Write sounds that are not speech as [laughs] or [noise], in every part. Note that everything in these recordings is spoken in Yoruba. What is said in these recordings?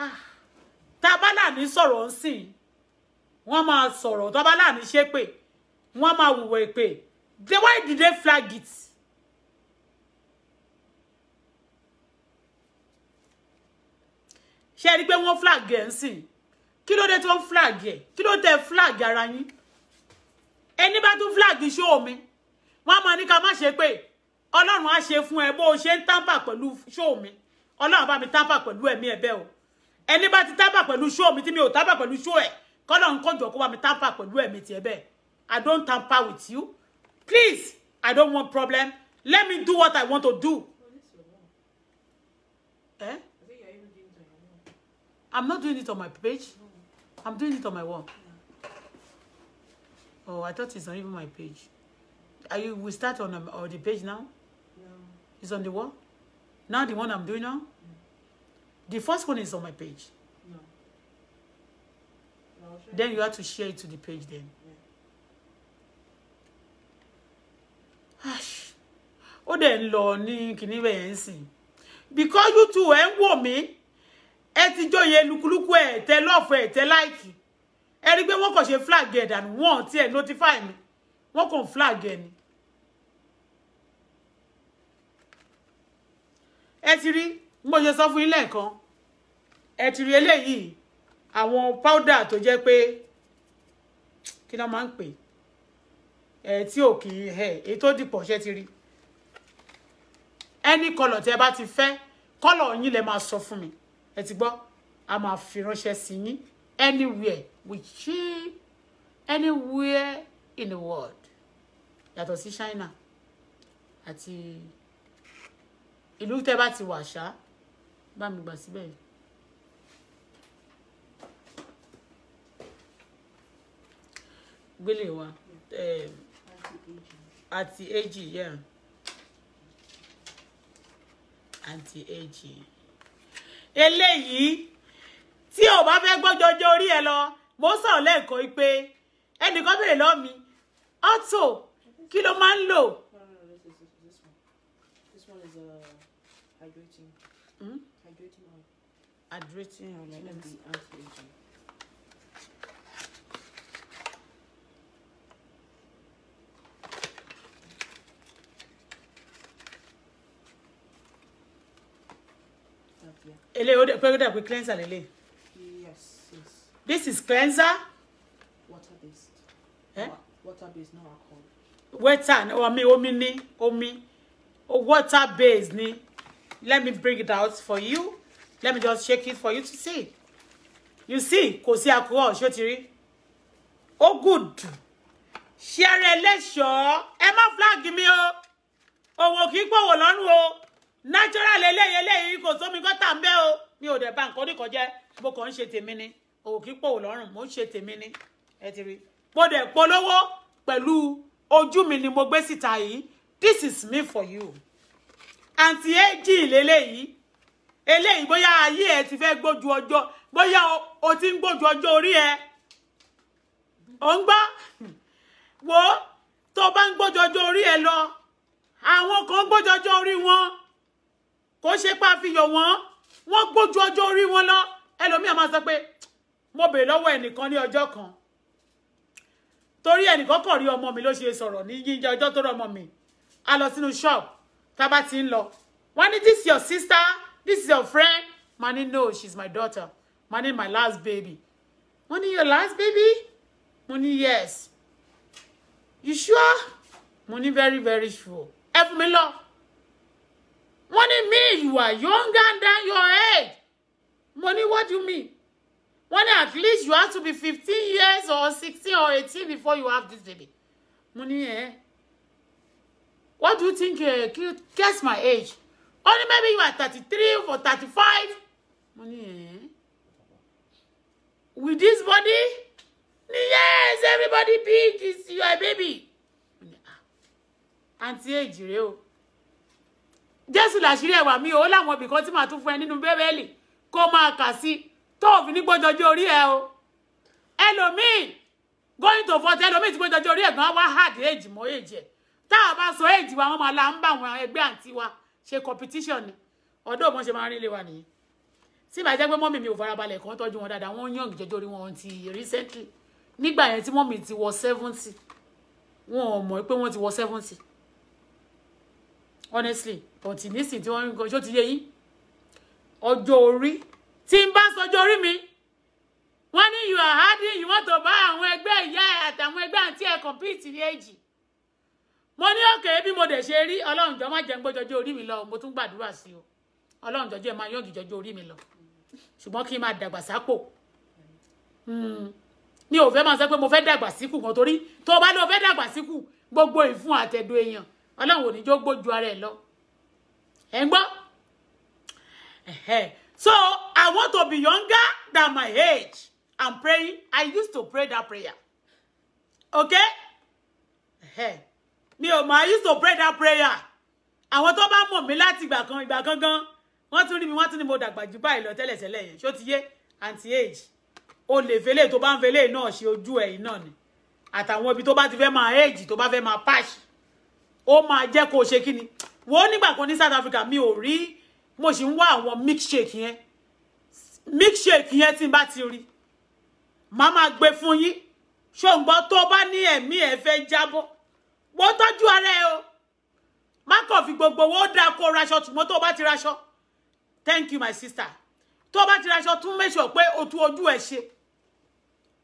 Ah. tábàlàní sọ̀rọ̀ ń sìn wọ́n máa sọ̀rọ̀ tábàlàní ṣépè wọ́n máa wùwọ̀ èpè they why did they flag it. ṣé ẹ rí i pé wọ́n flag ẹ̀ ń sìn kí ló dé tó ń flag ẹ̀ kí ló tẹ flag ara yín ẹni bá tún flag ṣó mi wọ́n á máa ní ká má ṣe pé ọlọ́run á ṣe fún ẹ bó o ṣe ń tábà pẹ̀lú ṣó mi ọlọ́run bá mi tábà pẹ̀lú ẹ̀mí ẹ̀ bẹ́ẹ̀ o ẹni bá ti tábà pẹ̀lú ṣó mi tí mi ò tábà pẹ̀lú ṣó ẹ̀ kọ́nà ń kọ́jọ kó bá mi tábà pẹ̀lú ẹ̀mí tiẹ̀ bẹ́ẹ̀ I don't tamper with you please I don't want problem let me do what I want to do. Eh? I'm not doing it on my page. I'm doing it on my wall. Oh, I thought it's not even my page. Are you? We start on, um, on the page now. No. It's on the wall. Now the one I'm doing now. The first one is on my page. No. then you have to share it to the page then. Yeah. Oh, then ń lọ ní even see, Because you two ẹ̀ ń wò mí, ẹ ti look, lukuluku ẹ̀ tẹ lọ́ọ̀fù ẹ̀ tẹ láìkì. Ẹ rí pé wọ́n kàn ṣe flag ẹ̀ dànù wọ́n tí notify me. Wọ́n kàn flag ẹ̀ ni. Ẹ mo ṣe sọ fún yín lẹ́ẹ̀kan ẹ ti rí eléyìí àwọn powder tó jẹ́ pé kí ló máa ń pè ẹ tí ò kì í ẹ èyí tó dìpọ̀ ṣẹ́ ti rí ẹni kọlọ̀ tí ẹ bá ti fẹ́ kọlọ̀ yín lẹ máa sọ fún mi ẹ ti gbọ́ a máa fi ránṣẹ́ sí yín anywhere with cheap anywhere in the world yàtọ̀ sí China àti ìlú tẹ́ bá ti wà ṣáá bá mi gbà síbẹ̀ yìí. gbélé wa àti èjì yẹ àti èjì eléyìí tí o bá fẹ́ gbọ́jọjọ orí ẹ lọ mo sọ̀rọ̀ lẹ́ẹ̀kan pé ẹnìkan béèrè lọ́ọ́ mi ọ́tò kí ló máa ń lò. This one uh, hydrating or like let me see. anti-aging. ele o de pe cleanser lele. yes yes. this is cleanser. water based. Eh? water based no alcohol. water omi omi ni omi water based ni let me bring it out for you let me just shake it for you to see you see Kosi sí alcohol Oh, ti rí ó good ṣẹ́rẹ́ ẹlẹ́ṣọ̀ọ́ ẹ má flag me o Oh, kì í pòwò lọ́rùn o natural lele lele kò sómi gọ́tà ń bẹ́ o mi ò dẹ̀ bá nǹkan oníkan jẹ́ mo kàn ń ṣe tèmi ni òwò kì í pòwò lọ́rùn mo ń ṣe tèmi ni ẹ ti rí mo dẹ̀ polówó pẹ̀lú ojú mi ni mo gbé síta this is me for you àǹtí lele lélẹ́yìí eléyìí bóyá ayé ẹ ti fẹ́ gbójú ọjọ́ bóyá o ti ń gbójú ọjọ́ orí ẹ ò ń gbọ́ wo tó bá ń gbójú ọjọ́ orí ẹ lọ àwọn kan gbójú ọjọ́ orí wọn kò ṣe pa àfihàn wọn wọn gbójú ọjọ́ orí wọn lọ ẹlòmíà máa sọ pé mo bèrè lọ́wọ́ ẹnìkan ní ọjọ́ kan torí ẹnìkan kọ̀ rí ọmọ mi ló ṣe sọ̀rọ̀ ní yíyá ọjọ́ tó rọ ọmọ mi a lọ sínú ṣọ́ọ̀bù tá a bá ti ń lọ wọ́n ní this your sister this is your friend Money, no she's my daughter Money, my last baby Money, your last baby Money, yes you sure Money, very very sure ẹ fún love. Money, me you are younger than your age Money, what do you mean Money, at least you have to be fifteen years or sixteen or eighteen before you have this baby Money, eh? what do you think uh, eh, guess my age Only maybe you are thirty three or thirty five mo with this body yes everybody big is your baby Auntie, èjì rèé o jésù làṣírí ẹwà mi ò láwọn ibìkan tí màá tún fún ẹ nínú bẹ́bẹ́lì kó máa kà sí tó òfin ní gbọ́dọ̀jú orí ẹ o going to vote ẹlòmíì tí gbọ́dọ̀jú orí ẹ̀ gan wá hard èjì mọ́ èjì ẹ̀ tá a bá sọ èjì wa wọ́n la ń bá àwọn ẹgbẹ́ wa ṣe competition ni ọ̀dọ́ òmò ṣe máa rí ilé wa nìyí tí ìbá jẹ́ pé mọ́mì mi ò farabalẹ̀ kan tọ́jú wọn dáadáa wọ́n yàn jẹjọ́ rí wọn ti recently nígbà yẹn tí mọ́mì ti wọ seventy wọn ò mọ̀ pé wọ́n ti wọ seventy honestly but nísìn tí wọ́n ń kan ṣó ti yé yín ọjọ́ orí tí n bá sọjọ́ orí mi wọ́n you are hardy you want to buy bá àwọn ẹgbẹ́ ìyá àtàwọn ẹgbẹ́ àǹtí ẹ̀ compete ní age mo ní òkè bí mo dẹ̀ ṣe rí ọlọ́run jọ má jẹ́ gbọ́ jọjọ́ orí mi lọ mo tún gbàdúrà sí o ọlọ́run jọjọ́ ẹ máa yọ̀ǹgì jọjọ́ orí mi lọ ṣùgbọ́n kí n máa dàgbà sápò hmm. mi ò fẹ́ máa sọ pé mo fẹ́ dàgbà síkù kan torí tó o bá lọ fẹ́ dàgbà síkù gbogbo ìfun àtẹ̀dọ̀ èèyàn ọlọ́run ò ní jó gbójú ara ẹ̀ lọ ẹ̀ ń gbọ́ so I want to be younger than my age I'm praying I used to pray that prayer okay. Uh -huh mi ò mọ̀ i used to pray that prayer àwọn tó bá mọ̀ mí láti ìgbà kan ìgbà gangan wọ́n tún rí mi wọ́n tún ní mo dàgbà jù báyìí lọ tẹ́lẹ̀tẹ́lẹ̀ yẹn ṣó ti yé anti age o lè fẹ́lẹ̀ tó bá ń fẹ́lẹ̀ náà ṣe ojú ẹ̀yìn náà ni àtàwọn ibi tó bá ti fẹ́ máa age tó bá fẹ́ máa patch ó máa jẹ́ kó o ṣe kí ni wo nígbà kan ní South Africa mi ò rí mo sì ń wá àwọn milkshake yẹn milkshake yẹn tí n bá ti rí màá máa gbé fún yín ṣó ń gbọ́ tó bá ní ẹ̀mí ẹ̀ fẹ́ jábọ́ wọ́n tọ́jú ara ẹ o má kàn fi gbogbo owó dáa kó raṣọ ṣùgbọ́n tó o bá ti raṣọ thank you my sister tó o bá ti raṣọ tún make sure pé o tún ojú ẹ ṣe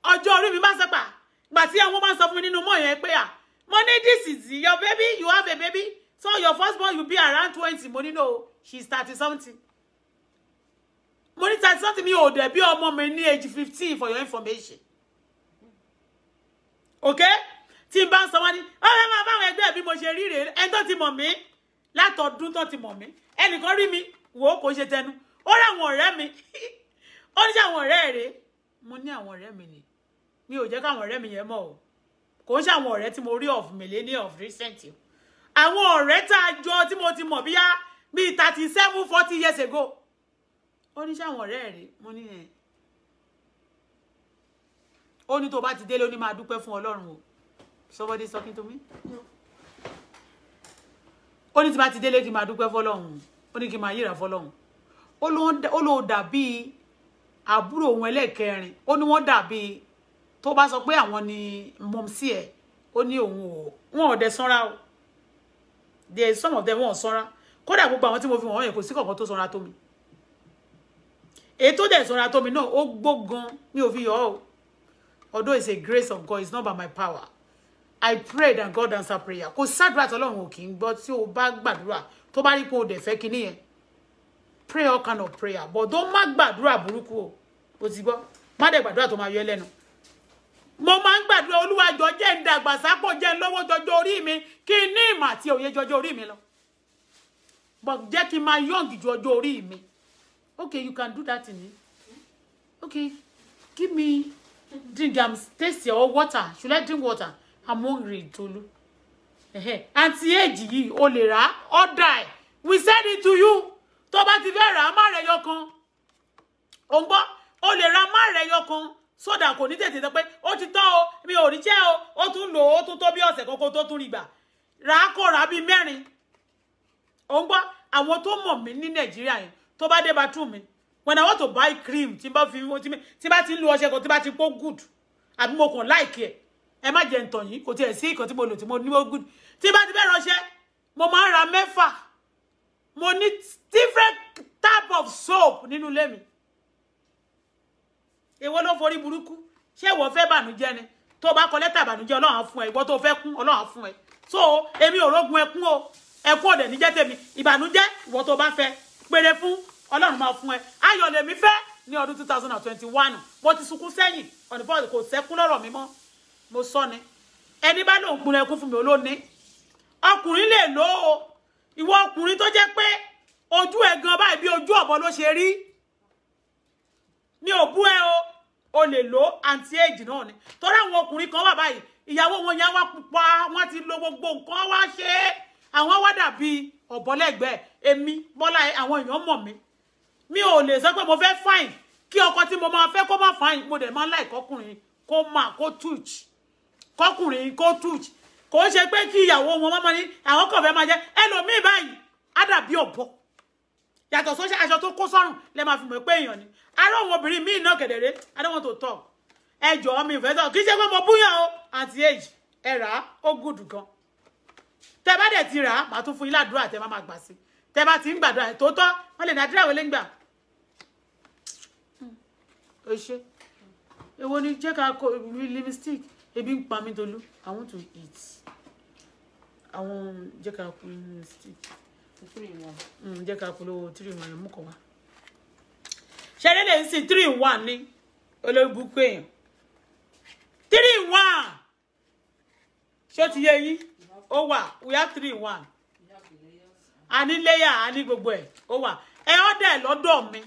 ọjọ́ orí mi má sẹ́pà gbà tí àwọn máa ń sọ fún mi nínú mọ́ yẹn pé à ah, mo ní this is your baby you have a baby so your first born you be around twenty mo ní no she is thirty something mo ní thirty something mi ò dẹ̀ bí ọmọ mi ní age fifteen for your information okay tí n bá ń sọ wọn ní ó fẹ́ máa báwọn ẹgbẹ́ bí mo ṣe rí rèé ẹni tó ti mọ̀ mí látọ̀dún tó ti mọ̀ mí ẹnìkan rí mi wò ó kò ṣe tẹnu ó rí àwọn ọ̀rẹ́ mi [laughs] ó ní sí àwọn ọ̀rẹ́ rèé mo ní àwọn ọ̀rẹ́ mi ni mi ò jẹ́ káwọn ọ̀rẹ́ mi yẹn mọ̀ o kò ń ṣe àwọn ọ̀rẹ́ mo rí of millennium of recent o àwọn ọ̀rẹ́ tá a jọ tí mo ti mọ̀ bíyá bíi thirty seven forty years ago ó ní sí àwọn ọ̀rẹ́ rèé mo ní yẹn ó ní tó bá ti délé ó ní máa dúpẹ́ fún Ọlọ́run o somebody is talking to me. ó ní tí bá ti délé kí n máa dúpẹ́ fọlọ́hún ó ní kí n máa yíra fọlọ́hún ó lóun dàbí àbúrò òun ẹlẹ́ẹ̀kẹrin ó ní wọ́n dàbí tó bá sọ pé àwọn ni mọ̀mísí ẹ̀ ó ní òun there is some of them wọn ò sanra kódà gbogbo àwọn tí mo fi wọ̀n yẹn kò sí kankan tó sanra tó mi èyí tó dẹ̀ sanra tó mi náà ó gbó gan mi ò fi although it's a grace of God it's not by my power I pray that God answer prayer. Kò sádùúrà tọ́lọ́run ò kì í gbọ́ tí o bá gbàdúrà tó bá rí pé o dẹ̀ fẹ́ kinní Pray all kind of prayer but tó má gbàdúrà burúkú o. O ti gbọ́ má dẹ̀ gbàdúrà tó máa yọ ẹ́ lẹ́nu. Mo máa ń gbàdúrà Olúwa jọ jẹ́ ń dàgbà sápò jẹ́ ń lọ́wọ́ jọjọ́ orí mi kí n ní ìmọ̀ àti òye jọjọ́ orí mi lọ. But jẹ́ kí n máa yọ̀ǹgì jọjọ́ mi. Okay, you can do that in me. Okay, give me drink am um, taste your water. Should I drink water? i'm hungry Tolu àǹtí èjì yìí o lè rà ọ̀dà ẹ̀ we send it to you tó bá ti fẹ́ rà á má rẹ̀ yọ kan ò ń gbọ́ o lè ra má rẹ̀ yọ kan sódà kò ní tètè sọ pé ó ti tọ́ o mi ò rí jẹ́ o ó tún lò ó tún tó bí ọ̀sẹ̀ kankan tó tún rí gbà rà á kó rà á bíi mẹ́rin ò ń gbọ́ àwọn tó mọ̀ mí ní nàìjíríà yẹn tó bá dé bathroom mi when i want to buy cream tí n bá fi tí n bá ti ń lo ọṣẹ kan tí n bá ti pó good àbí mo kàn like ẹ̀ ẹ má jẹ ntàn yìí kò tiẹ̀ sí ìkan tí mo lò tí mo ní mo gùn tí bá ti bẹ́ẹ̀ ránṣẹ́ mo máa ń ra mẹ́fà mo ní different type of soap nínú ilé mi èwo ló forí burúkú ṣé ìwọ fẹ́ bànújẹ́ ni tó bá kọ lẹ́tà ìbànújẹ́ ọlọ́run á fún ẹ ìwọ tó fẹ́ kún ọlọ́run fún ẹ so èmi ò rógun ẹkún o ẹkún ọ̀dẹ̀ níjẹ́ tèmi ìbànújẹ́ ìwọ tó bá fẹ́ péré fún ọlọ́run máa fún ẹ ayọ̀ lèmi fẹ́ ní ọdún two thousand and twenty one mo ti sunkún sẹ́yìn ọ̀nìfọ́ kò sẹ́kún lọ́rọ̀ mi mọ́ mo sọ ni ẹni bá lòun kun ẹkún fún mi olóni ọkùnrin lè lò ó ìwọ ọkùnrin tó jẹ́ pé ojú ẹ gan báyìí bí ojú ọ̀bọ ló ṣe rí mi ò bú ẹ o o lè lò àǹtí èjì náà ni torí àwọn ọkùnrin kan wà báyìí ìyàwó wọn yẹn wá pupa wọ́n ti lo gbogbo nǹkan wá ṣe é àwọn wá dàbí ọ̀bọ lẹ́gbẹ̀ẹ́ èmi mọ́lá àwọn èèyàn mọ̀ mi mi ò lè sọ pé mo fẹ́ fine kí ọkọ tí mo máa fẹ́ kó má fine mo dẹ̀ máa láì kọkùnrin kó má kó touch kọkùnrin kó touch kò ń ṣe pé kí ìyàwó wọn máa máa ní àwọn kan fẹ́ máa jẹ́ ẹlòmíì báyìí á dàbí ọ̀bọ yàtọ̀ sọ́ṣẹ́ aṣọ tó kó sọ́rùn lẹ́ máa fi mọ̀ pé èèyàn ni ará àwọn obìnrin míì náà kẹ̀dẹ̀rẹ́ I don't want to talk ẹjọ́ mi ìfẹ́ tọ̀ kì í ṣe pé mo búyàn o àti èjì ẹ rà á ó gùdù gan tẹ bá dẹ̀ ti rà á màá tún fún yín ládùúrà tẹ má máa gbà sí tẹ bá ti ń gbàdúrà tó tọ́ wọ́n lè ní àdúrà wọlé ń gbà ó hmm. ṣe èwo ni jẹ́ ká kó lipstick ebi ń pa mí tolú i want to eat àwọn jẹ́ ká kú nínú stick hmm, jẹ́ ká kú lọ́wọ́ three one mú kọ́ wa ṣẹlẹ̀ lè ń sìn three in one ní olóògbúkú èèyàn three one ṣé ti yé yín ó wà we have three one a ní léyà a ní gbogbo ẹ̀ ó wà ẹ ọ́ dẹ̀ lọ́dọ̀ mi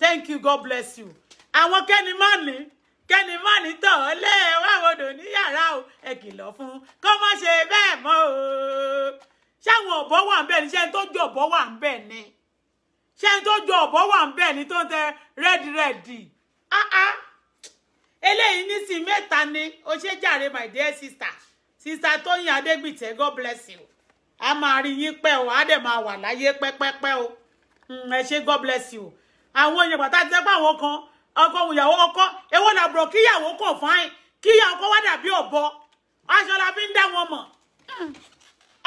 thank you god bless you àwọn kẹ́ni má ní kẹ́ni má ní tàn án lé wàwọdò ní yàrá o ẹ kìlọ̀ fún kó má ṣe bẹ́ẹ̀ mọ́ o ṣáwọn ọ̀bọ wà ń bẹ̀ ni ṣẹ́ni tó ju ọ̀bọ wà ń bẹ̀ ni ṣẹ́ni tó ju ọ̀bọ wà ń bẹ̀ ni tó ń tẹ rẹ́dì rẹ́dì eléyìí nísìn mẹ́ta ni o ṣe jàre my dear sister sister Tóyìn Adégbìtẹ́ God bless you a máa rí yín pẹ́ o a dẹ̀ máa wà láyé pẹ́pẹ́pẹ́ o hmm, ẹ ṣe God bless you àwọn èèyàn pàtàkì sẹ́pẹ́ àwọn kan ọkọ ìyàwó ọkọ èwo làbúrò kíyàwó kò fáìn kíyà ọkọ wá dàbí ọ̀bọ aṣọ la fi ń dá wọn mọ̀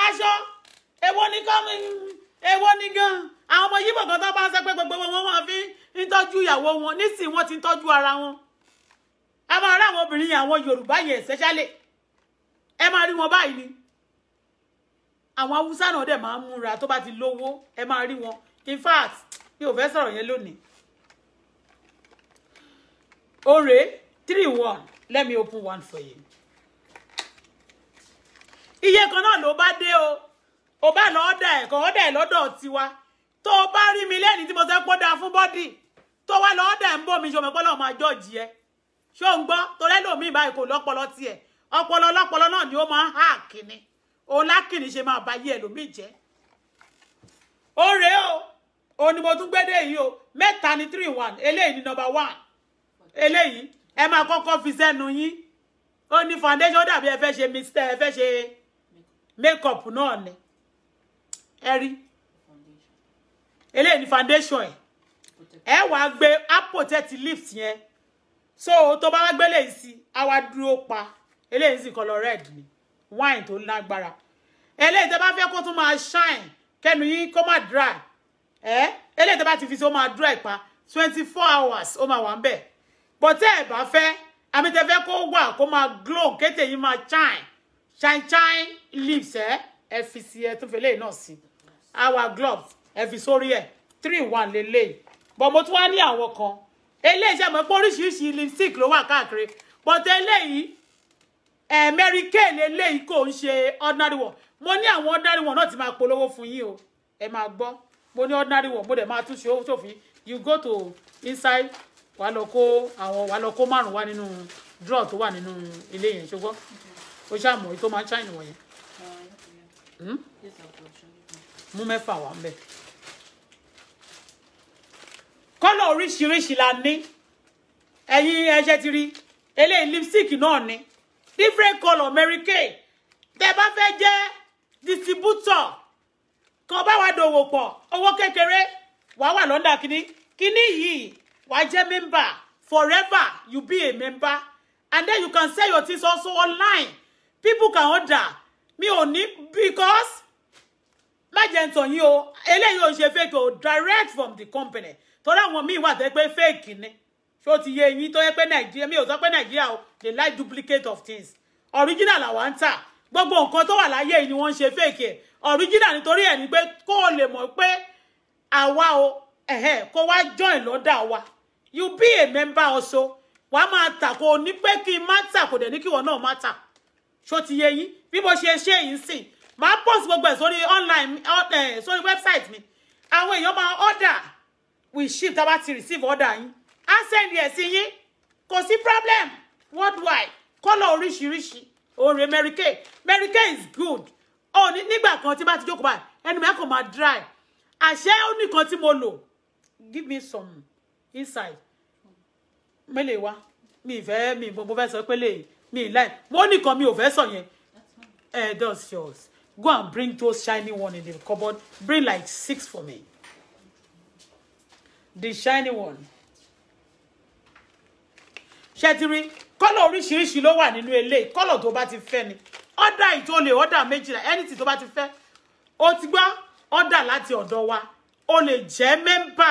aṣọ èwo ni kọ́ mi èwo ni gan àwọn ọmọ yìí bọ̀gán tó bá ń sẹ́pẹ́ gbogbo wọn máa fi ń tọ́jú ìyàwó wọn nísìnyí wọ́n ti ń tọ́jú ara wọn ẹ máa rí àwọn obìnrin àwọn Yorùbá yẹn ṣẹ́ṣálẹ̀ ẹ máa rí wọn báyìí ni àwọn Haúsá náà dẹ̀ máa ń múra tó bá ti lówó ẹ máa rí wọn in fact mi ò fẹ́ sọ̀rọ̀ yẹn lónìí Ore, 3 1. Let me open one for you. Iye kan na ló bá dé o. O bá lọ ọ̀dà ẹ̀ kan ọ̀dà tiwa. Tó o bá rí mi lẹ́ni tí mo fẹ́ pọ́ da fún bọ́dì. Tó wá lọ ọ̀dà ẹ̀ ń bò mí ń Ọpọlọ ni o ma ha o la kini ma o. ni mo o. ni 3-1 ele ni number 1. eléyìí ẹ máa kọ́kọ́ fi sẹ́nu yín ó ní foundation ó dàbí ẹ fẹ́ ṣe mr ẹ fẹ́ ṣe makeup náà ni ẹ rí eléyìí ni foundation ẹ ẹ wàá gbé apotect lips yẹn so tó bá wá gbé léyìí sí a wá dúró pa eléyìí sì color red ni wine tó lágbára eléyìí tẹ́ bá fẹ́ kó tún máa shine kẹ́nu yín kó má dry ẹ eléyìí tẹ́ bá ti fi sí ó máa dry pa twenty four hours ó máa wà ń bẹ̀ but tẹ́ ẹ̀ bá fẹ́ àmì tẹ́ fẹ́ kó wà kó máa glow kété yìí máa shine shine shine lips ẹ ẹ fi sí ẹ tún fẹlẹ́ náà sí our gloves ẹ fi sórí ẹ three one lélẹ̀ but mo tún wá ní àwọn kan eléyìí ṣe mọ̀ pé oríṣiríṣi lipstick ló wà káàkiri but eléyìí ẹ Mary Kay eléyìí kò ń ṣe ordinary one mo ní àwọn ordinary one náà ti máa polówó fún yín o ẹ máa gbọ́ mo ní ordinary one mo dẹ̀ máa tún ṣe you go to inside wàá lọ kó àwọn wàá lọ kó márùn wá nínú draw tó wà nínú ilé yẹn ṣùgbọ́n ó ṣàmọ̀ èyí tó máa ń ṣàyìn wọ̀nyẹn hmm? mú mẹ́fà wà ń bẹ̀. kọ́lọ̀ oríṣiríṣi la ní ẹ̀yin ẹ̀ṣẹ̀ ti rí eléyìí lipstick náà ni different colour Mary Kay tẹ́ bá fẹ́ jẹ́ distributor kan bá wa dòwò pọ̀ owó kékeré wàá wà lọ́ndà kínní kínní yìí wàá member forever you be a member and then you can sell your things also online people can order me only ní because májèntàn yìí you. eléyìí ò ṣe fake o direct from the company So that míì me tó they pé fake ni ṣó ti yé yín tó yẹ pé nàìjíríà mi ò sọ pé nàìjíríà o they like duplicate of things original làwa ń tà gbogbo nǹkan tó wà láyé yìí ni wọ́n ń fake ẹ̀ original nítorí ẹ̀ ni pé kó o lè mọ̀ pé àwa o ẹ̀hẹ́ kó wá join lọ́dà wa you be a member also wàá máa tà kò ní pé kí n má tà kò dẹ̀ ní kí ìwọ náà má tà ṣó ti yé yín bí mo ṣe ṣe yìí sìn màá post gbogbo ẹ̀ online ẹ̀ eh, sórí website mi àwọn èèyàn ma order we ship tá a ti receive order yín á send ẹ̀ sí yín kò problem worldwide kọ́lọ̀ oríṣiríṣi oore Mary Kay Mary Kay is good ó ní nígbà kan tí bá ti jókòó báyìí ẹnu mi á kò dry àṣẹ ó nìkan tí mo lò give me some inside mélèé wa mi ìfẹ́ mi mo fẹ́ sọ pé lè mi ìláì mo nìkan mi ò fẹ́ sọ yẹn ẹ eh, that's yours go and bring those shiny one in the cupboard bring like six for me the shiny one ṣẹ́tìrì kọ́lọ̀ oríṣiríṣi ló wà nínú eléyìí kọ́lọ̀ tó bá ti fẹ́ ni ọ́dà ìjọlẹ̀ ọ́dà méjìlá ẹnìtì tó bá ti fẹ́ o ti gbọ́ ọ́dà láti ọ̀dọ̀ wa o lè jẹ́ mẹ́mbà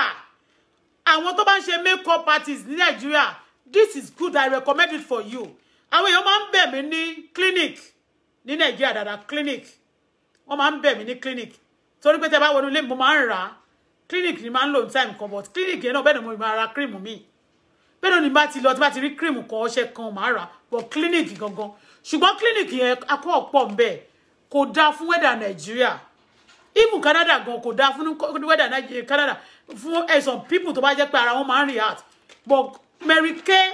àwọn tó bá ń ṣe makeup parties ní nàìjíríà this is good i recommend it for you àwọn èèyàn máa ń bẹ̀ mí ní clinic ní nàìjíríà dada clinic wọ́n máa ń bẹ̀ mí ní clinic torí pé tẹ́ bá wọnú ilé mo máa ń rà á clinic ni máa ń lò ní time kan but clinic yẹn náà bẹ́ẹ̀ ni mo máa ra cream mi bẹ́ẹ̀ náà ni bá ti lọ tí bá ti rí cream kan ọṣẹ kan máa rà but clinic gangan ṣùgbọ́n clinic yẹn akọ́ ọ̀pọ̀ ń bẹ̀ kò dáa fún wẹ́dà nàìjíríà even canada gan kò dáa fún wẹ́dà canada fún ẹ̀sán people tó bá jẹ́ pé ara wọn máa ń react but Mary Kay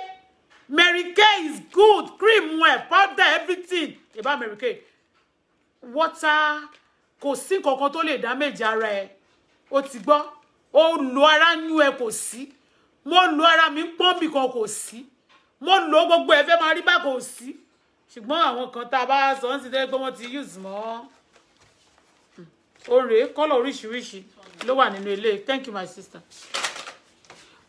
Mary Kay is good cream well powder everything about Mary Kay water kò sí kankan tó lè damage ara ẹ o ti gbọ́ o lo ara yún ẹ kò sí mo lo ara mi pọ́n kan kò sí mo lo gbogbo ẹ fẹ́ máa rí bá kò sí ṣùgbọ́n àwọn kan tá a bá sọ ń sì dẹ́ pé wọ́n ti use mọ́ hmm. o rèé kọ́lọ̀ oríṣiríṣi ló wà nínú ilé thank you my sister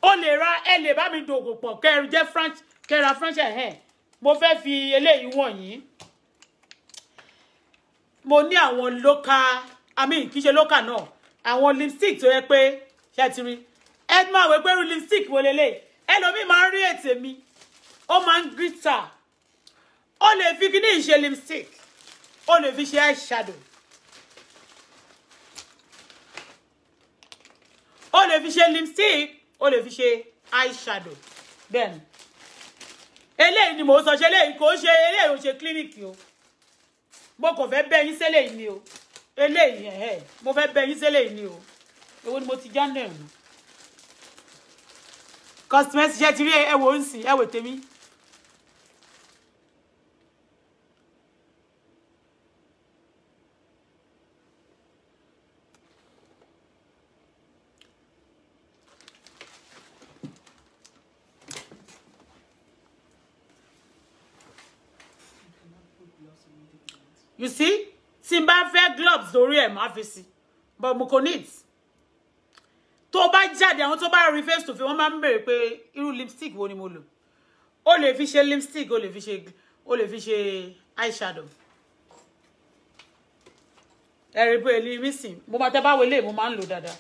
ó lè ra ẹ lè bá mi dògò pọ̀ kẹrin jẹ́ french kẹra french ẹ̀ mo fẹ́ fi eléyìí wọ̀nyí mo ní àwọn local i mean kì í ṣe local náà àwọn lipstick tó yẹ pé ṣe ti rí ẹ máa wẹ pẹ́rú lipstick wo lélẹ̀ ẹlòmíì máa ń rí ètè mi ó máa ń her. ó lè fi kíní ìṣe lipstick ó lè fi ṣe shadow. o lè fi ṣe lipstick o lè fi ṣe eyeshadow bẹ́ẹ̀ni eléyìí ni mò ń sọ ṣe eléyìí kò ṣe eléyìí ò ṣe clinic o mo kò fẹ́ bẹ́ yín sẹ́lẹ̀ yìí ni o eléyìí ẹ̀hẹ́ mo fẹ́ bẹ́ yín sẹ́lẹ̀ yìí ni o èwo ni mo ti já náà nù customers ṣe ti rí ẹwọ ń sìn ẹwọ tèmi you see tí n gloves lórí ẹ̀ máa fi sí but mo kò need tó bá jáde àwọn tó bá rí to face wọ́n máa ń béèrè pé lipstick wo ni mo lò o lè fi ṣe lipstick o lè fi ṣe o lè fi ṣe eyeshadow ẹ̀rí pé èlì mísìn mo máa tẹ́ bá wọlé mo máa ń lò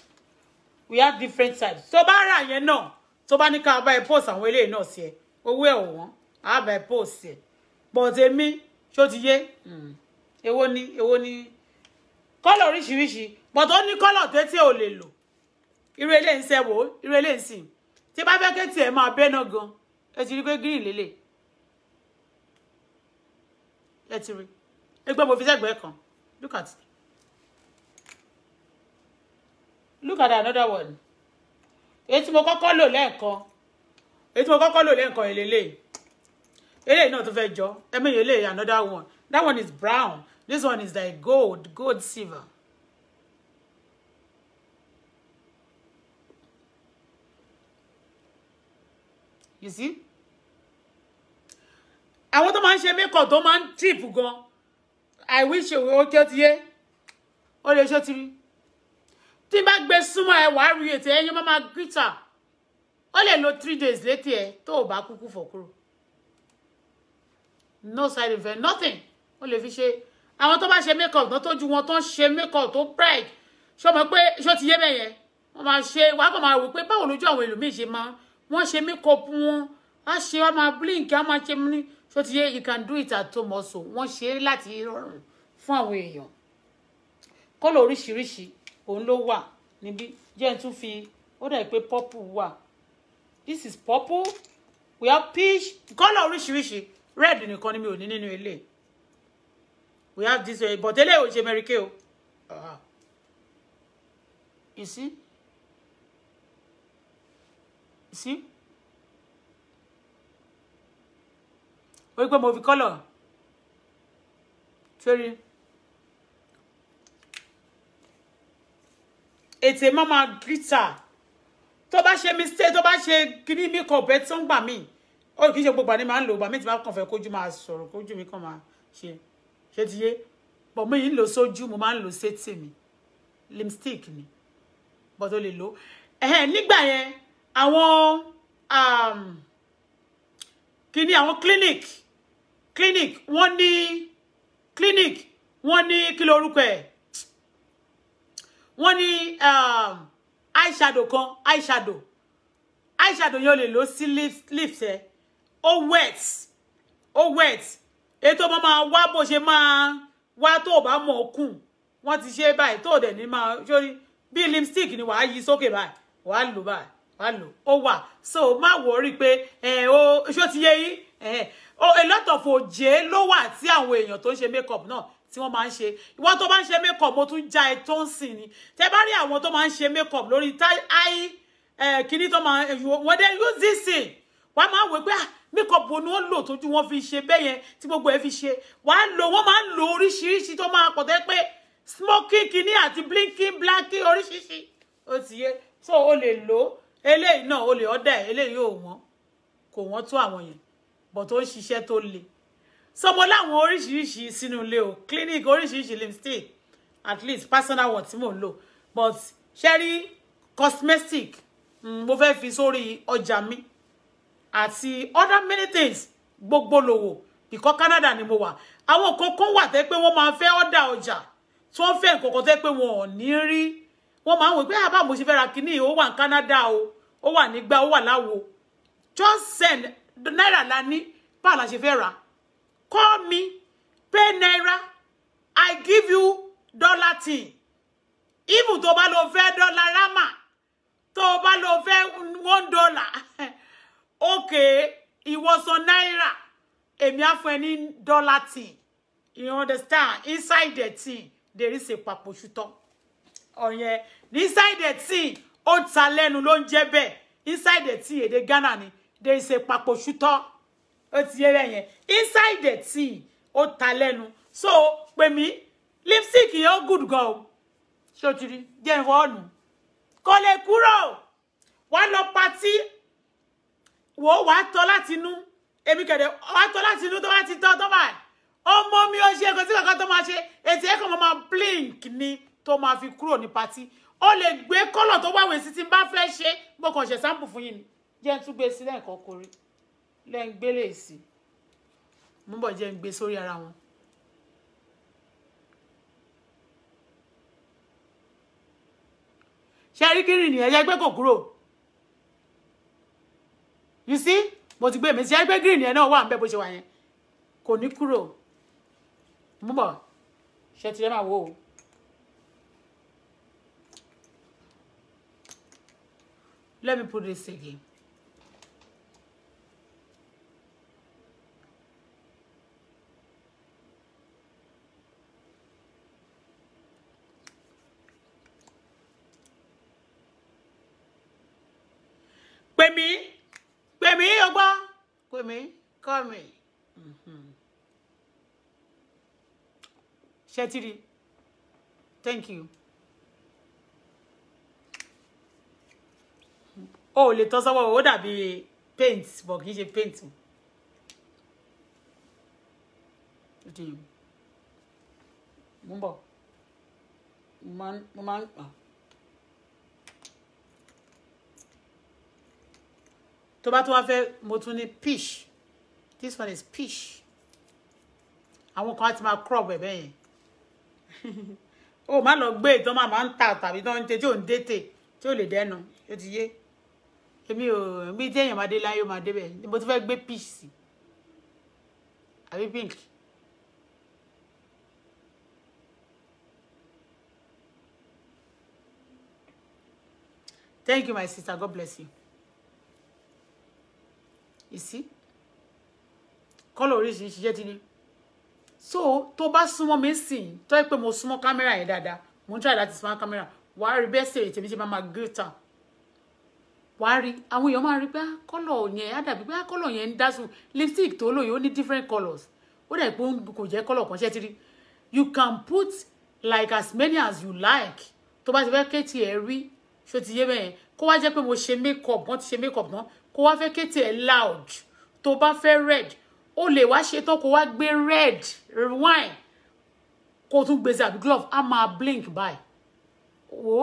we have different types tó bá rà yẹn náà tó bá ní ká bá ẹ post àwọn eléyìí náà sí ẹ owó ẹ ò wọ́n á bá ẹ post ẹ but èmi ṣó ti yé. Mm èwo ni èwo ni kọ́lọ̀ oríṣiríṣi but ó ní kọ́lọ̀ tó tí ò lè lò irú eléyìí ń sẹ́wọ̀ irú eléyìí ń sìn tí bá fẹ́ ké tiẹ̀ máa bẹ́ gan ẹ rí pé green lélẹ̀ ẹ ti rí ẹgbẹ́ mo fi sẹ́gbẹ̀ẹ́ kan look at look at another one èyí tí mo kọ́kọ́ lò lẹ́ẹ̀kan èyí tí mo kọ́kọ́ lò lẹ́ẹ̀kan èlélẹ̀ eléyìí náà tó fẹ́ jọ ẹ̀mí eléyìí another one that one is brown This one is like gold, gold, silver. You see? I want máa ń ṣe makeup tó máa ń cheap go. I wish you will get here. ye. O lè ṣe tiri. Tí bá gbé súnmọ́ ẹ wàá rí ètò ẹyin máa gbìtà. Ó lo three days later to tó o for kúkú No side effect, nothing. O lè fi àwọn tó bá ṣe makeup tó tójú wọn tó ń ṣe makeup tó bright ṣé o mọ̀ pé ṣé o ti yé bẹ́yẹn wọ́n máa ṣe wàá kàn máa wò pé báwo lójú àwọn èlòmíì ṣe máa wọ́n ṣe makeup wọn á ṣe wọ́n máa blink á máa ṣe ní ṣé o ti yé you can do it at home also wọ́n ṣe é láti rọrùn fún àwọn èèyàn kọ́lọ̀ oríṣiríṣi òun ló wà níbí jẹ́ n tún fi ó dà pé purple wà this is purple we have peach kọ́lọ̀ oríṣiríṣi red nìkan ni mi ò ní nínú ilé we have this way eh, but eléyìí ò ṣe ah. you see you see orí pé mo fi kọ́lọ̀ sórí ètè mama glitter Toba she mistake Toba she give me mi song by me. Oh, you mí ó kì í ṣe gbogbo àní máa ń lò gbà mí tí máa kàn fẹ́ kójú máa sọ̀rọ̀ kójú ṣé ti yé bọ̀ mi ń lò sójú mo máa ń lò sétì mi lipstick ni bọ́ tó lè lò nígbà yẹn àwọn um, kíní àwọn clinic clinic wọ́n ní clinic wọ́n ní kí ló orúkọ ẹ̀ wọ́n ní um, eyeshadow kan eyeshadow eyeshadow yẹn ò lè lò sí lips ẹ ó wet ó wet ètò ọmọ máa wá bó ṣe máa wá tó o bá mọ̀ ọkùn wọ́n ti ṣe báyìí tó o dẹ̀ ní máa sórí lipstick ni wàá yí sókè báyìí wàá lò báyìí wàá lò ó wà so má worry, pé ẹ o ṣó ti yé yín ẹ o a lot of òjé ló wà tí àwọn èèyàn tó ń ṣe makeup náà tí wọ́n máa ń ṣe ìwọ tó bá ń ṣe makeup mo tún já ẹ tó ń sìn ni tẹ bá rí àwọn tó máa ń ṣe makeup lórí táì kíní tó máa wọ́n dé use this thing wàá máa wò pé ah makeup wo ni wọ́n lò tójú wọn fi ṣe bẹ́ẹ̀ yẹn tí gbogbo ẹ̀ fi ṣe wàá lò wọ́n máa ń lo oríṣiríṣi tó máa pọ̀ tẹ́ pé smoking kìíní àti blinking blanking oríṣiríṣi ó ti yé so o lè lò ó eléyìí náà o lè ọ̀dà ẹ̀ eléyìí ò wọ́n kò wọ́n tó àwọn yẹn bọ̀ tó ń ṣiṣẹ́ tó le sọmọ láwọn oríṣiríṣi sínú ilé o clinic oríṣiríṣi lipstick at least personal one tí mò ń lò but ṣe rí cosmetic hmm, mo fẹ́ fi sórí ọjà mi àti other many things gbogbo lòwò ìkọ́ Canada ni mo wà àwọn kan kan wà tẹ́ pé wọ́n máa fẹ́ ọ̀dà ọjà tí wọ́n fẹ́ nǹkan kan tẹ́ pé wọ́n ò ní rí wọ́n máa ń wò pé àbá ah, mo ṣe fẹ́ ra kíní ó wà ní Canada o ó wà nígbà ó wà láwo just send naira la ní báà la ṣe fẹ́ rà call me pay naira I give you dollar thing even tó bá lọ fẹ́ dọ́là rámà tó bá lọ fẹ́ one dollar [laughs] okay ìwọ san náírà èmi á fún ẹ ní you understand inside the tin there is a pàpòṣùtọ́ ọ̀yẹn inside the tin ó ta lẹ́nu ló ń jẹ́ bẹ́ẹ̀ inside the tin èdè Ghana ni there is a pàpòṣùtọ́ ó ti yé bẹ́ẹ̀ yẹn inside the tin ó ta lẹ́nu so pè mí lipstick yẹn good gan o ṣòtìrí jẹ́ ìwọ ọ̀nù kò lè kúrò wá lọ patí wò wá tọ́ láti inú èmi kẹ̀dẹ̀ wá tọ́ láti inú tó bá ti tọ́ tó bá ọmọ mi ò ṣe kò sí kankan tó máa ṣe ètò ẹ̀kọ́ mọ́ máa blink ni tó máa fi kúrò ní patí ó lè gbé kọ́lọ̀ tó wáwé sí ti bá fẹ́ ṣe mo kàn ṣe sample fún yín ni jẹ́ ń tún gbé sílẹ̀ nǹkan korí lẹ́ ń gbé lè sí mú bọ̀ jẹ́ ń gbé sórí ara wọn. ṣe rí kírìn nìyẹn yẹ gbé kò you see mo ti gbé mi ṣe ẹgbẹ́ green yẹn náà wà nbẹ bó ṣe wà yẹn kò ní kúrò mú bọ̀ ṣe ti ẹ máa Let me put this again. Pè mí pè mí ọgbọ́ pè mí kọ́ mi ṣẹ́tìrì thank you. o ò lè tọ́ sọ́wọ́ ó dàbí paint bọ̀ kì í ṣe paint. mo ń bọ̀ mo máa ń pa. tó bá tún wá fẹ́ mo tún ní peach this one is peach àwọn kan á ti máa crop ẹ̀ bẹ́yẹn o má lọ gbé ìtàn e, máa máa ń tà tàbí tó ń tẹ tí ò ń dètè tí ò lè dẹnu ó ti yé èmi ò bí téèyàn máa dé láyé ó máa débẹ̀ mo tún fẹ́ gbé peach sí àbí pink. Thank you, my sister. God bless you you see kọ́lọ̀ oríṣiríṣi jẹ́ ti ní so tó bá súnmọ́ mi sìn tó yẹ pé mo súnmọ́ kámẹ́rà yẹn dáadáa mo ń try láti súnmọ́ kámẹ́rà wà á rí bẹ́ẹ̀ sèrè tèmi tí máa gé tà wà á rí àwọn èèyàn máa rí pé ah, kọ́lọ̀ yẹn á dàbí pé ah, kọ́lọ̀ yẹn ń dá sùn lipstick tó lò yìí ó ní different colours ó dẹ̀ pé kò jẹ́ kọ́lọ̀ kan ṣẹ́ ti rí you can put like as many as you like tó bá ti fẹ́ kéètì ẹ̀ rí ṣó ti yé bẹ́ẹ̀ kó wá jẹ́ pé mo ṣe make up wọ́n ti ṣe make up náà kó wá fẹ́ kété ẹ̀ loud tó bá fẹ́ red ó lè wá ṣe tán kó wá gbé red wine kó tún gbé àbí glove á máa blink báyìí wo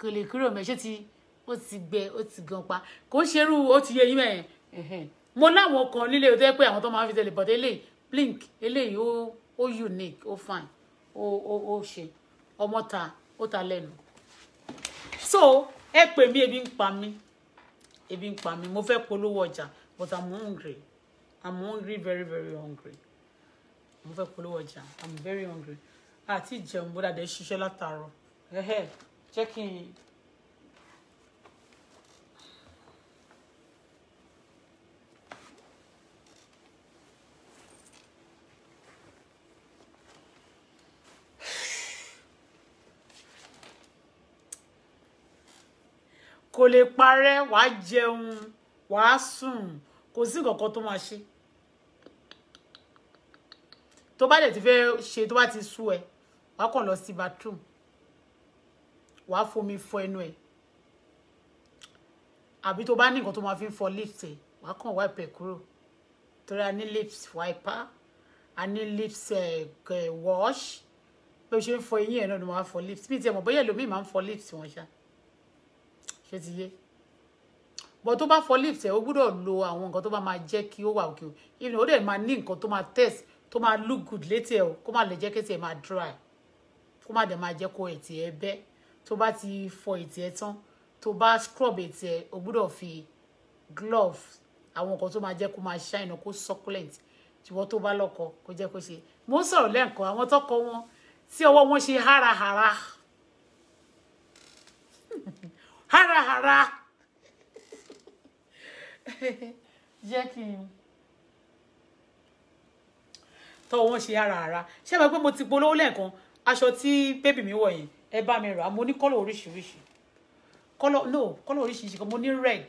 kò lè kúrò mẹ́ṣẹ́ ti ó ti gbẹ ó ti gan pa kò ń ṣerú ó ti yẹ yín mẹ́rin mo láwọn kan nílé o tẹ́ pé àwọn tó máa ń fi tẹ̀lé but eléyìí blink eléyìí ó unique ó fine ó ó ó ṣe ọmọ ta ó ta lẹ́nu so ẹ pè mí ebi ń pa mí ebi ń pa mí mo fẹ́ polówó ọjà but i'm hungry i'm hungry very very hungry mo fẹ́ polówó ọjà i'm very hungry àti ìjẹun bó dàdé ṣiṣẹ́ látàárọ̀ ẹ̀hẹ́ jẹ́ kí n. lè parẹ́ wàá jẹun wàá sùn kò sí nǹkan kan tó máa ṣe tó bá dẹ̀ ti fẹ́ ṣe tó bá ti sú ẹ wàá kàn lọ sí bathroom wàá fomi fọ ẹnu ẹ àbí tó bá ní nǹkan tó máa fi ń lips ẹ wàá kàn wipe ẹ kúrò torí a ní lips wiper a ní lips eh, wash bí o ṣe ń fọ eyín ẹ náà ni wàá fọ lips bí tiẹ̀ mọ̀ bóyá ẹlòmíì máa ń fọ lips wọn ṣáà ṣé ti yé but tó bá fọ lips ẹ o gbúdọ̀ lo àwọn nǹkan tó bá máa jẹ́ kí ó wà òkè o even ó dẹ̀ máa ní nǹkan tó máa test tó máa look good létí ẹ o kó má lè jẹ́ kí ẹ máa dry kó má dẹ̀ máa jẹ́ kó ètì ẹ bẹ́ tó bá ti fọ ètì ẹ tán tó bá scrub ètì ẹ o gbúdọ̀ fi glove àwọn nǹkan tó máa jẹ́ kó máa shine kó succulent ṣùgbọ́n tó bá lọ́kọ kó jẹ́ kó ṣe mo ń sọ̀rọ̀ lẹ́ǹkan àwọn tọkọ wọn tí ọwọ́ wọn ṣe hárahàra. Hara [laughs] jẹ́ kí n tọ́ wọ́n ṣe hara. ṣé ẹ máa pé mo ti polówó lẹ́ẹ̀kan aṣọ tí bébì mi wọ̀ yẹn ẹ bá mi rà á mo ní kọ́lọ̀ oríṣiríṣi kọ́lọ̀ no kọ́lọ̀ oríṣiríṣi kan mo ní red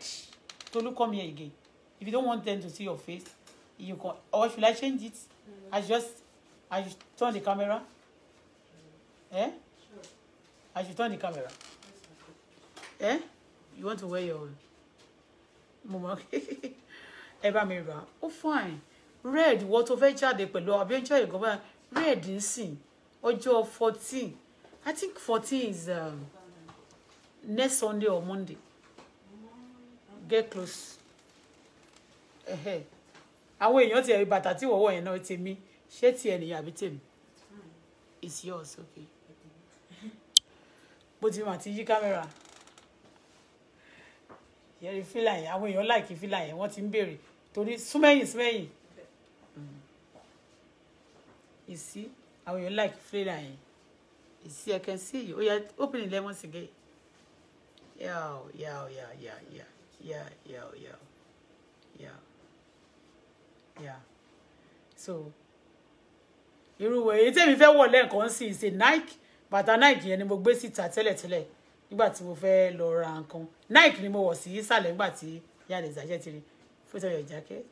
Tolu come here again if you don't want them to see your face you can or should I change it mm. I just I turn the camera eh Sure. I should turn the camera eh you want to wear your own mo mọ ẹ bá mi rà fine red What wọ́n tó fẹ́ jáde pẹ̀lú àbí ọjọ́ ìgọ́bà red ń sìn ọjọ́ fourteen i think fourteen is um, next sunday or monday get close àwọn èèyàn ti ẹ̀rí bàtà tí wọ́wọ́ yẹn náà tèmi ṣé ti ẹ̀nìyàn àbí tèmi it's yours okay But you want to use camera ìyẹn rí fílà yẹn àwọn èèyàn láìkí fílà yẹn wọ́n ti ń béèrè torí súnmẹ́yìn súnmẹ́yìn mm. ìsí àwọn èèyàn láìkí fílà yẹn ìsí I can see you ó oh, yá open the lemon again yàwó yàwó yàwó yàwó yàwó yàwó yàwó yàwó yàwó so irú wẹ̀ èyí tẹ̀mí fẹ́ wọ̀ lẹ́ẹ̀kan sí i ṣe Nike bàtà Nike yẹn ni mo gbé síta tẹ́lẹ̀tẹ́lẹ̀ nígbà tí mo fẹ́ lọ ra nǹkan nike ni mo wọ̀ sí ìsàlẹ̀ nígbà tí yàrá ìsàṣẹ́ ti rí photo your jacket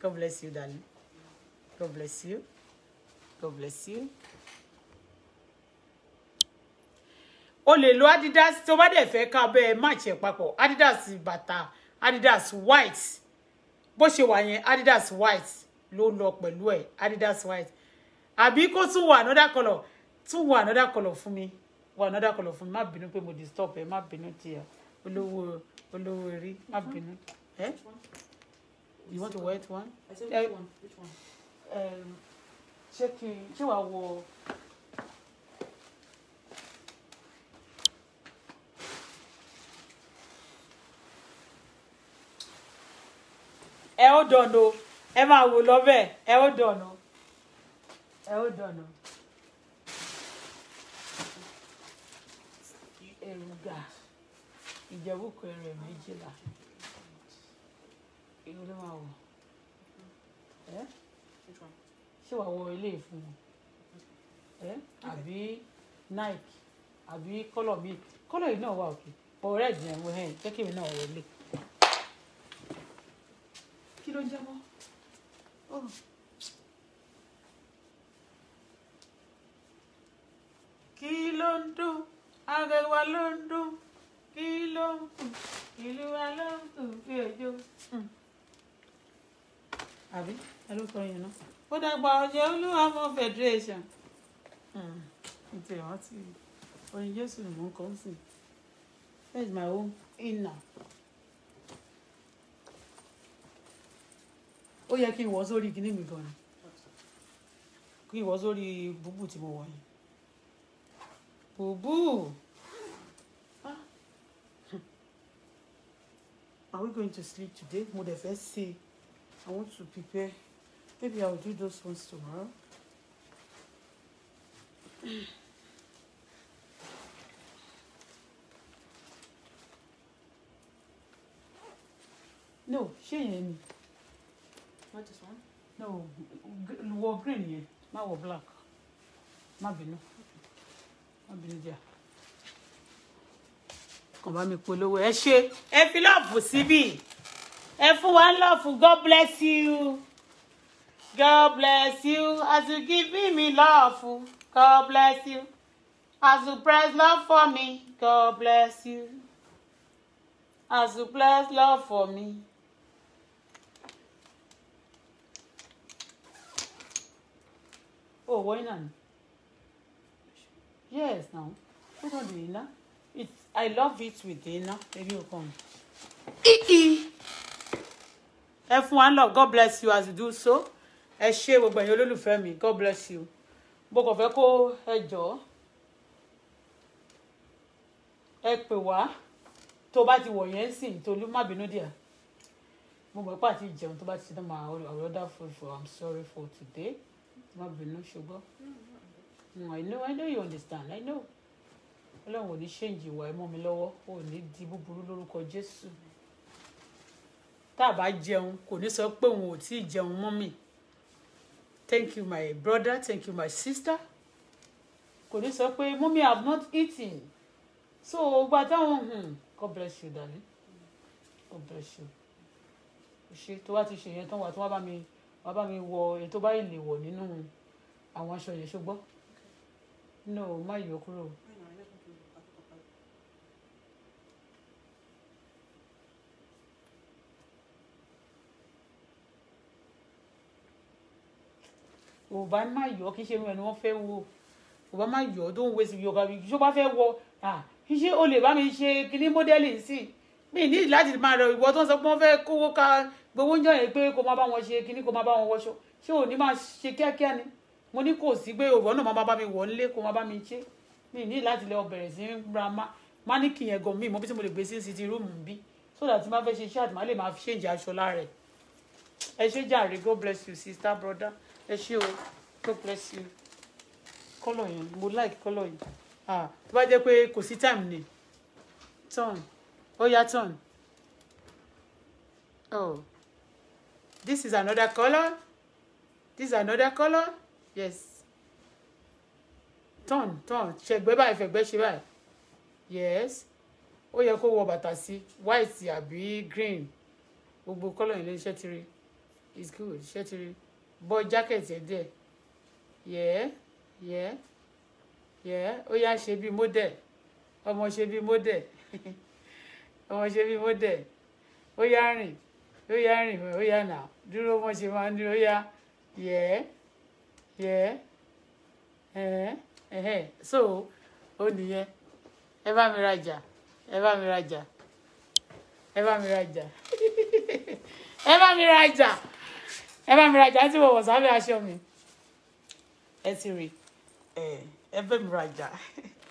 God bless you darling God bless you God bless you. o lè lo adidas tó bá dẹ̀ fẹ́ ká bẹ́ẹ̀ match ẹ̀ papọ̀ adidas bàtà adidas white bó ṣe wà yẹn adidas white ló lọ pẹ̀lú ẹ̀ adidas white àbí kó tún wà another colour tún wà another colour fún mi wọ another colour fún mi má bínú pé mo disturb ẹ má bínú tiẹ olówó olówó eré má bínú ẹ you want to wear it one. I said which one which one. Um, ṣé kí ṣé wàá wọ. ẹ ó dọ̀nà ẹ máa wò lọ́bẹ̀ ẹ ó dọ̀nà ẹ ó dọ̀nà. gbà ìjẹ́bùkù ẹ̀rẹ̀ méjìlá èyí ló máa wọ̀ ẹ́ ṣé wàá wọ ilé ìfún wọn ẹ́ àbí Nike àbí kọ́lọ̀ mi kọ́lọ̀ yìí náà wà òkè ọ̀rẹ́ ìdìyẹ wọ ẹ̀ jẹ́ kí èmi náà wọlé kí ló ń jábọ́ ọ̀rùn. Oh. kí ló ń dún àgẹ̀wà ló ń dún kí ló ń kù ìlú wa ló ń kù bí òjò. àbí ẹ ló sọ yẹn náà. ó dàgbà ọ̀jẹ̀ olúwa ọmọ federation. ètò hmm. ìrántí orin jésù ni mò ń kọ́ sí that is my own Inna. ó yẹ kí n wọ sórí kinní mi gan ni kí n wọ sórí búbù tí mo wọ yẹn. Boo-boo. Ah. Hmm. Are we going to sleep today? Mo dẹ̀ fẹ́ ṣe. I want to prepare. Maybe I'll do those ones tomorrow. Hmm. no, ṣé yẹn ni? What is one? No, wọ green yẹn, má wọ black, má bínú wọn bìnrin jà kàn bá mi polówó ẹ ṣe ẹ fi lọ́ọ̀fù síbì ẹ fún wa lọ́ọ̀fù God bless you God bless you as you give me lọ́ọ̀fù God bless you as you press love for me God bless you as you press love for me. Oh, why not? Yes, now. Put on the inner. It's, I love it with dinner. Maybe you'll come. Ẹ fún wa love. God bless you as you do so. I share with my little family. God bless you. Bó kàn fẹ́ kó Ekpewa. Toba Ẹ pè wá. Tó bá ti wọ̀ yẹn sìn, Tolú má bínú díà. Mo mọ̀ pé àti ìjẹun ti ṣe tán máa ọ̀rọ̀ dá fún I'm sorry for today. Ma bínú ṣùgbọ́n. Mm-hmm. Hmm, I know I know you understand I know ọlọ́run ò ní ṣèǹjì ìwà ẹ̀ mọ́ mi lọ́wọ́ ò ní di búburú lórúkọ Jésù tá a bá jẹun kò ní sọ pé òun ò tí ì jẹun mọ́ mi thank you my brother thank you my sister kò ní sọ pé mommy I have not eaten so gba táwọn hùn hmm, God bless you darling God bless you ṣe tó wá ti ṣe yẹn tán wà tó wá bá mi wá bá mi wọ èyí tó bá lè wọ nínú àwọn aṣọ yẹn ṣùgbọ́n. No, má yọ kúrò. òbá má yọ kí ṣe ẹni wọn fẹ́ wo òbá má yọ tó ń wé sí yorùbá bí tó bá fẹ́ Ah, ṣé o lè bá mi ṣe kíní mọdẹlì sí mi ní láti máa rẹ ìwọ tó ń sọ pé wọn fẹ́ kówó ká gbowó ń jọyìn pé kó má bá wọn ṣe kíní kó má bá wọn wọṣọ o ní máa ṣe kíákíá ni mo ní kò sí pé òwò náà máa bá mi wọ̀ nílé kó máa bá mi ṣe mi ní láti lọ bẹ̀rẹ̀ sí ra máníkì yẹn gan mi mo bí tí mo lè gbé sí sí ti bí so that tí máa fẹ́ ṣe iṣẹ́ àti máa lè máa fi ṣèǹjẹ aṣọ lára ẹ̀ ẹ ṣe jàre god bless you sister brother ẹ ṣe o god bless you kọ́lọ̀ yẹn mo like kọ́lọ̀ yẹn ah tó bá jẹ́ pé kò sí time ni turn ó yá turn oh this is another colour this is another colour yes turn turn ṣẹgbẹ́ báyìí fẹ̀gbẹ́ ṣe báyìí yes ó yẹ kó wọ bàtà sí white àbí green gbogbo kọ́lọ̀ yẹn ló ń ṣẹ́tiri it's good ṣẹ́tiri bọ́ jákẹ́ẹ̀tì ẹ̀ díẹ̀ yeah yeah yeah ó yá ṣe bí model ọmọ ṣe bí model [laughs] ọmọ ṣe bí model ó yá rìn ó yá rìn ó yá nà dúró wọn ṣe máa ń dúró yá yẹ yeah ẹ̀hẹ́ ẹ̀hẹ́ so ó nìyẹn ẹ bá mi rajà ẹ bá mi rajà ẹ bá mi rajà [laughs] ẹ bá mi rajà ẹ bá mi rajà tí mo wọ̀ sábẹ́ aṣọ mi ẹ ti rí ẹ ẹ mi rajà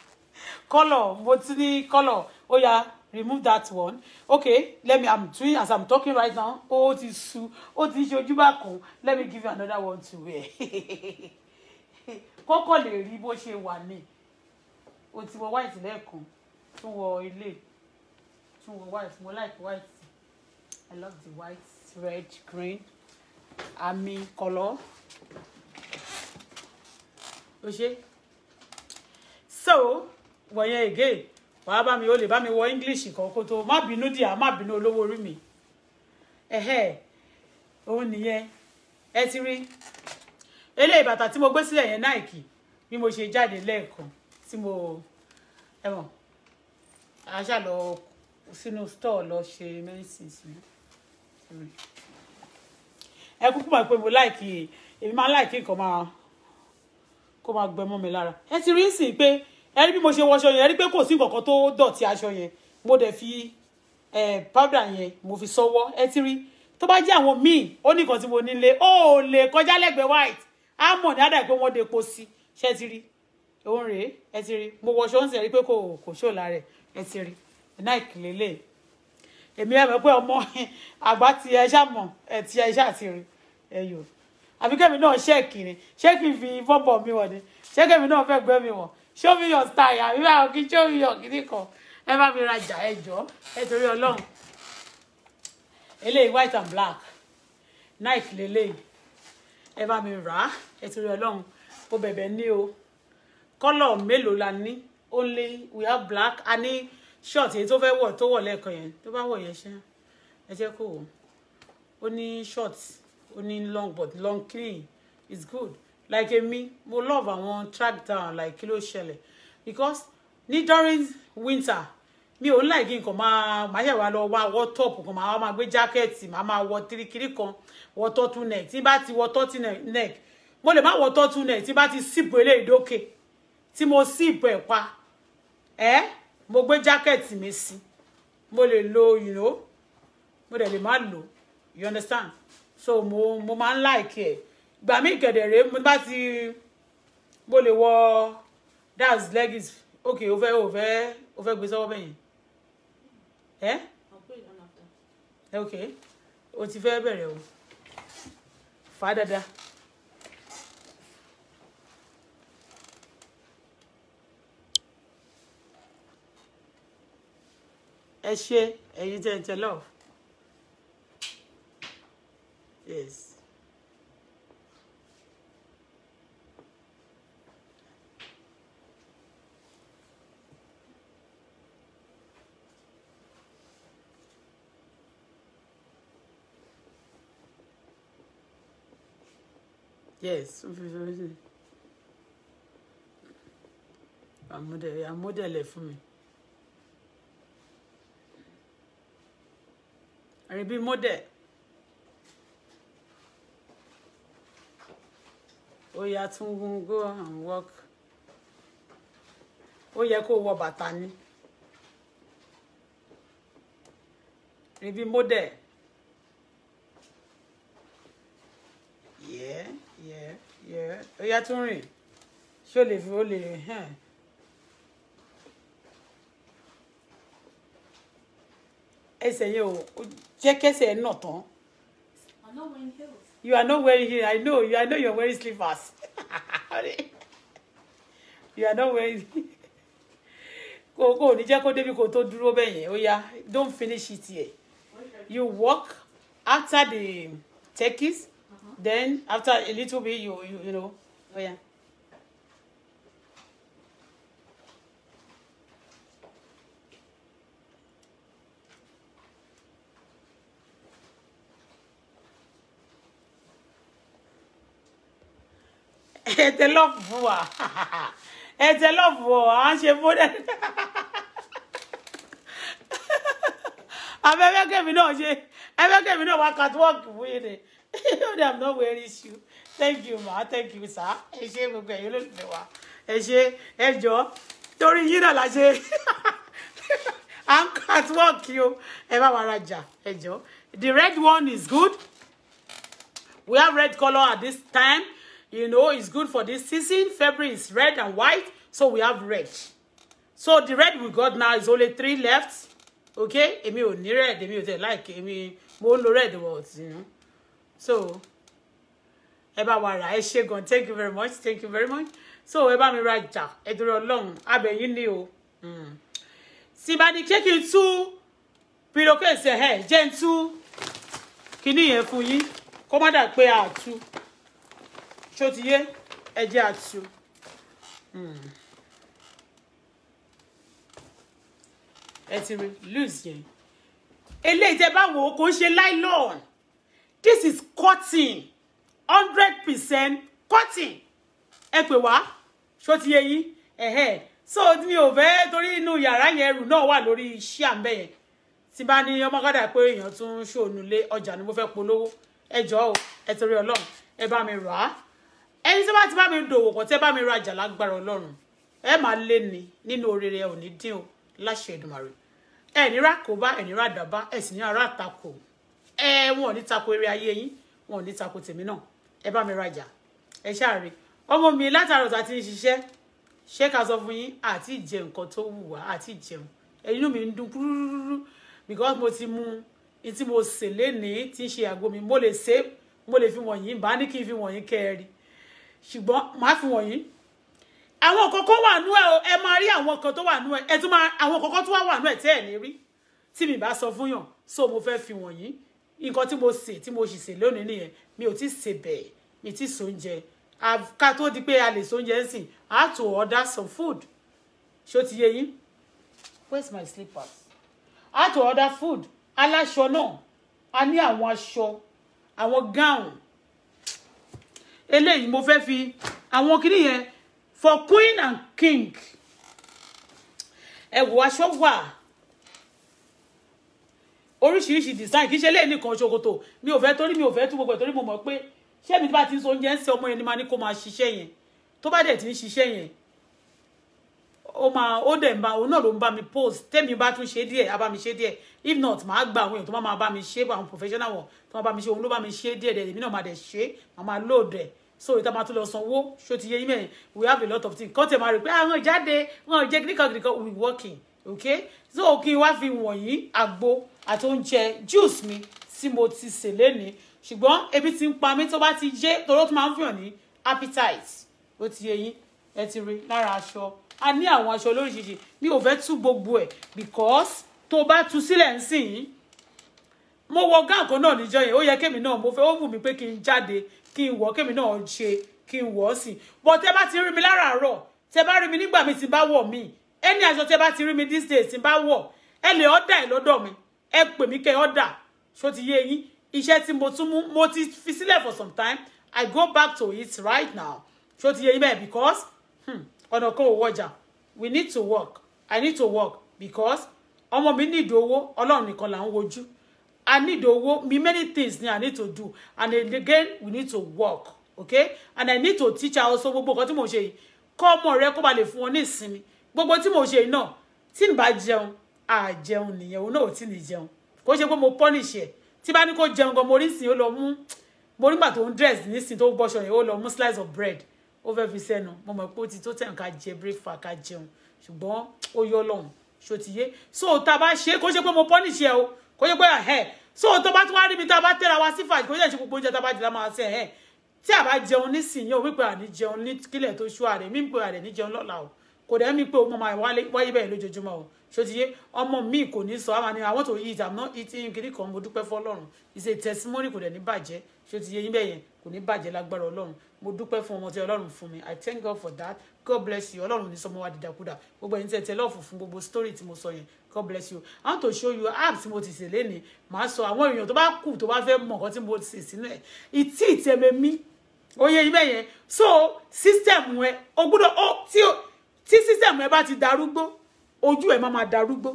[laughs] kọ́lọ̀ mo ti ní kọ́lọ̀ ó yá remove that one okay let me i'm doing as i'm talking right now ó this, su this. ti ṣe let me give you another one to wear [laughs] kọ́kọ́ lè rí bó ṣe wà ní o ti wọ white lẹ́ẹ̀kan tún wọ ilé tún wọ white mo like white i love the white red green àmì color o ṣe so wọ̀nyẹn again wàá bá mi ó lè bá mi wọ english kan kó tó má bínú dìá má bínú olówó orí mi ẹ̀hẹ́ òun nìyẹn ẹ ti rí eléyìí bàtà tí mo gbé sílẹ̀ yẹn nike bí mo ṣe jáde lẹ́ẹ̀kan tí mo ẹ̀wọ̀n àṣà lọ sínú store lọ ṣe medicine sí ẹ kúkú mọ̀ pé mo láìkì èmi máa láìkì nǹkan máa kó máa gbẹmọ́ mi lára ẹ ti rí sí pé ẹni bí mo ṣe wọṣọ yẹn ẹni pé kò sí nǹkan tó dọ̀tí aṣọ yẹn mo dẹ̀ fi powder yẹn mo fi sọwọ́ ẹ ti rí tó bá jẹ́ àwọn míì ó ní nǹkan tí mo nílé ó lè kọjá lẹ́gbẹ̀ẹ́ white á mọ̀ ní àdá pé wọ́n depo sí ṣe ti rí òun rèé ẹ ti rí mo wọṣọ ń sẹ̀ rí pé kò kò ṣòlá rẹ̀ ẹ ti rí nike lélẹ̀ èmi ẹ̀ mọ̀ pé ọmọ [laughs] àgbà ti ẹ ṣá mọ̀ ẹ ti ẹ ṣá ti rí ẹ yòó àbíkẹ́mi náà ṣẹ́ẹ̀kì ni ṣẹ́ẹ̀kì fi bọ́bọ̀ mi wọ̀ ni ṣẹ́ẹ̀kì náà fẹ́ gbẹ́ wọ̀ show me your style àbí báwo kí show me your kìíní kan ẹ bá mi rajà ẹ jọ ẹ torí Ọlọ́run eléyìí white and black knife lélẹ́yìí ẹ bá mi rà á ẹ torí Ọlọ́run ó bẹ̀bẹ̀ ní o kọ́lọ̀ mélòó la ní only we have black a ní short èyí tó fẹ́ wọ̀ tó wọ̀ lẹ́ẹ̀kan yẹn tó bá wọ̀ yẹn ṣe ẹ jẹ́ kó o ó ní short ó ní long but long clean is good like me, mo love àwọn track down like kilo ló because ní during winter mi ò like láì kí nǹkan máa máa ṣe wà lọ wá wọ tọ́ọ̀pù kan máa máa gbé jákẹ́ẹ̀tì máa máa wọ kirikiri kan wọ tọ́tù neck tí bá ti wọ tọ́tù neck mo lè má wọ tọ́tù neck tí bá ti síìpù eléyìí dókè tí mo síìpù ẹ̀ pa ẹ́ mo gbé jákẹ́ẹ̀tì mi sí mo lè lo you know mo dẹ̀ lè má lò you understand so mo mo máa like eh gbà mí ìkẹ̀dẹ̀rẹ́ mo bá ti mo lè wọ that's leggings ok o fẹ́ o fẹ́ o fẹ́ gbé sọ́wọ́ bẹ́yìn ẹ ok o ti fẹ́ bẹ̀rẹ̀ o fà á dáadáa. ẹ ṣe ẹ̀yin tẹ̀ ń tẹ̀ lọ́ọ̀ yes. yes I'm I'm àmúdẹ̀lẹ̀ fún mi. àrùn bíi mọ́dẹ̀ ó yá to go and work Oh, yẹ kó wọ bàtà ni àrùn bíi mọ́dẹ̀ Yeah yẹ yẹ ó yá tún rìn ṣé o lè fi ó lè hàn. ẹsẹ̀ yẹn o jẹ́ kẹsẹ̀ ẹ̀ nà tán. I'm not wearing heels. You are not wearing heels. I know. You, I know you are wearing slippers. [laughs] you are not wearing. [laughs] Kò kò ní jẹ́ kó débi kò tó dúró bẹ́ẹ̀ yẹn. Ó yá don't finish it here. You walk after the turkeys. Then after a little bit, you you, you know. Oh yeah. love ẹtẹ lọ́ọ̀fù wa ẹtẹ lọ́ọ̀fù wa à ń ṣe fúnẹ abẹ́fẹ́kẹ́mi náà ṣe abẹ́fẹ́kẹ́mi náà wá catwalk fún yìí ni. [laughs] no i'm not wearing shoe thank you ma thank you sir ẹ ṣe gbogbo ẹ̀yin olólùfẹ́ wa ẹ ṣe ẹ jọ torí yín náà la ṣe à [laughs] ń work o ẹ bá wa rajà ẹ jọ the red one is good we have red color at this time you know it's good for this season February is red and white so we have red so the red we got now is only three left okay èmi ò ní red èmi ò tẹ like èmi mo ń lo red but you know so ẹ bá wa rà ẹ ṣe gan thank you very much thank you very much so ẹ mi ra ìjà ẹdùrẹ abe abẹyìn ni o mm. tí bá ní kéèkì tú pírọkẹsì ẹ jẹ ń tú kíní yẹn fún yín kó má dà pé àtú ṣó ti yé ẹ jẹ àtú. Mm. ẹ ti rí lose yẹn eléyìí tẹ bá wò ó kò ń this is cotton hundred percent cotton ẹ pè wá So ti yé yín ẹ̀hẹ́ so mi ò fẹ́ torí inú yàrá yẹn ẹrù náà wà lórí iṣẹ́ àmbẹ̀ yẹn tí bá ní ọmọ kádà pé èèyàn tún ṣòónú lé ọjà ni mo fẹ́ polówó ẹ jọ̀ọ́ o ẹ torí ọlọ́run ẹ bá mi rà á ẹni tí ti bá mi dòwò pọ̀ tẹ́ bá mi rajà lágbára ọlọ́run ẹ máa lé ni nínú oríire ẹ ò ní o láṣẹ Èdùmàrè ẹ ní rà kóbá ẹ ní rà dábá ẹ ara àtakò ẹ wọn ò ní tako eré ayé yín wọn ní tako tèmi náà ẹ bá mi rajà ẹ ṣáàrin ọmọ mi látàrọ̀ tá a ti ń ṣiṣẹ́ ṣé ká sọ fún yín àti jẹ nǹkan tó wù wá àti jẹun inú mi ń dùn kúrúrúrú because mo ti mu ní tí mo sè lénìí tí ń ṣe àgbo mi mo lè ṣe mo lè fi wọ̀nyí bá ní kí n fi wọ̀nyí kẹ́ẹ̀rì ṣùgbọ́n màá fi wọ̀nyí àwọn kọ̀ọ̀kan wà nú ẹ o ẹ máa rí àwọn kan tó wà nú ẹ ẹ tún máa àwọn kọ̀ọ̀kan tó wà nú ẹ tẹ́ ẹ̀ ní rí tí mi bá sọ fún yàn so mo fẹ́ fi wọ̀nyí nǹkan tí mo sè tí mo sì sè lónìí nìyẹn mi ò tí sè bẹ́ẹ̀ mi ti sè oúnjẹ ká tó di pé a lè sè oúnjẹ ńsìn I had to order some food ṣó ti yé yín where's my slippers I had to order food aláṣọ náà a ní àwọn aṣọ àwọn gown eléyìí mo fẹ́ fi àwọn kinní yẹn for queen and king ẹ wò aṣọ wà oríṣiríṣi design kì í ṣe lé nìkan ṣòkòtò mi ò fẹ́ torí mi ò fẹ́ tú gbogbo ẹ̀ torí mo mọ̀ pé ṣé mi bá ti ń so oúnjẹ ń ṣe ọmọ yẹn ni máa ní kó máa ṣiṣẹ́ yẹn tó bá dẹ̀ ti ń ṣiṣẹ́ yẹn ó máa ó dẹ̀ ń bá òun náà ló ń bá mi post tẹ́mi bá tún ṣe díẹ̀ á bá mi ṣe díẹ̀ if not màá gba àwọn èèyàn tó máa bá mi ṣe àwọn professional wọn tó máa bá mi ṣe òun ló bá mi ṣe díẹ̀ dẹ̀ èmi náà máa dẹ̀ ṣe màá máa load ẹ̀ so ìta máa tún lọ sanwó ṣó ti yé yín mẹ́rin we have a lot of things kọ́ńtẹ̀ máa rè pé àwọn ah, ìjáde wọn ò jẹ́ kíníkan kíníkan we working okay so kí n wá fi wọ̀nyí àgbo àti oúnjẹ juice mi tí mo ti sè lénìí ṣùgbọ́n ebi ti ń pa mí tó bá ti jẹ́ toró tó máa ń fihàn ní appetite ó ti yẹ yín ẹ ti rí lára aṣọ a ní àwọn aṣọ lóríṣiríṣi mi ò fẹ́ tú gbogbo ẹ̀ because tó bá tú sílẹ̀ ń sìn yín mo wọ gáàkó náà níjọ́ yẹn ó yẹ kémi náà mo fẹ́ ó wù mí pé kí n jáde kí n wọ̀ kémi náà ṣe kí n wọ̀ sí but tẹ́ bá ti rí mi láràárọ̀ tẹ́ bá rí mi nígbà mi ti bá wọ̀ míì Any aṣọ tí ẹ ti rí mi these days tí n bá wọ̀ ẹ lè ọ́dà ẹ̀ lọ́dọ̀ mi ẹ pè mí kẹ́ ọ́dà ṣó ti yé yín iṣẹ́ tí mo tún mú mo ti fi sílẹ̀ for some time I go back to it right now So ti yé yín because hmm, ọ̀nà kan ò wọjà we need to work I need to work because ọmọ mi ní ìdòwó ọlọ́run nìkan là ń I need owó me many things ni I need to do and again we need to work okay and I need to teach also gbogbo nǹkan tí mo ṣe yìí kọ́ ọmọ rẹ kó ba lè fún wọn ní ìsinmi gbogbo tí mo ṣe náà tí n bá jẹun à jẹun nìyẹn òun náà tí ní jẹun kò ṣe pé mo pọ́nìṣì ẹ̀ tí bá ní kó jẹun gan mo rí sìn ó lọ mú mo rí gbà tó ń dress nísìn tó bọ́ṣọ yẹn ó lọ mú slice of bread ó fẹ́ fi sẹ́nu mo mọ̀ pé ó ti tó tẹ̀ ká jẹ breakfast ká jẹun ṣùgbọ́n ó yọ lọ́hùn ṣó ti yé so tá a bá ṣe kó ṣe pé mo pọ́nìṣì ẹ̀ o kó ṣe pé ẹ̀ so tó bá tún wá rí mi tá a bá tẹ́ra wa sí fàájì kó ṣe ṣe gbogbo oúnjẹ tá a bá jẹ lámà sí ẹ̀ tí a bá jẹun nísìnyí o wípé àní jẹun ní kílẹ̀ tó ṣú àrẹ̀ mí pé àrẹ̀ ní jẹun lọ́la o kò dẹ́ mi pé o mọ̀ máa wáyé bẹ́ẹ̀ lójoojúmọ́ o ṣòtìyé ọmọ mi kò ní sọ àmà ni àwọn tó yí ìjà náà ìtì kiri kan mo dúpẹ́ fọlọ́run ìṣe testimony kò dẹ̀ ní bàjẹ́ ṣòtìyé yín bẹ́ẹ̀ yẹn kò ní bàjẹ́ lágbára ọlọ́run mo dúpẹ́ fún ọmọ tí ọlọ́run fún mi i thank God for that God bless you ọlọ́run ní sọmọ wa dìdàkudà gbogbo ẹni tẹ̀tẹ̀ lọ́ọ̀fù fún gbogbo story tí mo sọ yẹn God bless you i want to show you apps tí mo ti ṣe lénìí màá sọ àwọn èèyàn tó bá kù tó bá fẹ́ mọ̀ nǹkan tí mo ti ṣe sínú ẹ̀ ìtì ìtẹ̀mẹ̀mí oyè ibẹ̀ yẹn so system ẹ o gbọ́dọ̀ ó tí o tí sísẹ̀mù ẹ bá ti darúgbó ojú ẹ má máa darúgbó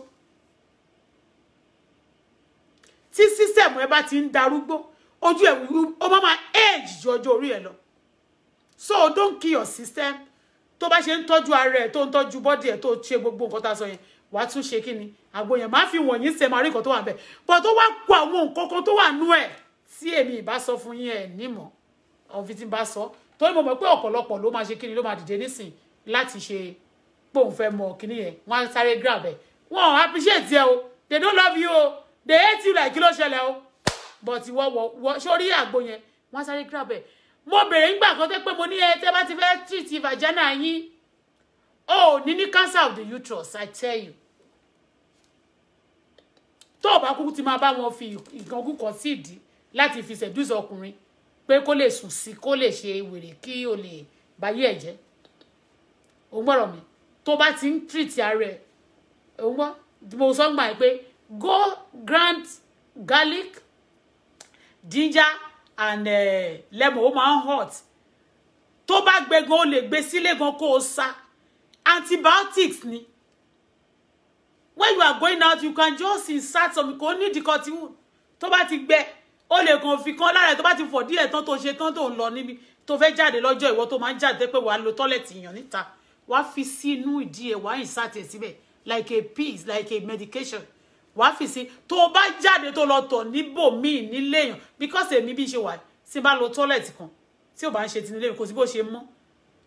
tí sísẹ̀mù ẹ bá ti ń darúgbó ojú ẹ wúrú ó má máa age jọjọ orí ẹ lọ so don't kill your system tó bá ṣe ń tọ́jú ara ẹ̀ tó ń tọ́jú bọ́dì ẹ̀ tó ṣe gbogbo nǹkan tá a sọ yẹn wàá tún ṣe kí ni àgbo yẹn máa fi wọ̀nyí ṣe máa rí nǹkan tó wà ń bọ́ tó wá kó àwọn nǹkan kan tó wà nú ẹ̀ tí èmi ìbá sọ fún yín ẹ̀ nímọ̀ ọ̀fi tí bá sọ torí mo mọ̀ pé ọ̀pọ̀lọpọ̀ ló máa ṣe kí ni ló máa dìde nísìnyí láti ṣe pòun fẹ́ mọ kíní yẹn wọ́n á sáré grab ẹ̀ wọ́n ò appreciate ẹ o they don't love you o they hate you like kí ló ṣẹlẹ̀ o but ìwọ wọ sórí àgbo yẹn wọ́n á sáré grab ẹ̀ mo bèrè ńgbà kan tẹ́ pé mo ní ẹ tẹ́ bá ti fẹ́ treat vagina yín o ní ní cancer of the uterus I tell you tó o bá kúkú ti máa bá wọn fi nǹkan kúkọ sí ìdí láti fi seduce ọkùnrin pé kó lè sùn sí kó lè ṣe wèrè kí o lè báyé ẹ̀ jẹ́ òun mi tó bá ti ń treat ara ẹ̀ òun gbọ́ mo sọ gbà pé go grant garlic ginger and uh, lemon ó máa ń hot tó bá gbẹ gan o lè gbé sílé gan kó o sa antibiotics ni when you are going out you can just insert some kò ní ìdíkọ tí tó bá ti gbẹ o lè kàn fi kan lára ẹ tó bá ti fọ̀ díẹ̀ tán tó ṣe tán tó ń lọ níbi tó fẹ́ jáde lọ́jọ́ ìwọ tó máa ń jáde pé wàá lo tọ́lẹ̀tì yàn níta wàá fi sínú ìdí ẹ̀ wàá insert ẹ̀ síbẹ̀ like a piece like a medication wàá fi sí tó o bá jáde tó lọ tọ̀ níbòmíì níléèyàn because èmi bí ṣe wà tí n bá lọ tọ́lẹ̀tì kan tí ò bá ń ṣe tinú léèyàn kò sí bó ṣe mọ́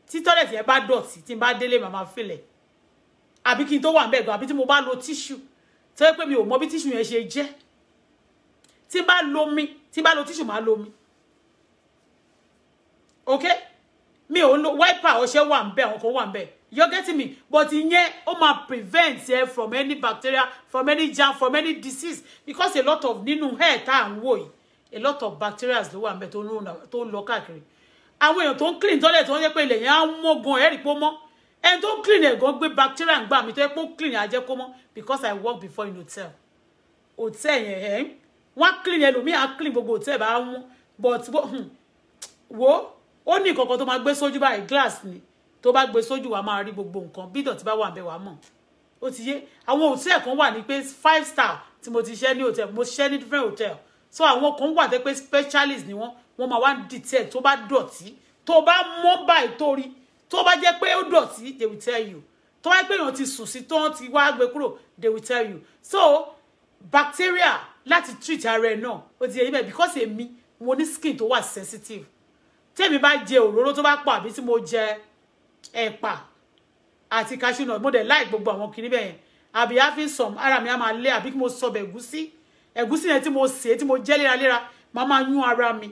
tí tọ́lẹ̀tì yẹn bá dọ̀tí tí n bá délé màmá filẹ̀ àbí kí n tó wà níbẹ̀ gan àbí tí mo bá lo tíṣù tó yẹ pé mi ò mọ bí tíṣù yẹn ṣe jẹ́ tí n bá lo mi tí n bá lo tíṣù màá lo mi okay mi ò lo wiper ọṣẹ wà ń bẹ àwọn kan wà ń bẹ you getting me but ìyẹn ó máa prevent ẹ from any bacteria from any germ from any disease because a lot of nínú hair tá à ń wò yìí a lot of bacteria ló wà ń bẹ tó ń lọ káàkiri àwọn èèyàn tó ń clean tọ́lẹ̀ tó ń yẹ pé ilẹ̀ yẹn á mọ́ gan ẹ̀rí pó mọ́ ẹni tó ń clean ẹ̀gán gbé bacteria ń gbà mí tó yẹ pé ó clean ajẹ́ kó mọ́ because I work before in hotel hotel yẹn ẹ̀ wọ́n á clean ẹlòmíì á clean gbogbo hotel bá wọ́n but hmm, wo ó ní nǹkan kan tó máa gbé sójú báyìí glass ni tó bá gbé sójú wa máa rí gbogbo nǹkan bí ìdọ̀tí bá wà ń bẹ wà mọ̀ ó ti yé àwọn hòtẹ́ẹ̀ kan wà ní pé five star tí mo ti ṣiṣẹ́ ní hòtẹ́ẹ̀ mo ṣiṣẹ́ ní different hotel so àwọn kan wà tẹ́ pé specialist ni wọ́n wọ́n máa wá ń detect tó bá dọ̀tí tó bá mọ́ báyìí tó rí tó bá jẹ́ pé ó dọ̀tí they will tell you tó bá pé èèyàn ti sùn sí tó ti wá gbé kúrò they will tell you so bacteria láti treat ara ẹ̀ náà ó ti yé ibẹ̀ because èmi mo ní skin tó wà sensitive tèmi bá jẹ òróró tó bá pọ̀ àbí tí mo jẹ ẹ̀pà àti cashew nut mo dẹ̀ láì gbogbo àwọn kiri bẹ́ẹ̀ yẹn àbí having some ara mi á máa lé àbí kí mo sọ bẹ̀ ẹ̀gúsí ẹ̀gúsí yẹn tí mo sè é tí mo jẹ́ léraléra màá máa yún ara mi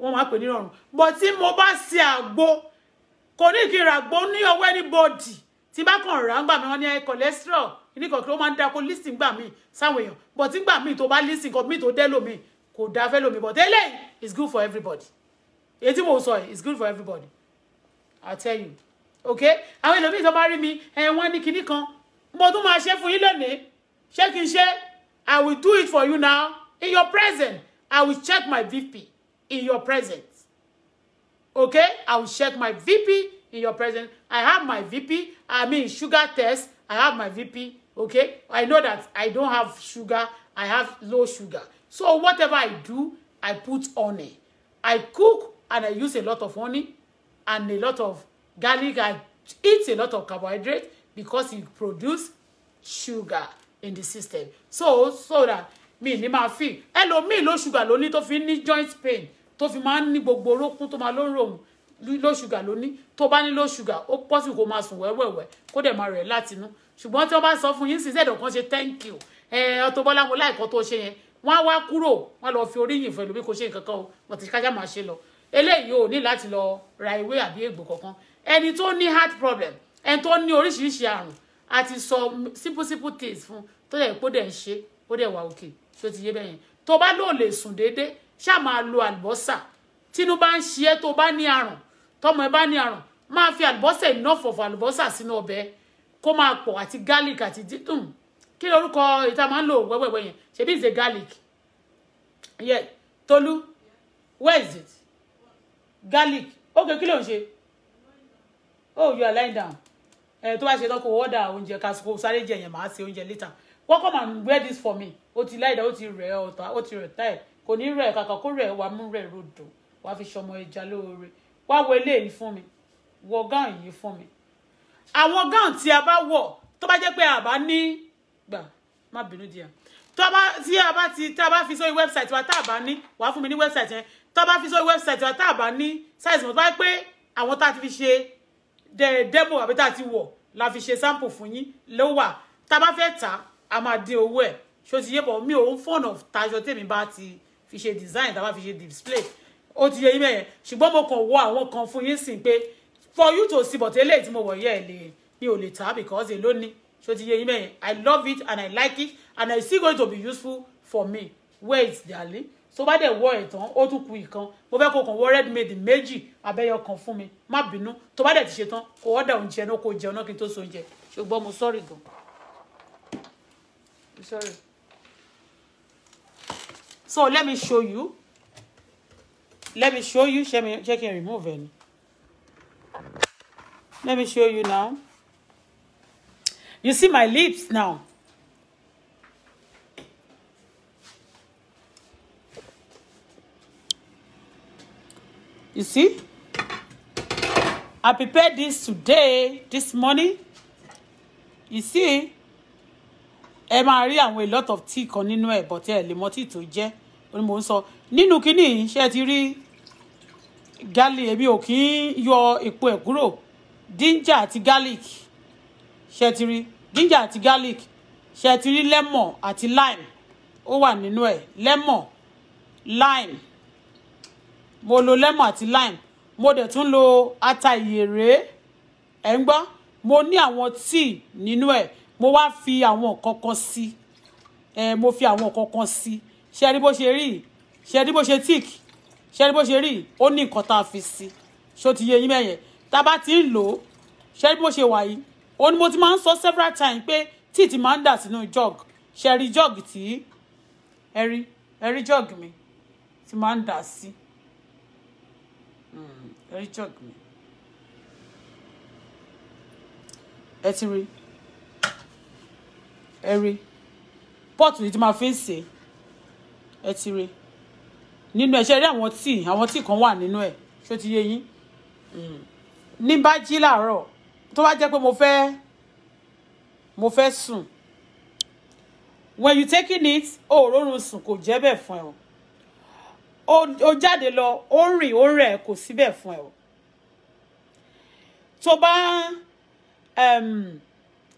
wọ́n máa pè ní ìrọ̀rùn but tí mo bá ṣe àgbo kò ní kí n ràgbo ní ọwọ́ anybody tí bá kàn rà ń gbà mí wọ́n ní cholesterol nígbà kí ó máa ń dáko lísìn gbà mí sáwọn èèyàn but nígbà míì tó bá lísìn kan míì tó dẹ́ lómi kò dáa lómi but eléyìí is good for everybody etí mo sọ it's good for everybody i tell you okay àwọn èlòmíì tó bá rí mi ẹ wọn ní kinní kan mo tún máa ṣe fún yín lónìí ṣé kí n ṣe i will do it for you now in your presence i will check my vp in your presence okay i will check my vp in your presence i have my vp i mean sugar test i have my vp okay i know that i don't have sugar i have low sugar so whatever i do i put honey i cook and I use a lot of honey and a lot of garlic. I eat a lot of carbohydrate because it produce sugar in the system. So so that mi ni máa fi me low sugar low ní tó fi ní joint pain tó fi máa ń ní gbogbo orókún tó máa ló ń low ló ṣùgà lóní tó bá ní ló ṣùgà ó pọ́sì kó máa sùn wẹ́wẹ́wẹ́ kó dẹ̀ máa rẹ̀ látinú ṣùgbọ́n tí wọ́n bá sọ fún yín sísẹ́ ìdọ̀kan ṣe thank you ẹ Auto la mo like tó ṣe yẹn wọ́n á wá kúrò wọ́n lọ fi oríyìn fún ẹlòmíì kó ṣe nǹkan kan o wọ́n ti kájá máa ṣe lọ eléyìí ò ní láti lọ ra ìwé àbí ègbò kankan ẹni tó ní heart problem ẹni tó ní oríṣiríṣi àrùn àti sọ simple simple things fún tó dẹ̀ kó dẹ̀ ń ṣe ó dẹ̀ wà òkè tó ti yé bẹ́ẹ̀ tó bá lò lè sùn déédéé ṣáà máa lo àlùbọ́sà tínú bá ń ṣe é tó bá ní àrùn tọmọ ẹ bá ní àrùn máa fi àlùbọ́sà enough of àlùbọ́sà sínú ọbẹ̀ kó máa pọ̀ àti garlic àti dídùn hmm, kí lorúkọ ìta máa ń lò wẹ́wẹ́wẹ́ yẹn ṣebí ìṣe garlic yeah Tolu where is it garlic ok kí ló ń ṣe oh you are lying down ẹ eh, tó bá ṣe lọ́kọ̀ wọ́dà oúnjẹ kásìkò sáré jẹ yẹn màá ṣe oúnjẹ later wọ́n come and wear this for me o ti láìda o ti rẹ̀ ọ̀tá o ti rẹ̀ táì kò ní rẹ̀ kàkà kó rẹ̀ wàá mú rẹ̀ rodò wàá fi ṣọmọ ẹja lóore wàá wọ eléyìí fún mi wọ gáàn yìí fún mi àwọn gáàn tí a bá wọ̀ tó bá jẹ́ pé a bá ní gbà má bínú díẹ̀ tó bá tí a bá ti tá a bá fi sórí wẹ́bsáìtì wa tá a bá ní wàá fún mi ní wẹ́bsáìtì yẹn tó bá fi sórí wẹ́bsáìtì wa tá a bá ní size mọ̀ tó bá pé àwọn tá a ti fi ṣe demo àbí tá a ti wọ̀ la fi ṣe sample fún yín ló wà tá a bá fẹ́ tà á máa dín owó ẹ̀ ṣó ti yé bọ̀ mi ò fọ̀nà taṣọ tèmi bá ti fi ṣe design tá a bá fi ṣe display ó ti yẹ yín mẹ́yẹn ṣùgbọ́n mo kàn wọ àwọn kan fún yín sìn pé for you to see but eléyìí tí mo wọ̀ yẹ́ ẹ̀ lè mi ò lè tà because èló ni ṣó ti yé yín mẹ́yẹn I love it and I like it and I still going to be useful for me where is darling tó bá dẹ̀ wọ ẹ̀tàn ó tún ku ìkan mo fẹ́ kó kàn wọ red maid méjì abẹ́yọ kan fún mi má bínú tó bá dẹ̀ ti ṣe tán kó ọ̀dà oúnjẹ náà kó jẹun náà kí n tó so oúnjẹ ṣùgbọ́n mo sọ́ọ̀rì gan so let me show you let me show you ṣé mi ṣé kí n remove ẹ let me show you now you see my lips now You see? I prepared this today, this morning. You see? Ẹ máa rí àwọn a lot of tea kan nínú ẹ̀ but ẹ lè mọ tí tó jẹ́. Ó ní mò ń sọ. Nínú kíní iṣẹ́ ti rí garlic èmi ò kí ń yọ èpo ẹ̀ kúrò. Ginger àti garlic ṣe ti rí. Ginger àti garlic ṣe ti rí lemon àti lime ó wà nínú ẹ̀ lemon lime mo lo lemon àti lime mo dẹ̀ tún lo ata ìyèrè ẹ̀ ń gbọ́ mo ní àwọn tíì nínú ẹ̀ mo wá fi àwọn kankan sí ẹ mo fi àwọn kankan sí ṣe rí bó ṣe rí ṣe rí bó ṣe tíìkì ṣe rí bó ṣe rí ó ní nǹkan tá a fi sí ṣó ti yé yín mẹ́yẹn tá a bá ti ń lò ó ṣe rí bó ṣe wà yìí ó ní mo ti máa ń sọ several times pé tíì ti máa ń dà sínú jug ṣe rí jug tí ẹ rí ẹ rí jug mi ti máa ń dà sí. Si lórí jọ̀g mi ẹ ti rí ẹ rí pọ́ọ̀tù ni tí máa fi ń sè ẹ ti rí nínú ẹ ṣe rí àwọn tíì àwọn tíì kan wà nínú ẹ ṣó ti yé yín hmm. ní bá jí làárọ̀ tó bá jẹ́ pé mo fẹ́ mo fẹ́ sùn when you taking it oh, rọrùn sùn kò jẹ́ bẹ́ẹ̀ fún o o jáde lọ ó rìn ó rẹ̀ kò síbẹ̀ fún ẹ o tó bá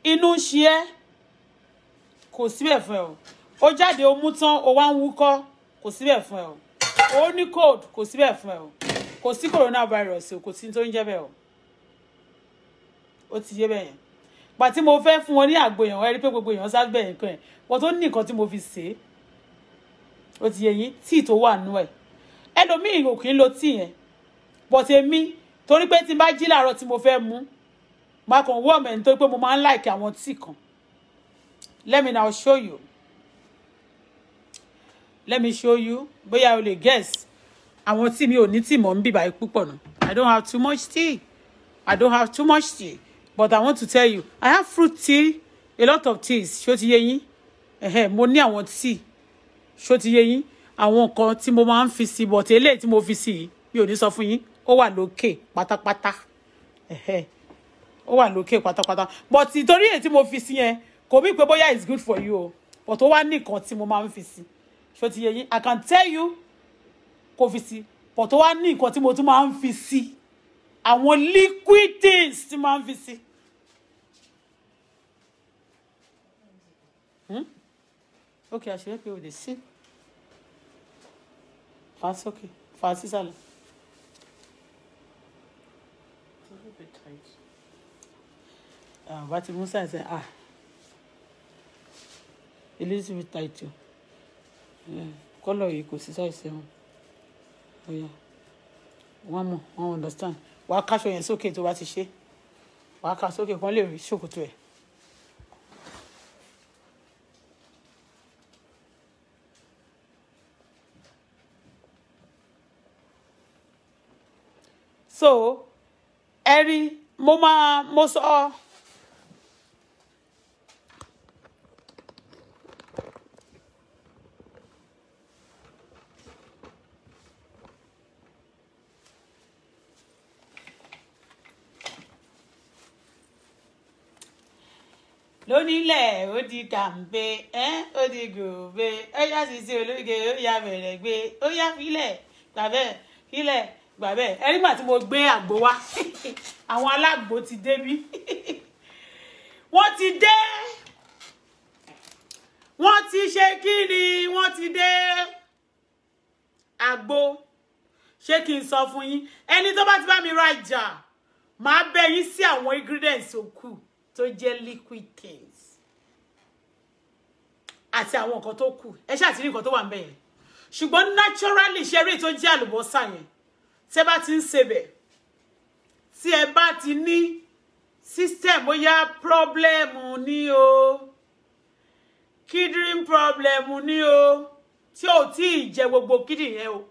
inú ń ṣe ẹ́ kò síbẹ̀ fún ẹ o ó jáde ó mú tán ó wá ń wúkọ́ kò síbẹ̀ fún ẹ o ó ní cold kò síbẹ̀ fún ẹ o kò sí coronavirus o kò sí tó ń jẹ́ bẹ́ẹ̀ o ó ti yé bẹ́ẹ̀ yẹn pàtí mo fẹ́ fún wọn ní àgbo èèyàn ẹ rí pé gbogbo èèyàn ságbẹ̀ yẹn kan ẹ̀ wọ́n tó ní nǹkan tí mo fi sè é ó ti yẹ yín tíì tó wà nú ẹ̀ ẹlòmíì ò kì í lo tíì yẹn but èmi torí pé tí n bá jí làárọ̀ tí mo fẹ́ mu máa kàn wọ́ ọ̀mẹ̀ nítorí pé mo máa ń like àwọn tíì kan let me now show you let me show you bóyá o lè guess àwọn tí mi ò ní tí mò ń bìbà púpọ̀ nù I don't have too much tea I don't have too much tea but I want to tell you I have fruit tea a lot of teas ṣó ti yé yín mo ní àwọn tea ṣó ti yé yín àwọn nǹkan tí mo máa ń fi sí bọ̀tí eléyìí tí mo fi sí mi ò ní sọ fún yín ó wà lókè pátápátá ó wà lókè pátápátá but ìtorí èyí tí mo fi sí yẹn kò mí pé bóyá it's good for you o but ó wá ní nǹkan tí mo máa ń fi sí ṣó ti yín I can tell you kò fi sí but ó wá ní nǹkan tí mo tún máa ń fi sí àwọn liquid things tí máa ń fi sí. Hmm? Okay, I should help you with the sip. Fast Fast okay. fà sókè fà sísàlẹ̀. Ah, bá ah, mú sáìsì à elizabeth taito Yeah. Color kò sí sáìsì wọn Yeah. One more. I understand wàá káṣọ yẹn sókè tó to what ṣe wàá ká sókè okay? Only show ṣòkòtò ẹ̀. so ẹ rí mo máa mo sọ lónílẹ̀ ó di kàǹpé ó di gòbè ó yá sisi ológe ó yá bẹ̀rẹ̀ gbé ó yá filẹ̀ tàbẹ́ filẹ̀ gbà bẹ́ẹ̀ ẹni gbà tí mo gbé àgbo wá [laughs] àwọn alágbo ti débí [laughs] wọ́n ti dé wọ́n ti ṣe kí ni wọ́n ti dé àgbo ṣé kí n sọ fún yín ẹni tó bá ti bá mi rajà màá bẹ yín sí àwọn ingredients òkú tó jẹ́ liquid things àti àwọn nǹkan tó kù ẹ ṣáà ti rí nǹkan tó wà ń bẹ yẹn ṣùgbọ́n naturally ṣe eré tó jẹ́ àlùbọ́sà yẹn tẹ́ bá ti ń sebẹ̀ tí ẹ bá ti ní system bóyá problem ni o kidney problem ni o tí ò tí ì jẹ gbogbo kidney yẹn o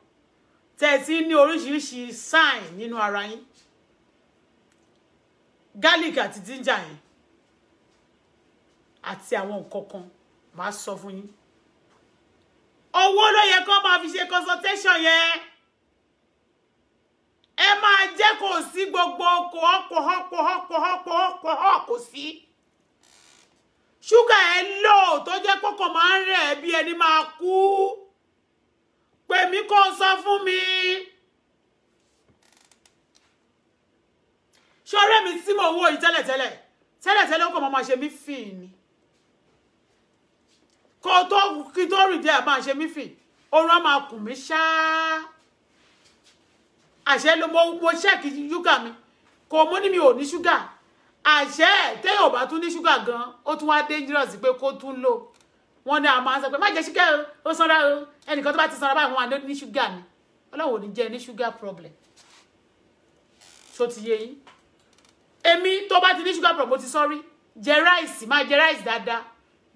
tẹ́ ti ní oríṣiríṣi sign nínú ara yín garlic àti ginger yẹn àti àwọn nǹkan kan màá sọ fún yín owó ló yẹ kó fi ṣe consultation yẹn. ẹ máa jẹ́ kò sí gbogbo ọkọ̀ ọkọ̀ ọkọ̀ ọkọ̀ ọkọ̀ ọkọ̀ ọkọ̀ sí. ṣúgà ẹ lò tó jẹ́ kókò máa ń rẹ̀ bí ẹni máa kú mi mí sọ fún mi. ṣọ́rẹ́ mi tí mo wo yìí tẹ́lẹ̀tẹ́lẹ̀ tẹ́lẹ̀tẹ́lẹ̀ ó kàn máa ṣe mí ni kó tó kí tó rìn díẹ̀ máa ṣe mí fìn oorun á máa kùn mí àṣẹ ló mo mo ṣẹ́ẹ̀kì ṣúgà mi kò mọ́ ní mi ò ní ṣúgà àṣẹ téèyàn ò bá tún ní ṣúgà gan ó tún wá dangerous pé kó tún lò wọ́n ní àwọn máa ń sọ pé má jẹ ṣúgà o ó sanra o ẹnìkan tó bá ti sanra báyìí wọ́n á ní ṣúgà ni ọlọ́run ò ní jẹ́ ní ṣúgà problem ṣó ti yé yín èmi tó bá ti ní ṣúgà problem mo ti sọ́rí jẹ ráìsì máa jẹ ráìsì dáadáa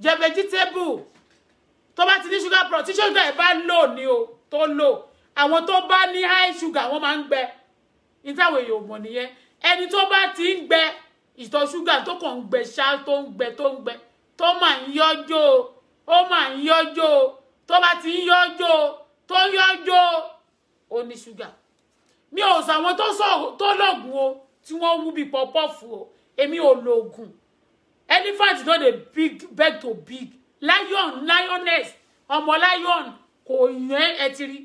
jẹ vegetable tó bá ti ní ṣúgà problem tí ṣúgà ẹ bá lò ní o tó lò àwọn tó bá ní high sugar wọ́n máa ń gbẹ ìtàwọn èèyàn ò mọ̀ nìyẹn ẹni tó bá ti ń gbẹ ìtọ̀ ṣúgà tó kàn ń gbẹ ṣá tó ń gbẹ tó ń gbẹ tó máa ń yọjó ó máa ń yọjó tó bá ti ń yọjó tó yọjó ó ní ṣúgà mi ò sàwọn tó sọ tó lọ́gùn o tí wọ́n wú bí pọ́pọ́fù o èmi ò lo oògùn elephant no dey big beg to big lion lioness ọmọ lion kò yẹn ẹ ti rí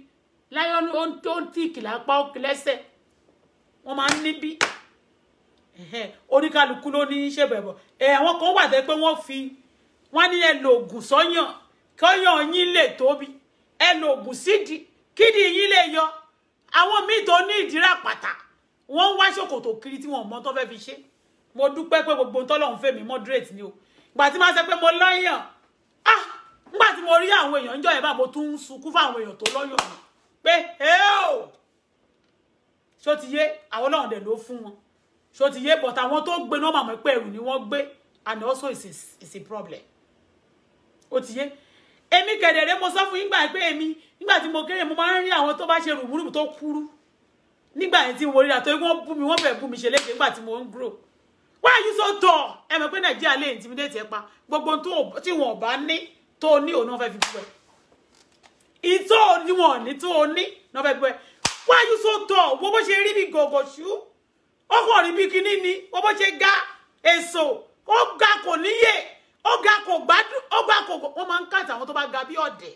láyọ̀nù ó ń tó ń tí ìkìlà pa òkè lẹ́sẹ̀ wọ́n máa ń níbí oníkálukú ló ní í ṣèbẹ̀bọ̀ ẹ̀ àwọn kan wà tẹ́ pé wọ́n fi wọ́n ní ẹ lo oògùn sọ́yàn kọ́yàn yín lè tóbi ẹ lo oògùn sídìí kídì yín lè yọ àwọn míì tó ní ìdírà pàtà wọ́n ń wá ṣòkòtò kiri tí wọ́n mọ tó fẹ́ fi ṣe mo dúpẹ́ pé gbogbo ohun tọ́lọ́run fèmí moderate ni o ìgbà tí máa ṣe pé mo lọ́yàn ah nígbà tí mo rí àwọn èèyàn ń jọ ẹ̀ bá mo tún sunkún fún àwọn èèyàn tó lọ́yàn náà pé ẹ́ẹ́ ṣó ti yé àwọn náà dẹ̀ ló fún wọn ṣó ti yé but àwọn tó gbé náà màmú pé ẹrù ni wọ́n gbé and also it's a, it's a problem ó ti yé èmi kẹ̀dẹ̀rẹ́ mo sọ fún yín gbà pé èmi nígbà tí mo kéré mo máa ń rí àwọn tó bá ṣe rùmùrùmù tó kúrú nígbà yẹn tí mo ríra torí wọ́n bú mi wọ́n fẹ́ bú mi ṣe léṣe nígbà tí mo ń grow why are you so tall ẹ mọ̀ pé nàìjíríà lè intimidate ẹ pa gbogbo tí wọn ò bá ní tó ní òun náà fẹ́ fi bú ẹ ìtọ́ òníwọ̀n ní It's o ní náà fẹ́ gbẹ why you so tall wo bó ṣe rí bí gògò ṣú ọkọ̀ rí bí kinní ni wo bó ṣe ga èso ó ga kò níyè ó ga kò gbádùn ó ga kò wọ́n máa ń kàtà àwọn tó bá ga bí ọ̀dẹ̀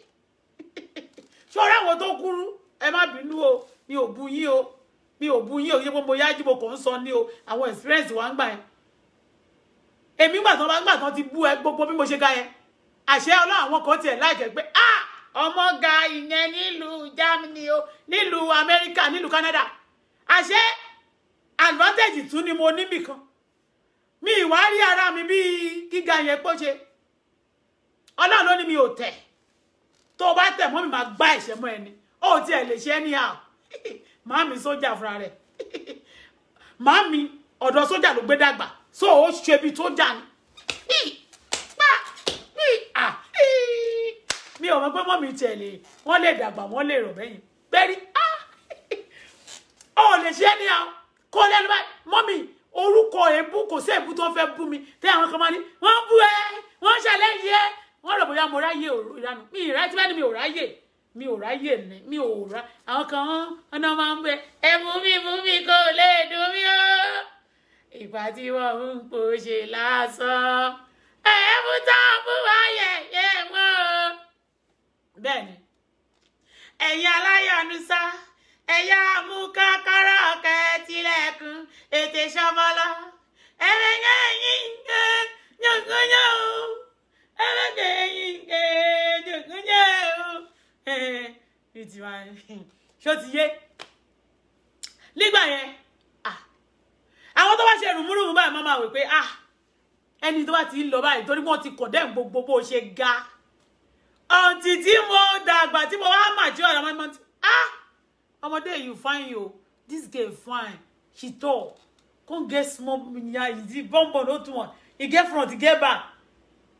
[laughs] ṣọ́ra àwọn tó kúrú ẹ má bínú o mi ò bu yín o mi ò bu yín o yín pé mo yájú mo kàn ń sọ ní o àwọn experience wa ń gbà yẹn èmi gbà tán bá gbà tán ti bú ẹ gbogbo bí mo ṣe ga yẹn àṣẹ ọlọ́run àwọn kan tiẹ̀ láìjẹ́ pé ah ọmọga ìyẹn nílùú Germany o nílùú Amẹ́ríkà nílùú Canada àṣé advantage tún ni mo níbì kan mi ìwà rí ara mi bí gíga yẹn pọ́ ṣe ọlọ́run ló ní mi ò tẹ̀ tó o bá tẹ̀ mọ́ mi máa gbá ẹ̀ṣẹ̀ mọ́ ẹni ó tiẹ̀ lè ṣe ní àw [laughs] màámi sójà fúnra rẹ̀ [laughs] màámi ọ̀dọ̀ sójà ló gbé dàgbà so ó ṣe bí tó jà ní. [laughs] mi ò mọ̀ pé mọ́mí tiẹ̀ lè wọ́n lè dàgbà wọ́n lè rọ̀ bẹ́yìn bẹ́ẹ̀ni ó lè ṣe é ní àwọn kó lẹ́nu báyìí mọ́mí orúkọ èébú kò sí èébú tó fẹ́ bú mi tẹ́ àwọn kan máa ní wọ́n bú ẹ wọ́n ṣàlẹ́yìn ẹ wọ́n rò bóyá mo ráyè ìranù mi ìráyè tí bá ní mi ò ráyè mi ò ráyè ní mi ò rá àwọn kan ọ̀nà máa ń bẹ ẹ mú mi mú mi kó lè dùn mí ó ìgbà tí wọ́n ń pòṣe lásán ẹ̀ẹ́mú tá a mú wáyẹ̀ bẹ́ẹ̀ ni ẹ̀yin aláyọ̀nusá ẹ̀yà amúkákárà ọ̀kẹ́ tilẹ̀kùn ètè sọmọlọ ẹ̀rẹ̀yẹ yín ké jòkúnjẹ́ o ẹ̀rẹ̀kẹ́ yín ké jòkúnjẹ́ o ẹ̀ ti wá ṣó ti yé nígbà yẹn àwọn tó bá ṣe rùmúrùmú báyìí máa máa wò pé ẹni tó bá ti ń lọ báyìí torí wọn ti kọ̀ dẹ́n gbogbo bó ṣe ga ọ̀ǹtì tí mo dàgbà tí mo wá màjọ ọ̀rọ̀ ọmọ ọmọdé ah ọmọdé you fine you? this girl fine she tall come get small ya the bonbon no too much e get front e get back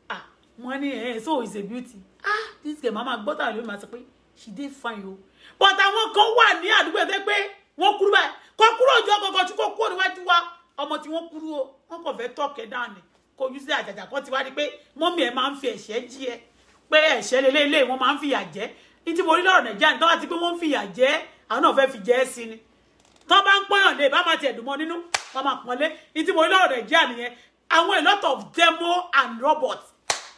ah money eh. so is a beauty ah this girl mama gbọ́dọ̀ ló máa sọ pé she dey fine you. but àwọn kan wà ní àdúgbò ẹgbẹ́ pé wọ́n kúrú báyìí kọ́ kúrò ojú ọkọ̀ọ̀kan tí kò kúrò níwájú wa ọmọ tí wọ́n kúrú o wọ́n kàn fẹ́ tọ̀kẹ́ dáhùn ni kò yú sí àjàjà kan ti wá di pé Mommy, ẹ̀ máa ń fi ẹ̀ṣẹ́ jí ẹ pé ẹ̀ṣẹ̀ lélẹ́lẹ́ wọ́n máa ń fìyà jẹ ní tí mo rí lọ́rọ̀ nàìjíríà nítorí àti pé wọ́n ń fìyà jẹ àwọn náà fẹ́ fi jẹ ẹ́ sí ni tó bá ń pọ́yàn lè bá máa tiẹ̀ dùn mọ́ nínú wọ́n máa pọ́nlé ní tí mo rí lọ́rọ̀ nàìjíríà nìyẹn àwọn a lot of demo and robots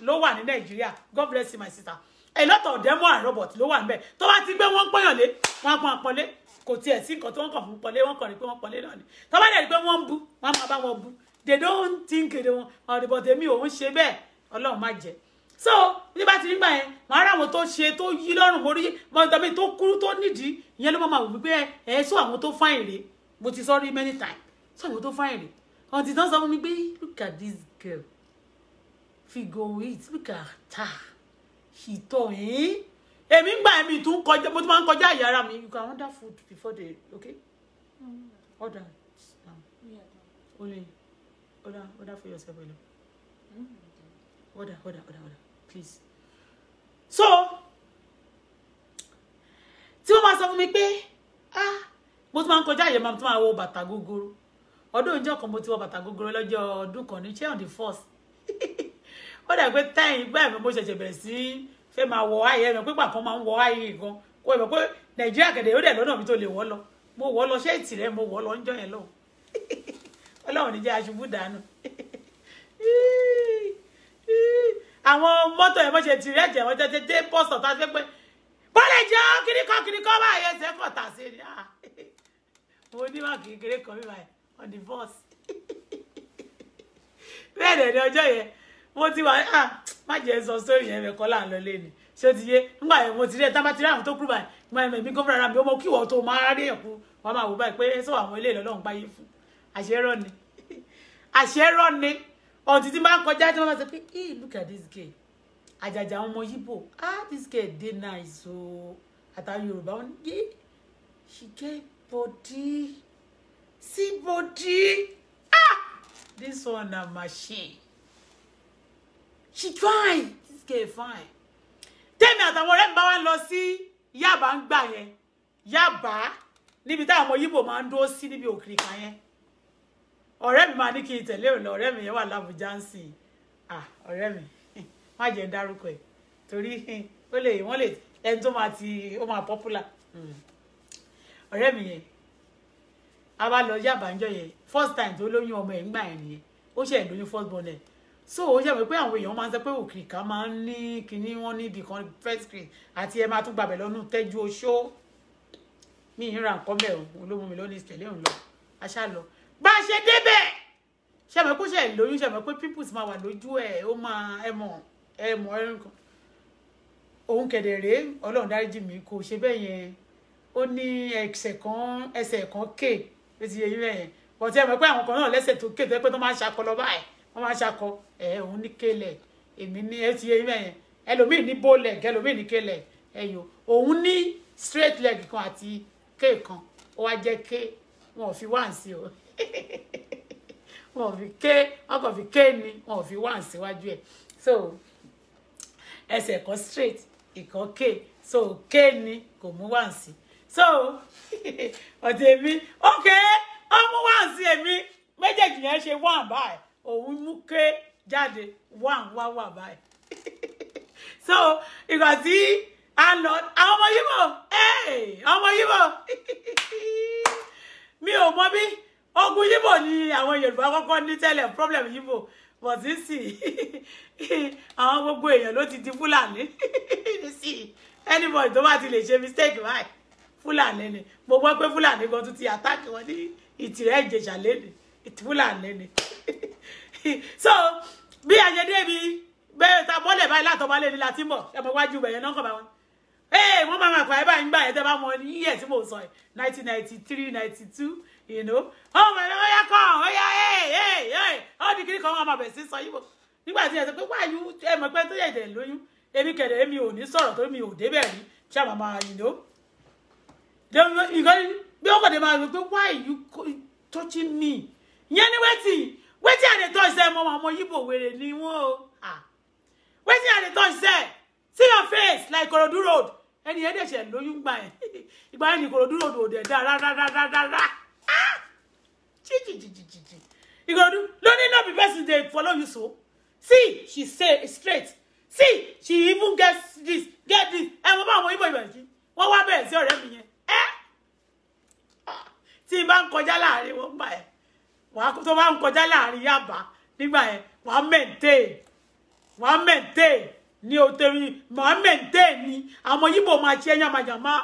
ló wà ní nàìjíríà god bless you my sister a lot of demo and robots ló wà níbẹ̀ tó bá ti gbé wọ́n pọ́yàn lé wọ́n á pọ́n àpọ́nlé kò tiẹ̀ sí nǹkan tí wọ́n kàn fún pọ́nlé wọ́n kàn rí pé wọ́n pọ́nlé náà ni tó bá dẹ̀ rí pé wọ́n ń bu wọ́n máa bá wọn bu they don't think they wọ́n ọ̀rẹ́bọ̀tẹ̀mí òun ṣe bẹ́ẹ̀ ọlọ́run má jẹ́ so ní bá ti rí gbà yẹn màá ráwọn tó ṣe tó yí lọ́rùn orí mọ̀tàbí tó kúrú tó nídìí ìyẹn ló máa wò wípé ẹ ẹ sọ àwọn tó fáìn rè mo ti sọ rí many times sọ àwọn tó fáìn rè ọ̀n ti tán sọ fún mi pé look at this girl figure it. look at her she tall eh? èmi ń gbà èmi tún kọjá mo tún máa ń kọjá àyè ara mi you can order food before the okay order now only order order for yourself order order order order please so tí wọ́n máa sọ fún mi pé ah mo tún máa ń kọjá àyè máa tún máa wọ bàtà gogoro ọdún ìjọ kan mo ti wọ bàtà gogoro lọ́jọ́ ọdún kan ní ṣé on the first [laughs] ó dà pé táyì gbá ẹ̀mí mo ṣẹ̀ṣẹ̀ bẹ̀rẹ̀ sí fẹ́ máa wọ ayé ẹ̀mí pípa kan máa ń wọ ayé gan kó ẹ̀mí pé nàìjíríà kẹ̀dẹ̀ ó dẹ̀ lọ́nà mi tó lè wọ́ lọ mo wọ́ lọ ṣé ìtì rẹ mo wọ́ lọ ń jọ yẹn lọ́wọ́ [laughs] ọlọ́run ní jẹ́ aṣubú dànù [laughs] àwọn mọ́tò yẹn wọ́n ṣe ti rẹ̀ jẹ́ wọ́n ṣe dé bọ́sọ̀ tá a ṣe pé bọ́lẹ̀ jẹ́ kíríkọ́ kíríkọ́ báyìí ẹsẹ̀ pọ̀ tà sí ni ah, [laughs] mo ní wà kékeré kan bí báyìí on the bus bẹ́ẹ̀ dẹ̀ ni ọjọ́ yẹn mo ti wà ah má jẹ́ sọ sórí yẹn ẹ̀kọ́ là ń lọ lé ni ṣé o ti yé nígbà yẹn mo ti rí ẹ tábà ti rí àwọn tó kúrò báyìí nígbà yẹn mi kó fúnra mi ó mọ kí ìwọ tó máa rí ẹ̀kú wàá máa wò báyìí pé ẹ sọ àwọn ilé ìlọ́lọ́run gbáyé fún àṣẹ rọ ni [laughs] àṣẹ rọ ni ọ̀tí tí máa ń kọjá tí wọ́n máa sọ pé hey look at this girl àjàjà àwọn ọmọ yíbò ah this girl dey nice o àtàwọn yorùbá wọn yé she get body see body ah this one na machine she fine this girl fine tẹ́mi àtàwọn ọ̀rẹ́ mi bá wá lọ sí yàbá ń gbà yẹn yàbá níbi táwọn ọmọ yíbò máa ń dúró sí níbi òkìrìkà yẹn ọ̀rẹ́ mi máa ní kí n tẹ̀lé òun ọ̀rẹ́ mi yẹn wà lábújá ń sìn ah ọ̀rẹ́ mi [laughs] má jẹ́ dárúkọ ẹ̀ torí ó lè wọ́n lè ẹni tó máa ti ó máa popular hmm. ọ̀rẹ́ mi yẹn a bá yẹn first time tó lóyún ọmọ ẹ̀ ń gbà ẹ̀ nìyẹn ó ṣe ìlóyún first born ẹ̀ so ó yẹ pé àwọn èèyàn máa ń sọ pé òkìrìkà máa ń ní kinní wọn ní ibìkan first screen àti ẹ máa tún gbàbẹ̀ lọ́nù tẹ́jú oṣó mi ìran nǹkan mẹ́rin olómùmí lónìí tẹ̀lé òun lọ aṣá lọ bá a ṣe débẹ̀ ṣẹ̀mọ̀ pé ṣẹ̀ lóyún ṣẹ̀mọ̀ pé pimples máa wà e ẹ̀ ó máa ẹ̀mọ̀ ẹ̀mọ̀ ẹ̀rìnkàn òun kẹ̀dẹ̀ rèé ọlọ́run dáríjì mi kò ṣe bẹ́ẹ̀ yẹn ó ní ẹsẹ̀ kan ẹsẹ̀ kan kè ó ti yẹ yín bẹ́ẹ̀ yẹn ọtí ẹ mọ̀ pé àwọn kan náà lẹ́sẹ̀ tó kéde pé tó máa ń lo lọ báyìí wọ́n máa ń ṣakọ ẹ òun ní kélẹ èmi ní ti yẹ yín mẹyẹn ẹlòmíì ní bow leg ẹlòmíì ní kélẹ ẹyọ straight leg kan àti k kan ó wá jẹ́ k wọn fi wá sí o [laughs] wọn ò fi ké wọn kàn fi ké ni wọn ò fi wá síwájú ẹ̀ so ẹsẹ̀ kan straight ìkan ké so ké ni kò mú wá sí so [laughs] ọ̀dẹ̀ mi ok ó mú wá sí èmi méjèèjì yẹn ṣe wá báyìí òun mú ké jáde wá wá wá báyìí [laughs] so ìgbà tí a lọ àwọn ọmọ yìí bọ̀ ọmọ yìí bọ̀ mi ò mọ bí ogun yíbò ni àwọn yorùbá kọ́kọ́ ní tẹ́lẹ̀ problem yíbò but sísì àwọn gbogbo èèyàn ló ti di fúlàní sí anybody tó bá ti lè ṣe mistake báyìí fúlàní ni mo gbọ́ pé fúlàní gan tún ti attack wọn ní ìtìrẹ́ ìjẹ̀ṣà lẹ́nu fúlàní ni so bí àjẹdẹ́bi bẹ́ẹ̀ ta bọ́lẹ̀ báyìí látọ̀ bá lè ní láti mọ̀ ẹ̀ mọ̀ wájú bẹ̀yẹn náà kọ̀ bá wọn. Hey, wọ́n máa máa pààyàn báyìí gbà yẹn tẹ́ bá mọ ní yíyẹ tí mò ń sọ yìí nineteen ninety three ninety two you know Oh my, ó yá kọ́ ó yá hey, hey, ee ó di kiri kan wọn máa bẹ̀ sí sọ yìí bò nígbà tí ẹ sọ pé wáyú ẹ mọ̀ pé tó yẹ ìdẹ̀ lóyún èmi kẹ̀dẹ̀ èmi ò ní sọ̀rọ̀ torí mi ò débẹ̀ rí ṣé you know nǹkan bí ó why you touching me yẹn ni wetin wetin i dey touch sef mọ́mọ́ ọmọ yìí bò wèrè ni wọ́n o ah. wetin i dey touch sef see your face like Ikorodu road ẹni yẹn dẹ̀ṣẹ̀ lóyún gbà ẹ̀ [laughs] ìgbà yẹn nìkòrò dúró dò dẹ̀ dá rárá rárá rárá ah! jìjìjìjìjì ìkòròdú lónìí no be person dey follow you so see she say straight see she even get this get this ẹ mo bá àwọn ibo ìbẹ̀jì wọ́n wá bẹ̀rẹ̀ sí ọ̀rẹ́ mi yẹn ẹ́ ah! tí n bá ń kọjá láàrin wọn gbà ẹ̀ wàá tó bá ń kọjá láàrin yàbá nígbà yẹn wàá maintain wàá maintain ní o tèmi màá mẹ́ǹtẹ́ ni àwọn yíbo máa ṣe yamayama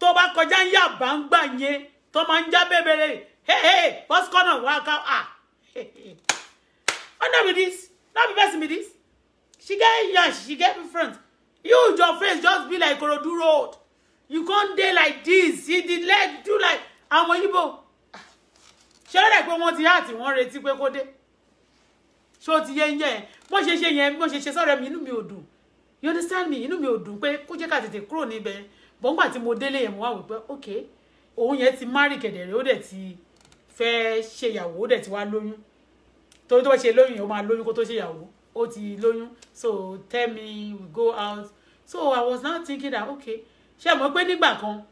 tó bá kọjá ń yà bá ń gbà yẹn tó máa ń já bèbèrè hehe bọ́sikọ́nà wà ká à oh no be this no be person be this she get yash she get different you your face just be like Ikorodu road you can't dey like this you did like do like àwọn yíbo ṣé ó rẹ̀ pé wọ́n ti yá àti wọ́n retí pé kó dé ṣó ti yẹ yẹn bó ṣe ṣe yẹn bó ṣe ṣe sọ́rọ̀ mi inú mi ò dùn you understand me inú mi ò dùn pé kó jẹ́ ká tètè kúrò níbẹ̀ bọ́ngbà tí mo délé yẹn mo wá wò pé ok òun yẹn ti márì kẹ̀dẹ̀rẹ̀ ó dẹ̀ ti fẹ́ ṣèyàwó ó dẹ̀ ti wá lóyún torí tó bá ṣe lóyún yẹn ó máa lóyún kó tó ṣèyàwó ó ti lóyún so tell me we go out so i was now thinking that okay ṣé mo pé nígbà kan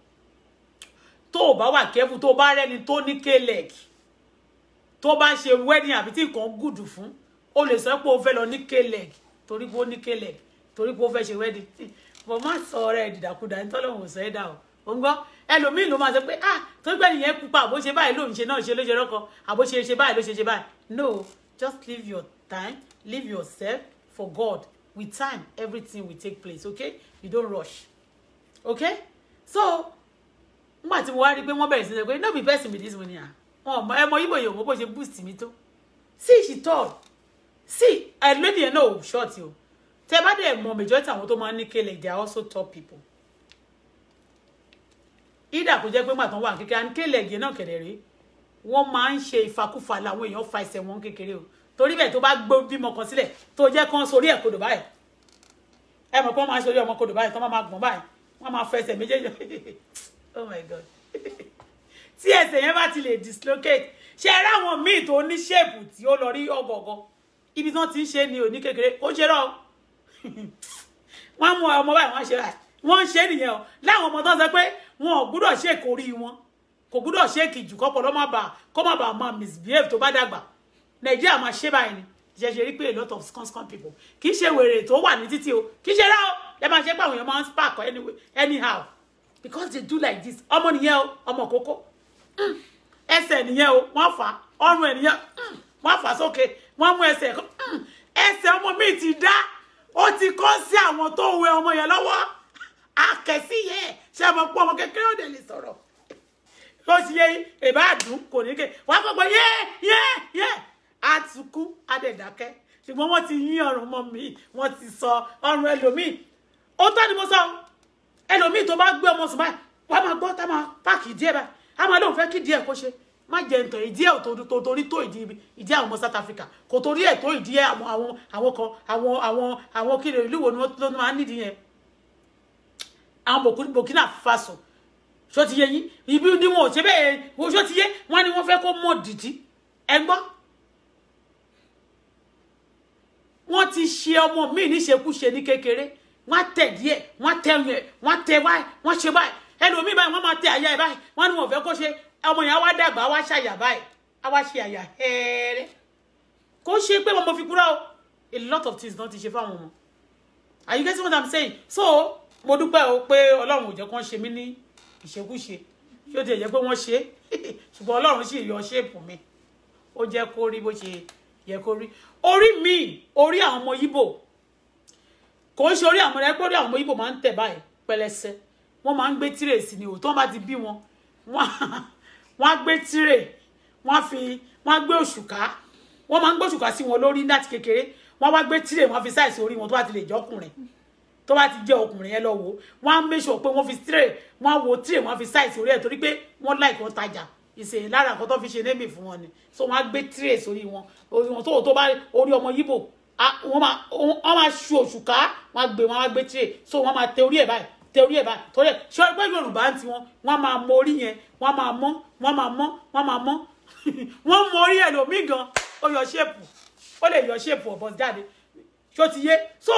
tó o bá wà kẹ́fù tó o bá rẹ́ni tó ní kélẹ̀kì tó bá ṣe wedding àbí tí nǹkan gùdù fún o lè sọ pé o fẹ́ lọ ní kleg torí pé ó ní kleg torí pé ó fẹ́ ṣe wedding bọ̀ má sọ ọ̀rẹ́ ìdìdàkudà ní tọ́lọ́hùn ọ̀sẹ̀ ẹ̀dá o ò ń gbọ́ ẹlòmíì ló máa sọ pé ah tó gbẹ́ nìyẹn pupa àbó ṣe báyìí ló ń ṣe náà ṣe ló ṣe rọ́kọ àbó ṣe ṣe báyìí ló ṣe ṣe báyìí no just leave your time leave yourself for God with time everything will take place okay you don't rush okay so nígbà tí mo wá rí i pé wọ́n bẹ̀rẹ̀ sí sọ pé no be person be this money ah wọn ọmọ ẹmọ yíbo yòówó bó ṣe boost mi tó see she tall see ẹ lóde yẹn short ò ṣọ́ọ̀tì o tẹ bá dẹ̀ mọ majority àwọn tó máa ń ní kele they are also top people ìdà kò jẹ́ pé gbà tán wà kékeré à ń kele ẹ̀gẹ́ náà kẹ̀dẹ̀ rèé wọ́n máa ń ṣe ìfakúfa làwọn èèyàn fa ẹsẹ̀ wọn kékeré o torí bẹ́ẹ̀ tó bá gbó bímọ kan sílẹ̀ tó jẹ́ kán sórí ẹ̀ kodò báyìí ẹ mọ̀ pé wọ́n máa ń sórí ọmọ kodò báyìí tán máa gbọ̀n báyìí wọ́n máa fẹsẹ̀ méjèèjì [laughs] oh my god [laughs] tí ẹsẹ̀ yẹn bá ti lè dislocate ṣe é ráwọn míì tó ní ṣéèpù tí ó lọ rí ọgọ̀ọ̀gọ̀ ibi tí wọ́n ti ń ṣe ni òní kékeré ó ṣe rọ wọ́n mú ọmọ báyìí wọ́n ṣe rà wọ́n ń ṣe nìyẹn o láwọn ọmọ tó ń sọ pé wọn ò gbúdọ̀ ṣe ìkórí wọn kò gbúdọ̀ ṣe kìjù kọ́pọ̀ lọ́ má bà kọ́ má bà máa misbehave tó bá dàgbà nàìjíríà máa ṣe báyìí ni ṣẹṣẹ rí pé a lot of scanscan people kì í ṣe wèrè tó wà ní títì o kì í ṣe rá o ẹ máa ṣe pé àwọn èèyàn máa ń spark anyway anyhow because they do like this ọmọ nìyẹn o ọmọ kókó mm. ẹsẹ̀ nìyẹn o wọ́n fà á ọrùn ẹ̀ nìyẹn mm. wọ́n fà á sókè wọ́n mú ẹsẹ̀ hmm, ẹsẹ̀ ọmọ mi ti dá ó ti kọ́ sí àwọn tó wẹ ọmọ yẹn lọ́wọ́ akẹ́sí yẹ ṣe mọ̀ pé ọmọ kékeré òde lè sọ̀rọ̀ ó sì yẹ ìbá dùn kò ní ké wọ́n á gbọ́ yé yé yé àtúkú adẹ̀dákẹ́ ṣùgbọ́n wọ́n ti yín ọ̀rùn mọ́ mi wọ́n ti sọ ọ̀rùn ẹlòmíì ó tọ́ ni mo sọ ẹlòmíì tó bá gbé ọmọ sùn báyìí wọ́n máa gbọ́ tá a máa páàkì díẹ̀ báyìí a máa lóun fẹ́ kí díẹ̀ kó ṣe má jẹ́ ntọ̀ ìdí ẹ̀ tó torí tó ìdí ìdí àwọn ọmọ South Africa kò torí ẹ̀ tó ìdí ẹ̀ àwọn àwọn àwọn kan àwọn àwọn àwọn kiri ìlú wo ni wọ́n máa ń nídìí yẹn àwọn Burkina Faso ṣó ti yé yín ibi ni wọn ò ṣe bẹ́ẹ̀ wọ́n ṣó ti yé wọ́n ni wọ́n fẹ́ kó mọ̀ dìdí ẹ gbọ́ wọ́n ti ṣe ọmọ míì níṣekúṣe ní kékeré wọ́n tẹ̀ díẹ̀ wọ́n tẹ̀ yẹn wọ́n tẹ̀ báyìí wọ́n ṣe báyìí ẹlòmíì báyìí wọ́n máa tẹ àyà ẹ̀ báyìí wọ́n ni wọ́n fẹ́ kó ṣe ọmọ yẹn á wá dàgbà á wá ṣàyà báyìí á wá ṣe àyà hẹ́ẹ́rẹ́ kò ṣe pé mo fi kúrò a lot of things Don't ti ṣe fáwọn ọmọ are you getting what i'm saying so mo dúpẹ́ o pé ọlọ́run ò jẹ́ kán ṣe mí ní ìṣekúṣe ṣé ó ti jẹ́ pé wọ́n ṣe [laughs] ṣùgbọ́n ọlọ́run sì yọ ṣéèpù mi ó jẹ́ kó rí bó ṣe yẹ kó rí orí mi orí àwọn ọmọ yíbò kò ń ṣe orí àwọn ẹgbẹ́ orí àwọn ọmọ yíbò máa ń tẹ̀ báyìí pẹlẹsẹ wọ́n máa ń gbé tírèsì ni òótọ́ bá ti bí wọn wọ́n wọ́n á gbé tírè wọ́n á fi wọ́n á gbé òṣùká wọ́n máa ń gbé òṣùká sí wọn lórí láti kékeré wọ́n wá gbé tírè wọ́n fi sáìsì orí wọn tó bá ti lè jọ́kùnrin tó bá ti jẹ́ ọkùnrin yẹn lọ wò wọ́n á make sure pé wọ́n fi tírè wọ́n á wo tírè wọ́n fi sáìsì orí ẹ̀ torí pé wọ́n láìkọ́ tajà ìsèyìn lára nǹkan tó fi ṣe nébì fún wọn ni so wọ́n á gbé tírè sórí wọn orí tó tó bá orí ọmọ yíbò wọ́n máa ṣu òṣùká wọ́n á gbé wọn á gbé tírè so wọ́n máa tẹ orí ẹ̀ báyìí torí ẹ̀ bá torí ẹ̀ ṣé ọgbẹ́ yorùbá ń tiwọn wọ́n máa mọ orí yẹn wọ́n máa mọ́ wọ́n máa mọ́ wọ́n máa mọ́ [laughs] wọ́n mọ orí ẹ̀ lómi gan ó yọ ṣéèpù ó lè yọ ṣéèpù ọ̀bọ jáde ṣó ti yé so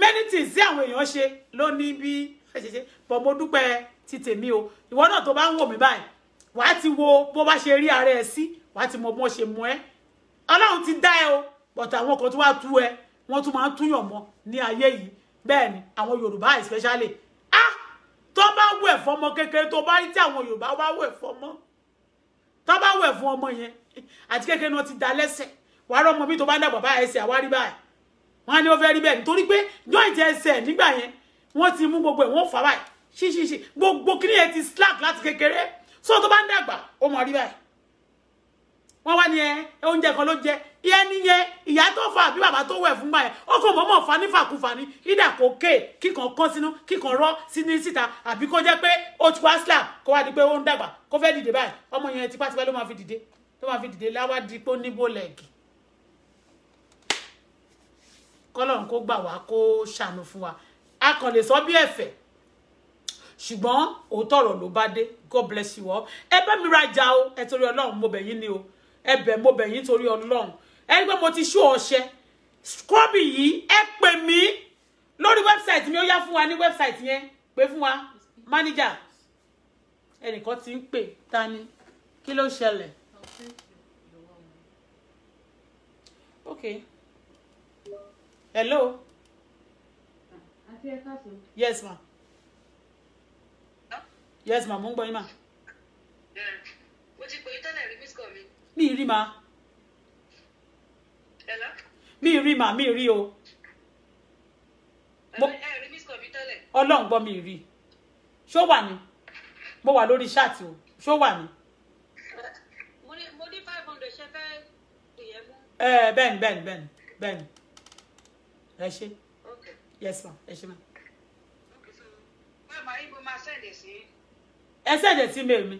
many things sí àwọn èèyàn ṣe ló bí ṣẹṣẹṣẹ bọ̀ mo dúpẹ́ ti tèmi o ìwọ náà tó bá ń wò mí báyìí wàá ti wo bó bá ṣe rí ara ẹ sí wàá ti mọ bó ṣe mọ ẹ ọlọ́run ti dá ẹ o bọ̀tà àwọn kan tó wá tú ẹ wọ́n tún máa ń túyàn mọ́ ní ayé yìí bẹ́ẹ̀ àwọn yorùbá especially tó bá wẹ̀ fọmọ kékeré tó bá rí tí àwọn Yorùbá wá wẹ̀ fọmọ tó bá wẹ̀ fún ọmọ yẹn àti kékeré náà ti da lẹ́sẹ̀ wàá rọ ọmọ mi tó bá ń dàgbà bá ẹsẹ̀ àwárí báyìí wọn á ní ó fẹ́ rí bẹ́ẹ̀ nítorí pé joint ẹsẹ̀ nígbà yẹn wọ́n ti mú gbogbo ẹ̀ wọ́n fà báyìí ṣíṣíṣí gbogbo kíní ti slack láti kékeré so tó bá ń dàgbà ó mọ̀ rí báyìí wọ́n wá ní ẹ eh, oúnjẹ kan ló jẹ ìyẹn níyẹn ìyá tó fà bí bàbá tó wẹ̀ fún báyẹn ó kò mọ̀mọ́ fa nífàkúfà ni ìdà kò ké kíkan kán sínú kíkan rọ́ sínú síta àbí kó jẹ́ pé ó ti wá slap kó wá di pé ó ń dàgbà kó fẹ́ dìde báyìí ọmọ yẹn tipátipá ló máa fi dìde ló máa fi dìde láwá di pé ó níbó lẹ́ẹ̀gì kọ́lọ́run kó gbà wá kó ṣàánú fún wa a kàn lè sọ bí ẹ̀fẹ̀ ṣùgbọ́n òótọ́ ọ̀rọ̀ ló bá dé God bless you all ẹ bá mi rajà o ẹ torí Ọlọ́run mo bẹ̀ yín ni o ẹ̀bẹ̀ mo bẹ̀ yín torí Ọlọ́run ẹni mo ti ṣú ọṣẹ scrubby yìí ẹ pè mí lórí website mi ó yá fún wa ní website yẹn pé fún wa manager ẹnìkan ti ń pè ta kí ló ṣẹlẹ̀ okay hello yes ma yes ma mo ń gbọ́ yín ma. mo ti pè é tẹ́lẹ̀ rí miss call mi mi rí ma mi rí ma mi rí o ọlọ́run gbọ́ mi rí ṣó wà ní mo wà lórí ṣáàtì o ṣó wà ní. mo ní five hundred ṣe fẹ́ dìyẹ mú. bẹ́ẹ̀ni bẹ́ẹ̀ni bẹ́ẹ̀ni bẹ́ẹ̀ni ẹ ṣe yes ma ẹ ṣe ma. ẹ sẹ́ẹ̀dẹ̀ sí mail mi.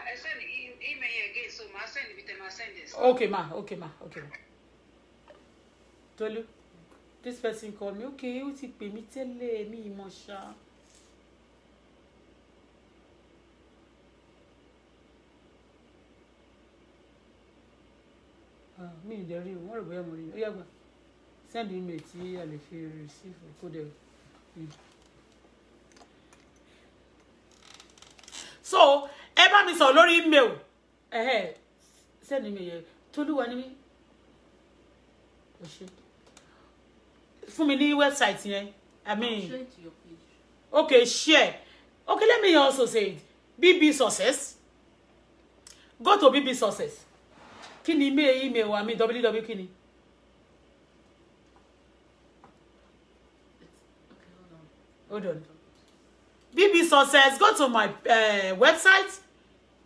I e-, ma Okay, ma. Okay, ma. Okay. Tolu, this person called me. Okay, ó ti pè mí tẹ́lẹ̀ mi mọ̀ ṣá. Ah, mi ì dẹ́rí o wọ́n rò bóyá mo rí i ó yàgbà send email tí a lè fi receive kó dẹ̀ hmm. so ẹ bá mi sọ̀rọ̀ lórí email ẹ̀hẹ́ sẹ́ni mi yẹ tolúwa ni mí fún mi ní website yẹn i mean okay share okay let me also say it bb success go to bb success kí ni email email wa mi www kí ni. hold on bb success go to my uh, website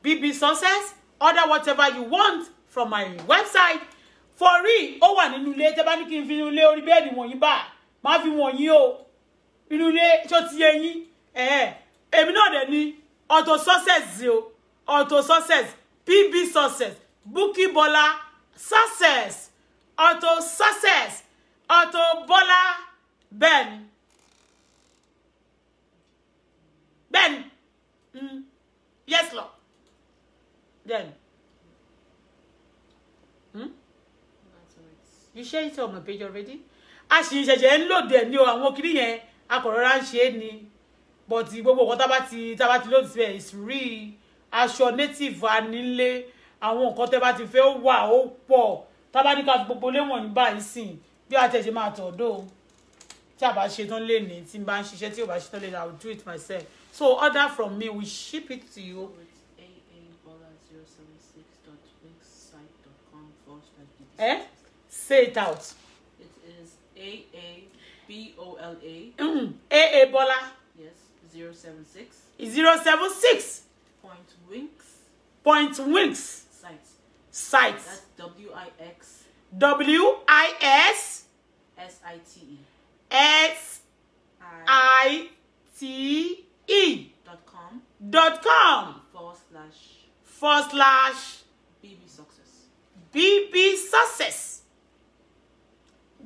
bb success order whatever you want from my website for real ó wà nínú ilé tẹ́ bá ní kí n fi inú ilé orí bẹ́ẹ̀dì wọ̀nyí bá máa fi wọ̀nyí o inú ilé tó ti yẹ yín èmi náà dẹ̀ ni auto success o auto success pb success bukki bola success auto success auto bola ben. Ben. mm. yes lord. Then. Hmm? You share it on my page already? A sì ṣẹ̀ṣẹ̀ ń lòdì ẹ̀ ní and àwọn kiri yẹn akọ̀rọ̀ra ń ṣe é But gbogbo nǹkan tábà ti tábà ti lòdì síbẹ̀ is real. Aṣọ native anílé I nǹkan tẹ́ bá ti fẹ́ wà ó pọ̀ tábà ní ká gbogbo léwọ̀n ní báyìí sìn bí a tẹ̀sẹ̀ máa tọ̀ dó tí a bá ṣe tán lé ní tí n bá ń ṣiṣẹ́ tí o bá ṣe tán I will do it myself. So order from me we ship it to you. Eh? Say it out. It is A A B O L A. Mm. A A Bola. Yes. Zero seven six. Zero seven six. Point winks. Point winks. Sites. Sites. W I X. W I S. S I T E. S I T E. Dot com. Dot com. Forward slash. Forward slash. BB success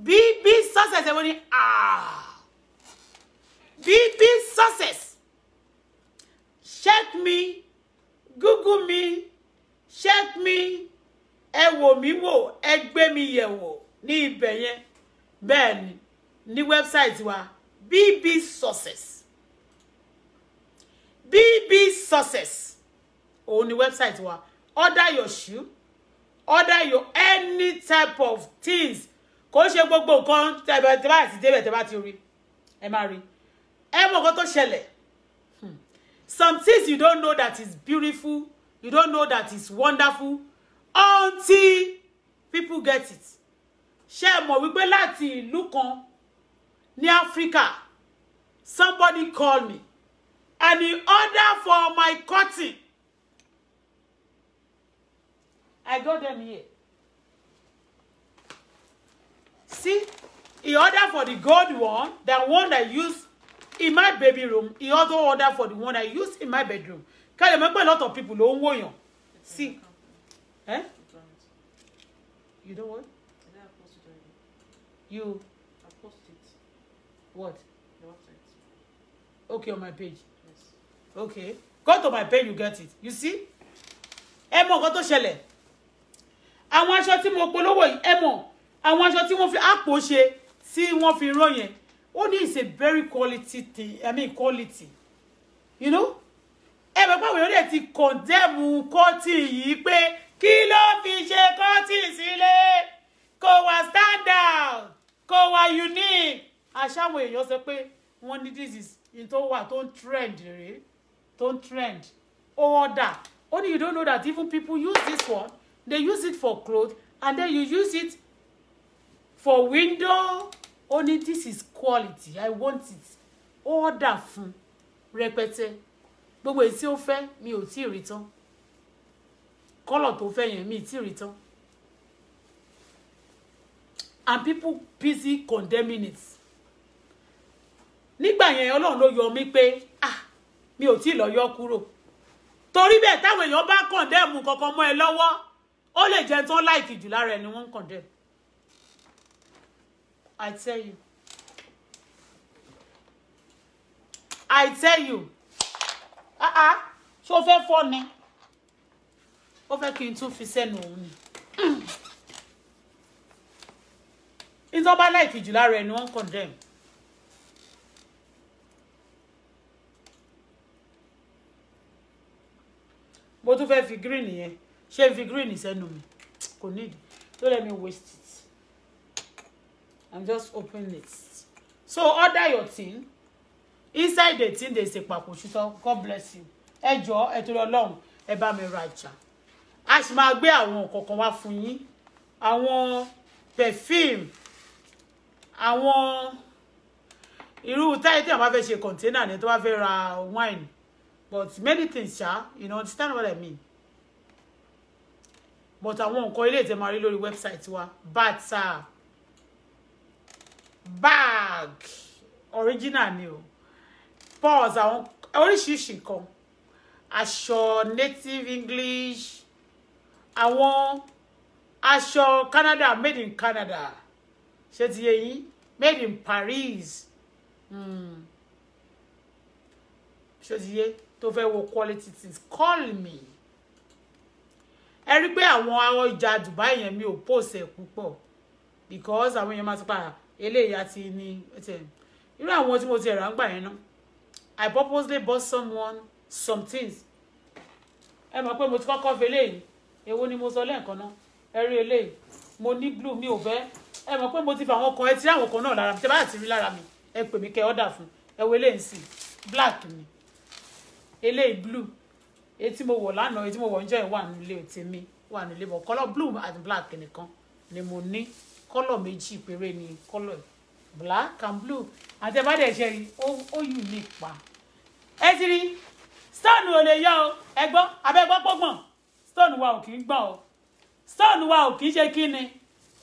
BB success ẹ̀wọ́n ni ah BB success check me google me check me ẹ wò mí wò ẹ gbé mi yẹ̀ wò ní ibẹ̀ yẹn bẹ́ẹ̀ ni ní wẹ́bsáìtì wa bb Success, bb Success. òun ni wẹ́bsáìtì wa order your shoe order your any type of things kò ṣe gbogbo nǹkan tẹ́ bá ti débẹ̀ tẹ́ bá ti rí ẹ máa rí ẹ mọ̀ nǹkan tó ṣẹlẹ̀ hmm. some things you don't know that is beautiful you don't know that is wonderful until people get it ṣé ẹ mọ̀ wípé láti ìlú kan ní Africa somebody call me and he order for my cotton I got them here. See, he ordered for the gold one, the one I use in my baby room. He also ordered for the one I use in my bedroom. Can you remember a lot of people ló ń wò See. Eh? You know what? You. I post it. What? Your website. Okay, on my page. Yes. Okay. Go to my page, you get it. You see? Ẹ go to tó ṣẹlẹ̀ àwọn aṣọ tí mo polówó yìí ẹ mọ̀ àwọn aṣọ tí wọ́n fi àpò ṣe tí wọ́n fi rán yẹn ó ní is a very quality thing i mean quality you know ẹ mọ̀ pé àwọn èèyàn ti condemn kọ́tì yìí pé kí ló fi ṣe kọ́tì sílé kò wá stand kò wá unique àṣàwọn èèyàn sọ pé wọ́n ní this is in tó wà tó ń trend rèé tó ń trend order ó ní you don't know that even people use this one they use it for clothes and then you use it for window only this is quality i want it order fún rẹpẹtẹ gbogbo èyí tí ó fẹ́ mi ò tí ì rí tán kọ́lọ̀ tó fẹ́ yẹn mi ì tí ì rí tán and people busy condemning it nígbà yẹn ọlọ́run ló yọ mí pé ah mi ò tí ì lọ yọ kúrò torí bẹ́ẹ̀ táwọn èèyàn bá condemn kankan mọ́ ẹ lọ́wọ́ ó lè jẹ́ tán láìkì jù lára ẹni wọ́n ń kàn dẹ̀ I tell you I tell you ah ah ṣé o fẹ́ fọ́ ni ó fẹ́ kí n tún fi sẹ́nu òun ni nítorí bá láìkì jù lára ẹni wọ́n ń kàn dẹ̀. mo tún fẹ́ fi green yẹn ṣé n fi green sẹ́nu mi kò need don't let me waste it i'm just opening it so order your thing inside the thing there is a pàpò ṣùtọ́ god bless you ẹ jọ ẹ torí ọlọ́run ẹ bá mi rajà a sì máa gbé àwọn kọ̀ọ̀kan wá fún yín àwọn perfume àwọn irú táyé tí àwọn bá fẹ́ ṣe container ni tó bá fẹ́ ra wine but many things ṣá you know understand what i mean but àwọn nǹkan ilé ìtẹ́ máa rí lórí website wa bàtà bag original ni o pause àwọn oríṣiríṣi nǹkan aṣọ native english àwọn aṣọ canada made in canada ṣé ti yé yín made in paris hmm. ṣé ti yé tó fẹ́ wo quality things call me ẹ rí pé àwọn ọjà Dubai yẹn mi ò post ẹ̀ because àwọn èèyàn máa ti pa eléyà ti ní irú àwọn tí mo ti rà ń gbà yẹn náà I purposely bought someone some things ẹ mọ̀ pé mo ti kọ́kọ́ fi eléyìí èwo ni mo sọ lẹ́ẹ̀kan náà ẹ rí eléyìí mo ní glue mi ò fẹ́ ẹ mọ̀ pé mo ti fi àwọn kan ẹ ti rí àwọn kan náà lára mi tẹ bá ti rí lára mi ẹ pè mí kẹ́ ọ́dà fún ẹ wo eléyìí sí black ni eléyìí blue etí mo wọ̀ lánàá etí mo wọ̀ níjọ́ yẹn wà nílé tèmi wà nílé bọ̀ kọ́lọ̀ blue and black nìkan ni mo ní kọ́lọ̀ méjì péré ni kọ́lọ̀ black and blue àtẹ̀bádẹ́ ṣe rí ó yù ní ipa ẹ ti rí stone ò lè yọ o ẹ gbọ́ abẹ́gbọ́ pọ́gbọ̀n stone wa ò kì í gbọ́n o stone wa ò kì í ṣe kí ni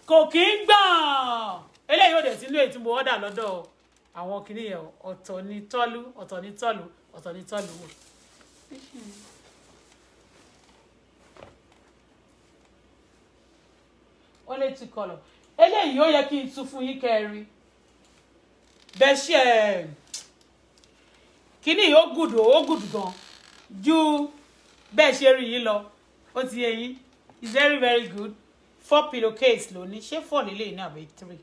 kò kì í gbọ́n eléyìí ò dẹ̀ sínú ètò mo ọ́dà lọ́dọ̀ àwọn kìnìyàn ọ̀tọ̀ ní tọ́lú ọ̀tọ̀ ní tọ́lú ọ̀tọ̀ ní tọ́lú wò. only two colour eléyìí ó yẹ kí n tún fún yín kẹrin bẹ́ẹ̀ ṣe ẹ̀ ehm, kínní ó gùdù ó gùdù gan ju bẹ́ẹ̀ ṣe rí yìí lọ ó ti yé yín it's very very good four pillowcase ló ní ṣé four lélẹ̀ ní àbí three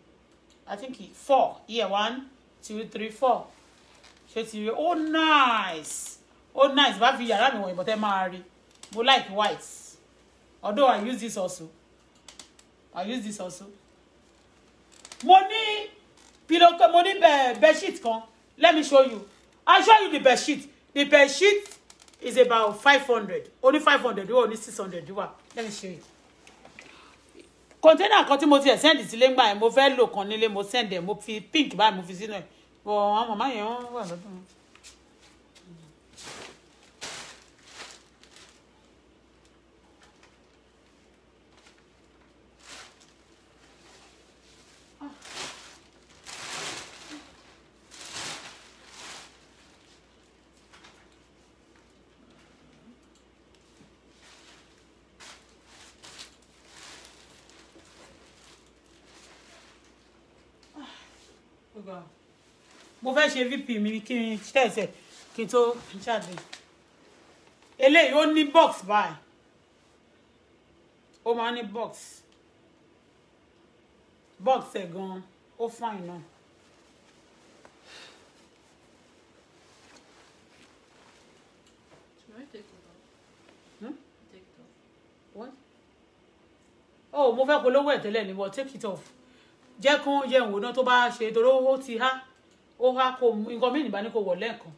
i think four yeah one two three four ṣé ti rí ó nice Oh, nice bá fi yàrá mi wọ̀nyí bọ́tẹ́ máa rí mo like white although i use this also I use this also. Money ní pillow kan, mo bed sheet come. Let me show you. I'll show you the bed sheet. The bed sheet is about 500. Only 500, only 600. Let me show you. Container kan tí mo ti ẹ̀ send sí lẹ́gbà ẹ̀ mo fẹ́ lò kan send ẹ̀ mo pink báyìí mo fi sínú ẹ̀. Bọ̀ àwọn màmá mo fẹ́ ṣe vp mi kí n tẹ̀sẹ̀ kí n tó jáde eléyìí ó ní box báyìí ó máa ní box box ẹ̀ gan-an ó fine náà. Hmm? Oh, mo fẹ́ polówó ẹ̀ tẹ́lẹ̀ ni but take it off jẹ́ kí wọ́n òun náà tó bá ṣe torí ó ti há ó há kó nǹkan mìíràn bá ní kó wọ̀ lẹ́ẹ̀kan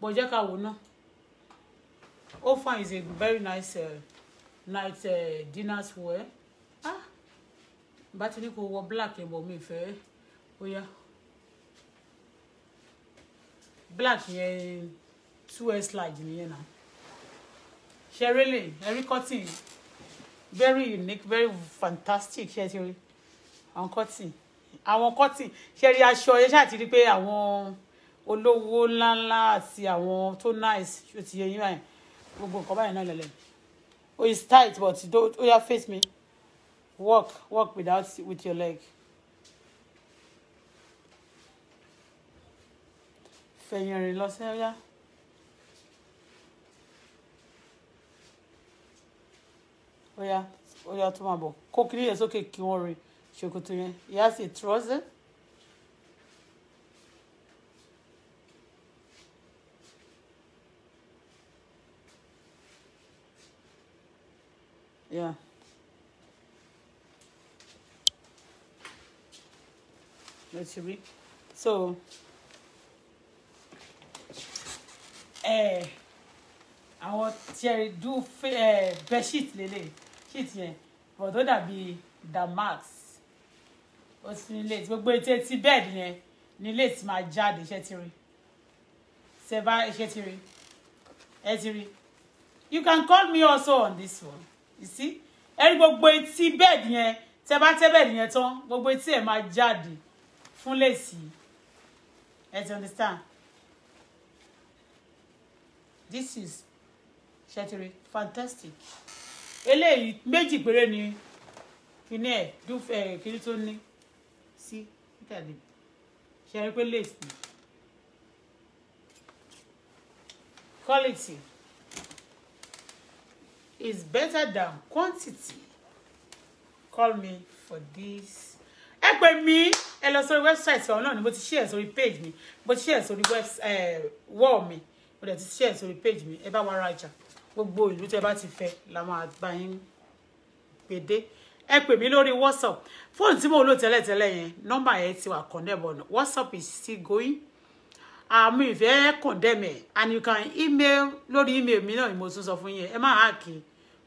bọ́ jẹ́ ká wò náà ó fà is a very nice uh, eh, night uh, eh, dinner wear ah bá ti ní kó wọ black yẹn bọ̀ mi fẹ́ ó yá black yẹn two s slide nìyẹn náà ṣe rélè ẹ̀rí very unique very fantastic ṣe àwọn cotton àwọn cotton ṣẹ́rí aṣọ ẹ ṣáà ti rí pé àwọn olówó ńláńlá àti àwọn tó nice ṣó ti yẹ yín báyìí gbogbo nǹkan báyìí náà lẹ̀lẹ̀ o is tight but ó yá face me walk walk without with your leg fẹ̀yìn rìn lọ sí ó yá. ó yá ó yá tó máa bọ̀ kó yẹn sókè kí wọ́n rìn ṣòkòtò yẹn he has a trouser. Yeah. Let's see. So, eh, I want tiẹ̀ do eh, bed sheet lélẹ̀ sheet yẹn but be the damask ó ti ní late gbogbo etí etí bẹ́ẹ̀dì yẹn ní late máa jáde ṣé ti rí ṣe bá ṣé ti rí ẹ ti rí you can call me also on this one you see ẹ rí gbogbo etí bẹ́ẹ̀dì yẹn tẹ bá tẹ bẹ́ẹ̀dì yẹn tán gbogbo etí ẹ̀ máa jáde fún lèsì ẹ ti understand this is ṣẹtiri fantastic eléyìí méjì péré ni kíní ẹ dúfẹ kíní tó ní tẹ̀lé ṣe rí pé lace ni quality is better than quantity call me for this ẹ pè mí ẹ lọ sórí website ọ̀hún náà ni mo ti share sórí page mi mo ti share sórí wall mi mo ti share sórí page mi ẹ bá wa rajà gbogbo ìlú tẹ́ bá ti fẹ́ la máa gbà yín gbèdé ẹ pè mí lórí whatsapp fóònù tí mo lò tẹ́lẹ̀tẹ́lẹ̀ yẹn nọ́mbà yẹn ti wà condemn but whatsapp is still going àmì ah, ìfẹ́ condemn ẹ̀ and you can email lórí email mi náà ni mo tún sọ fún yín ẹ má hack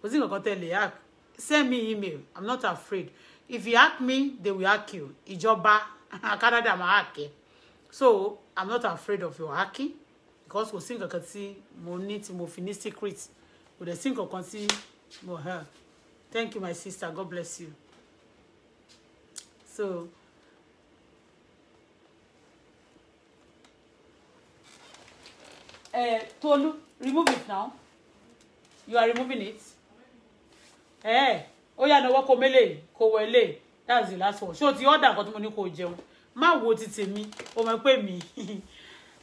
kò sí nǹkan tẹ̀lé hack send me email i'm not afraid if you hack me they will hack you ìjọba [laughs] canada máa hack ẹ so i'm not afraid of your hacking because kò sí nǹkan kan tí mo ní tí mo fi ní secret kò dẹ̀ sí nǹkan kan tí mo hàn thank you my sister god bless you so uh, Tolu remove it now you are removing it eh ó yà náwó kó mélè kó wọlé that's the last one Show the order got money. mo ní kó jẹun má wo ti tèmi o mọ̀ pé mi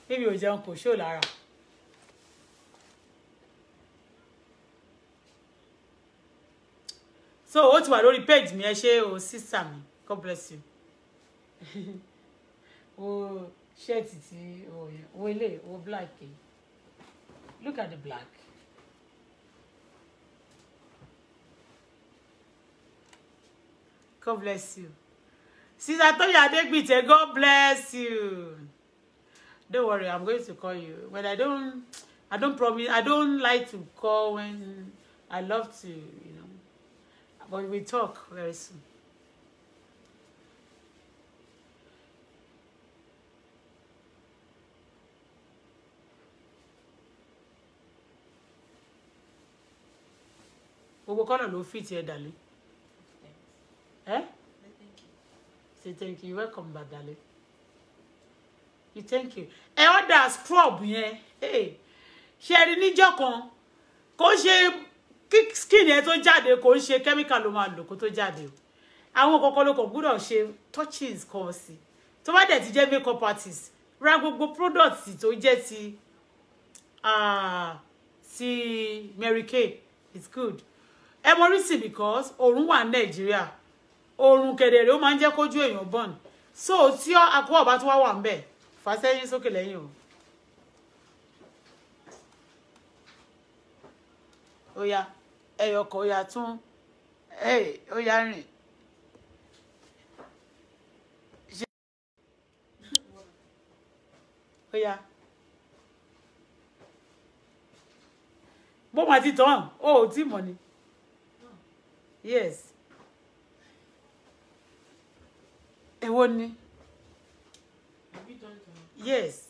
níbi [laughs] ò jẹun kò ṣó lára. so ó ti wà lórí page mi ẹ ṣé o sister mi god bless you [laughs] wo ṣẹ́ẹ̀tì tí wo ilé wo black yìí look at the black. God bless you. Sister Toya Adegbite, God bless you. Don't worry, I'm going to call you. When I don't, I don't promise, I don't like to call when I love to, you know but we talk very soon. gbogbo kọ́nà ló fit ẹ̀ dàlẹ́ ẹ́ say thank you welcome back dàlẹ́ you thank you ẹ ọ́dà scrub yẹn ṣe rí níjọ́ kan kó ṣe kí skin ẹ tó jáde kò ń ṣe kẹ́míkà ló máa lò kó tó jáde o àwọn kọ̀ọ̀kan ló kọ̀ gbúdọ̀ ṣe touches kan sí tó bá dẹ̀ ti jẹ́ makeup artist ra gbogbo product tó jẹ́ ti ti Mary Kay it's good ẹ mọ rí sí because òórùn wà ní Nàìjíríà òórùn kedere ó máa ń jẹ́ kójú èèyàn burn so tí akọ ọba tó wá wà ń bẹ fà sẹ́yìn sókè lẹ́yìn o. ó Oh, yeah ẹyọ kan ọ̀yà tún ọ̀yà rìn. ọ̀yà bó máa ti tán ó ò tí mọ̀ ni yes èwo ni yes.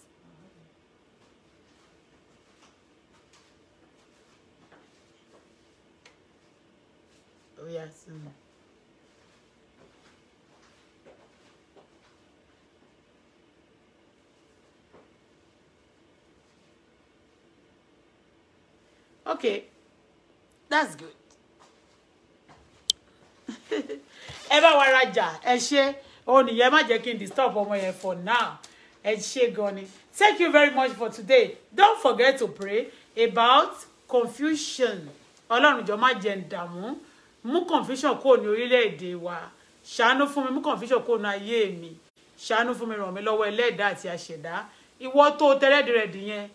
wiase mu okay that's good [laughs] ẹ bá wa rajà ẹ ṣe òun nìyẹn má jẹ́ kí disturb ọmọ yẹn for now ẹ ṣe gan thank you very much for today don't forget to pray about confusion ọlọ́run jọ má jẹ́ ń dààmú mú confusion kúrò ní orílẹ̀-èdè wa ṣàánú fún mi mú confusion kúrò ní ayé mi ṣàánú fún mi ràn mí lọ́wọ́ ẹlẹ́ẹ̀dá àti àṣẹ̀dá ìwọ tó tẹ́lẹ̀dì rẹ̀ dìyẹn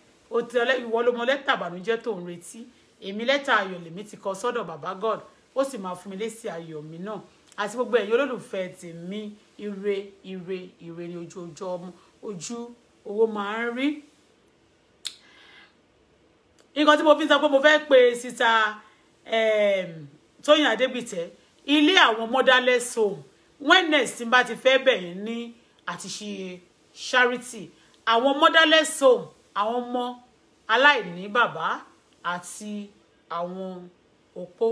ìwọ ló mọ lẹ́tà àbànújẹ́ tó ń retí èmi lẹ́tà ayọ̀ lèmi ti kọ sọ́dọ̀ bàbá God ó sì máa fún mi lésì ayọ̀ mi náà àti gbogbo ẹ̀yin olólùfẹ́ tèmi ire ire ire ni ojú ọjọ́ ọmọ ojú owó máa ń rí nǹkan tí mo fi ń sọ pé mo fẹ́ pe síta. Um, Tóyìn Adégbìtẹ́ ilé àwọn motherless home wellness tí n bá ti fẹ́ bẹ̀yẹ̀ ní àti ṣe charity àwọn motherless home àwọn ọmọ aláìní bàbá àti àwọn opó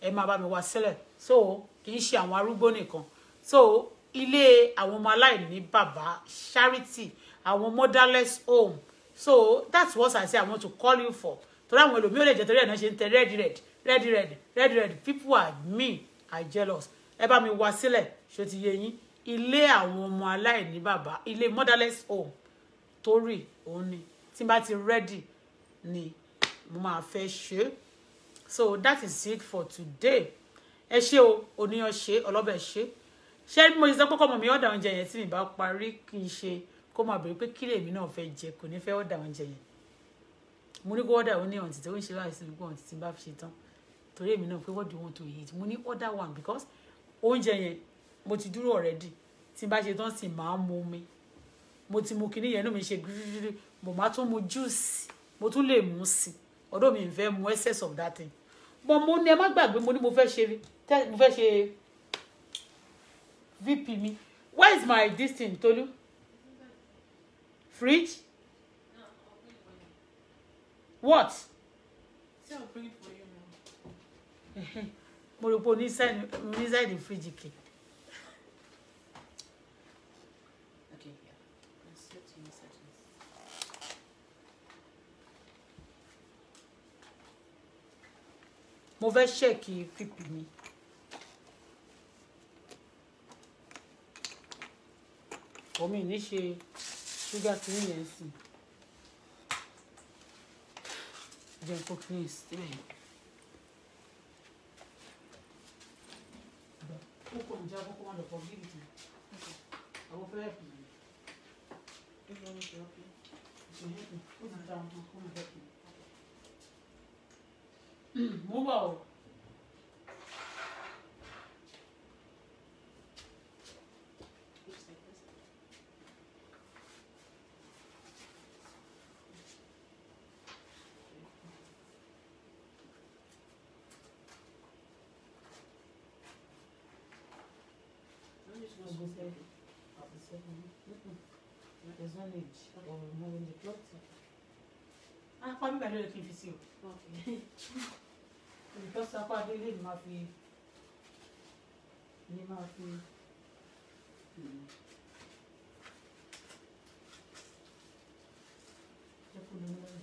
ẹ máa bá mi wá sílẹ̀ so kì í ṣe àwọn arúgbó nìkan so ilé àwọn ọmọ aláìní bàbá charity àwọn motherless home so that's what I say I want to call you for torí àwọn ẹlòmíì ò lè jẹ́ torí ẹ̀ náà ṣe ń tẹ red red Ready, ready, ready, ready. people are me. are jealous ẹ bá mi wá sílẹ̀ ṣó ti yé yín ilé àwọn ọmọ aláìní bàbá ilé motherless home torí òun ni tí n bá ti rẹ́dì ni mo máa fẹ́ ṣe so that is it for today ẹ ṣé o oníyan ṣe ọlọ́bẹ̀ ṣe ṣé mo ti sọ pé kọ́mọ mi ọ̀dà oúnjẹ yẹn tí mi bá parí kì í ṣe kó máa bèrè pé kí lèmi náà fẹ́ jẹ kò ní fẹ́ ọ̀dà oúnjẹ yẹn mo ní kó ọ̀dà oníyan títí ó ń ṣe láìsí nígbà tí bá fi ṣe tán torí èmi náà pé what do you want to eat mo ní order one because oúnjẹ yẹn mo ti dúró already tí n bá ṣe tán sì máa mu omi mo ti mu kinní yẹn inú mi ṣe gírígírí mo máa tún mu juice mo tún lè mu sí ọdọ mi fẹ́ mu excess of that thing but mo ní ẹ má gbàgbé mo ní mo fẹ́ ṣe mo fẹ́ ṣe vp mi where is my this thing Tolu fridge what. [laughs] mo rò pé oníṣẹ́ẹ̀dì fíjì kì. mo fẹ́ ṣẹ́ẹ̀kì pípì mi. omi ní ṣe ṣúgà tí ń yẹn sìn jẹ́ kó kí yìí. kókó ń jábọ́ kó má lọ fọ bíbí tì àwọn fẹ́ ẹ̀kú mi. ìṣòro mi ṣe ọ́kẹ́. ìṣòro mi ṣe ọ́kẹ́ ó ti dáa fún mi fẹ́ kí. mo bá ọ. cabbage ọ̀rùn mọ́ oúnjẹ plọ́tì. apá mi bàdé lè kí n fi sí o. olùtọ́sí apá délé ni máa fi ni máa fi. Hmm. jẹ́ kó lè mú lọ.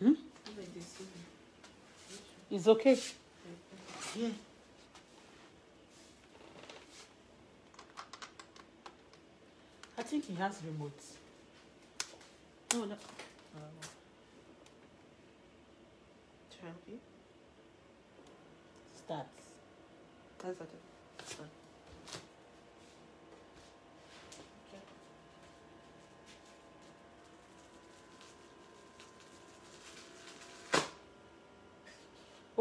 Hmm? It's okay. Yeah. I think he has remotes. Oh, no, oh, no. help you. Starts. That's okay.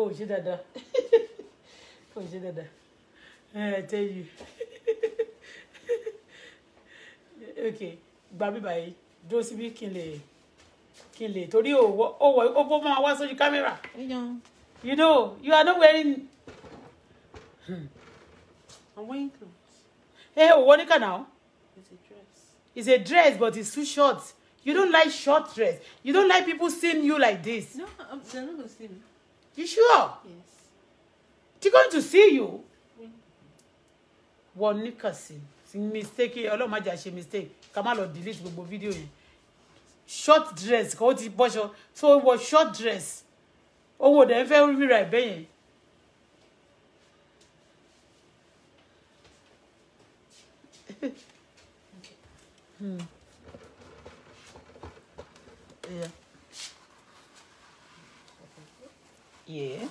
o ṣe dáadáa o ṣe dáadáa ẹ tell you ok gba bíbá yìí dúró síbí kí n lè kí n lè torí o wọ o bó máa wá sójú kámẹ́rà you know you are not wearing i'm wearing clothes ẹ ò wọ níkà now? it's a dress it's a dress but it's too short you don't like short dress you don't like people seeing you like this no i'm they're not to see me. You sure? Yes. They're going to see you. One ní kàsí. Mistake Ọlọ́run má jẹ́ ṣe mistake. Ká má delete gbogbo video. Short dress kò ti bọ́ṣọ. So ó wọ short dress. Owó the ń fẹ́ ríra ẹ̀bẹ́ yẹn. [laughs] Hmm. Yeah. Yeah.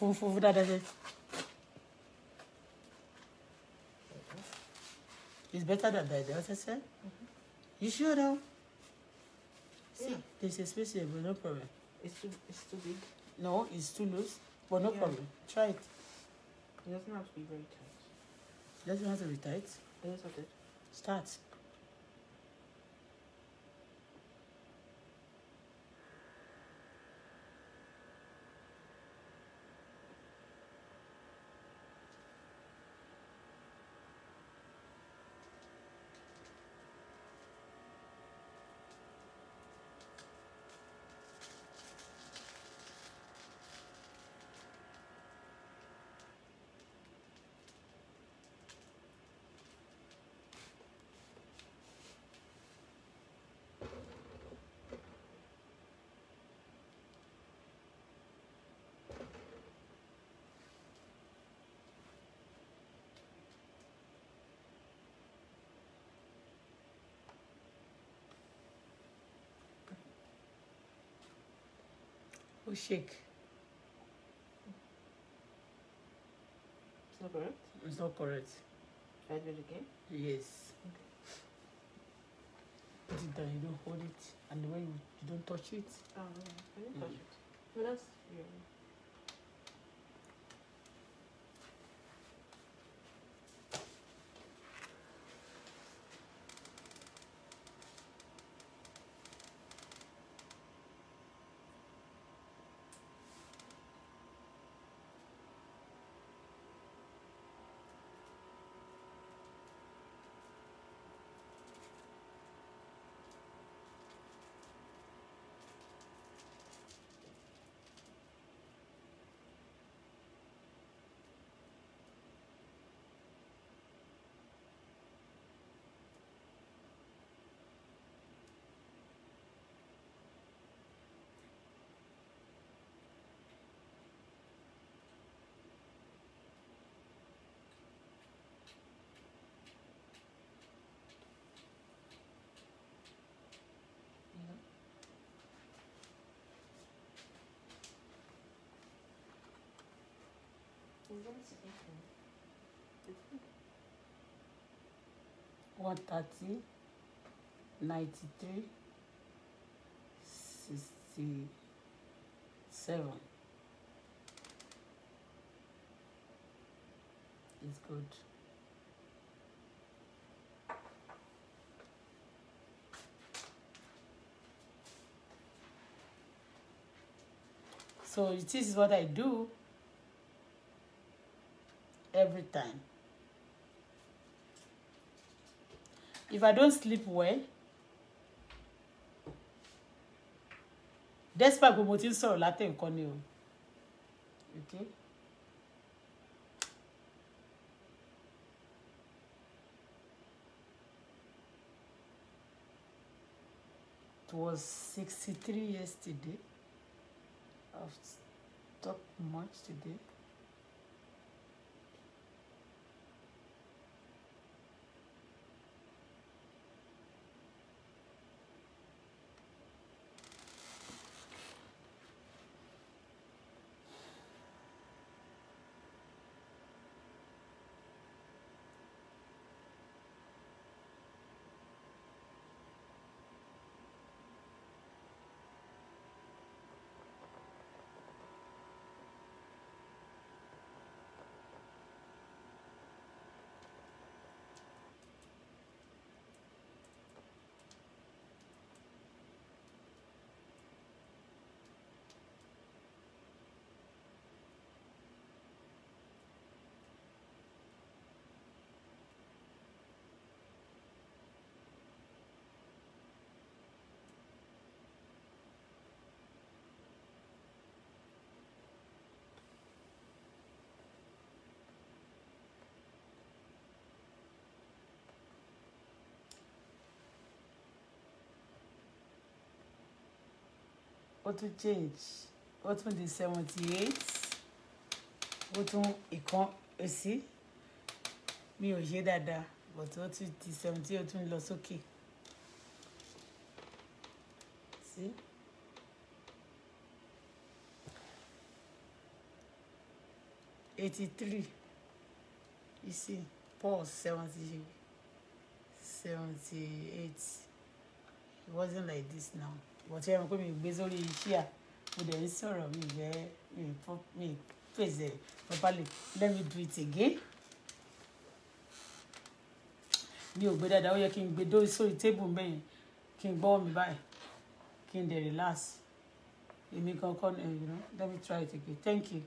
Fufu da It's better than that, that's I said. You sure though? See, yeah. there's a space here, but no problem. It's too, it's too big. No, it's too loose, but no yeah. problem. Try it. It doesn't have to be very tight. It doesn't have to be tight. It is okay. not Start. shake. It's not correct? It's not correct. Try to do it again? Yes. Okay. Put it down, you don't hold it, and when you, don't touch it. Oh, okay. I didn't mm. touch it. Well, that's. Yeah. one thirty ninety three sixty seven is good. So this is what I do every time. If I don't sleep well, despite gbogbo tí ń sọ̀rọ̀ látẹ̀ nǹkan ni Okay. It was 63 years today. I've talked much today. ó tún change ó tún di seventy eight ó tún ìkan èsì mi ò yé dáadáa but ó tún di seventy ó tún lọ sókè sí. eighty three You see, Paul seventy seventy eight it wasn't like this now bó ti ẹran pé mi gbé sórí iṣẹ́ à mo dẹ̀ ń sọ̀rọ̀ mi jẹ́ mi pèsè properly let me do it again mi ò gbé dáadáa ó yẹ kí n gbé dórí sórí tébù mẹ́yìn kí n gbọ́wọ́ mi báyìí kí n dẹ̀ relax èmi kankan let me try it again thank you.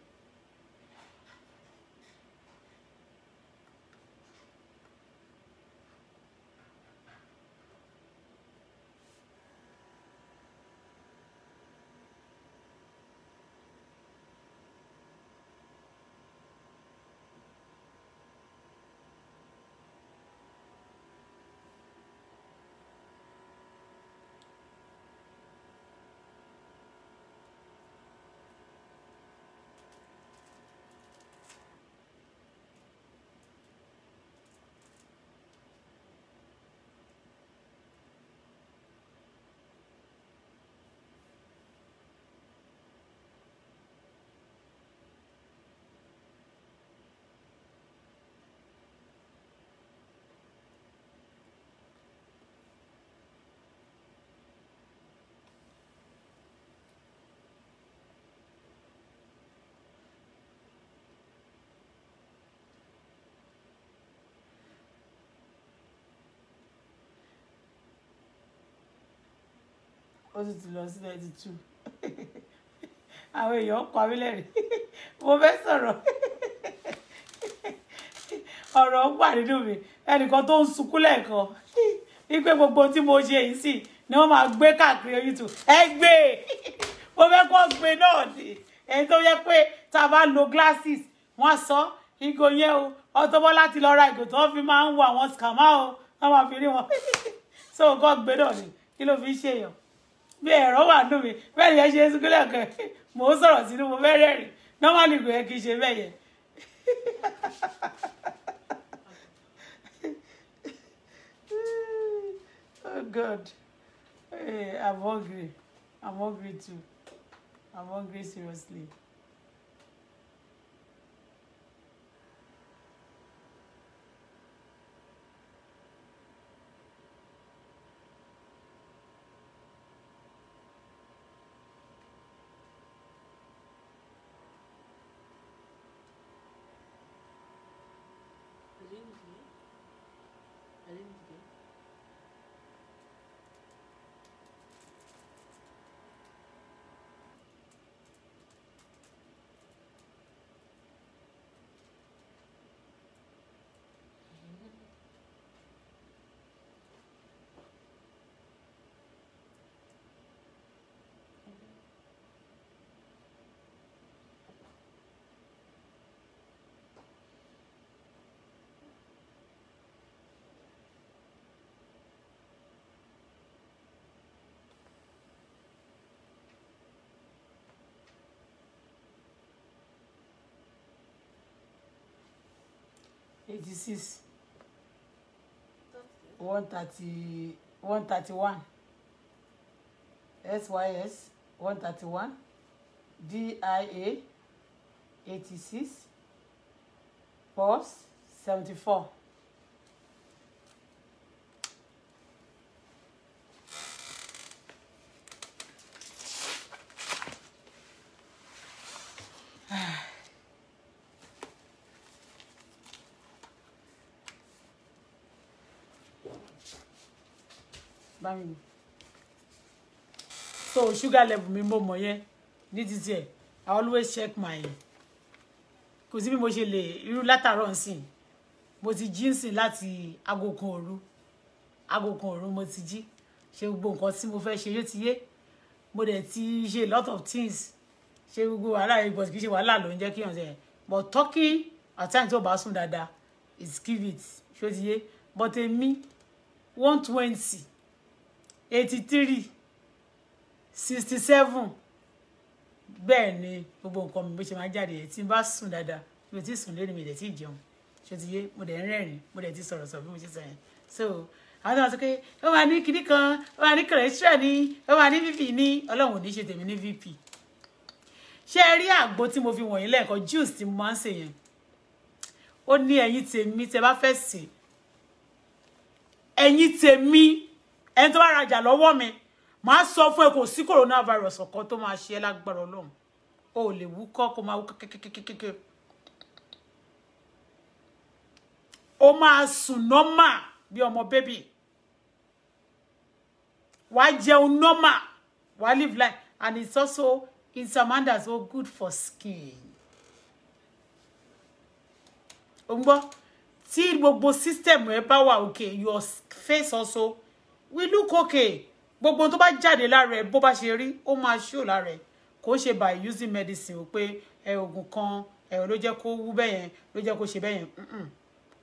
ó sì ti lọ sí ninety two [laughs] àwọn èèyàn ń pa mí lẹ́rìn [laughs] mo fẹ́ sọ̀rọ̀ [laughs] ọ̀rọ̀ ń wà nínú mi ẹnìkan tó ń sunkún lẹ́ẹ̀kan wípé gbogbo tí mo ṣe yìí sì ni wọ́n máa gbé káàkiri YouTube ẹ gbé mo fẹ́ kó gbé náà ni ẹni tó yẹ pé tá a bá lo glasses wọ́n sọ ìgò yẹn o Auto Bola ti lọ ra ìgò tó fi máa ń wo àwọn scammer o wọ́n máa fi rí wọn so nǹkan gbé náà ni kí ló fi ń ṣèyàn bí ẹ̀rọ wà nù mí bẹ́ẹ̀ yẹn ṣe sukúlẹ̀ kan mò ń sọ̀rọ̀ sínú mo fẹ́ rẹ́rìn normally kò yẹ kí n ṣe bẹ́ẹ̀ yẹn. [laughs] oh god hey, eh, i'm hungry i'm hungry too i'm hungry seriously. eighty six one thirty one thirty one sys one thirty one dia eighty six pos seventy four. bá so sugar level mi mo mọ̀ yẹn ní títí ẹ̀ i always check my kò sí bí mo ṣe lè irú látàárọ̀ nsìn mo ti jí nsìn láti aago kan òru aago kan òru mo ti jí ṣe gbogbo nǹkan tí mo fẹ́ ṣe yóò ti yé mo dẹ̀ ti ṣe a lot of things ṣe gbogbo wàhálà yìí but kì í ṣe wàhálà ló ń jẹ́ but talking at times tó bá sùn dáadáa it's give it ṣé ti yé but èmi one twenty eighty three sixty seven bẹ́ẹ̀ ni gbogbo nǹkan mi bó ṣe máa jáde tí n bá sùn dáadáa mi ò tí sùn lónìí mi ò dẹ̀ tí jẹun ṣé ti yé mo dẹ̀ ń rẹ́rìn mo dẹ̀ ti sọ̀rọ̀ sọ̀rọ̀ bí mo ṣe sọ yẹn so àwọn tó wà sọ pé ó wà ní kinní kan ó wà ní kẹrẹsítíà ni ó wà ní vp ní ọlọ́run ò ní ṣe tèmi ní vp ṣé ẹ rí àgbo tí mo fi wọ̀nyí lẹ́ẹ̀kan juice tí mo máa ń sè yẹn ó ní ẹ̀yin tèmi tẹ bá fẹ́ sè ẹ̀yin tèmi ẹni tó bá rajà lọ́wọ́ mi màá sọ fún ẹ kò sí coronavirus ọ̀kan tó máa ṣe ẹ́ lágbára ọlọ́run o ò lè wúkọ́ kó máa wúkọ́ kékékékéké o máa sùn nọ́mà bí ọmọ bébì wàá jẹun nọ́mà wàá live life and it's also in some others so good for skin o ń gbọ́ tí gbogbo system rẹ bá wà òkè your face also we look okay gbogbo ohun tó bá jáde lára ẹ bó bá ṣe rí ó máa ṣó lára by using medicine o pé ẹ oògùn kan ẹ ló jẹ́ kó wú bẹ́yẹn ló jẹ́ kó ṣe bẹ́yẹn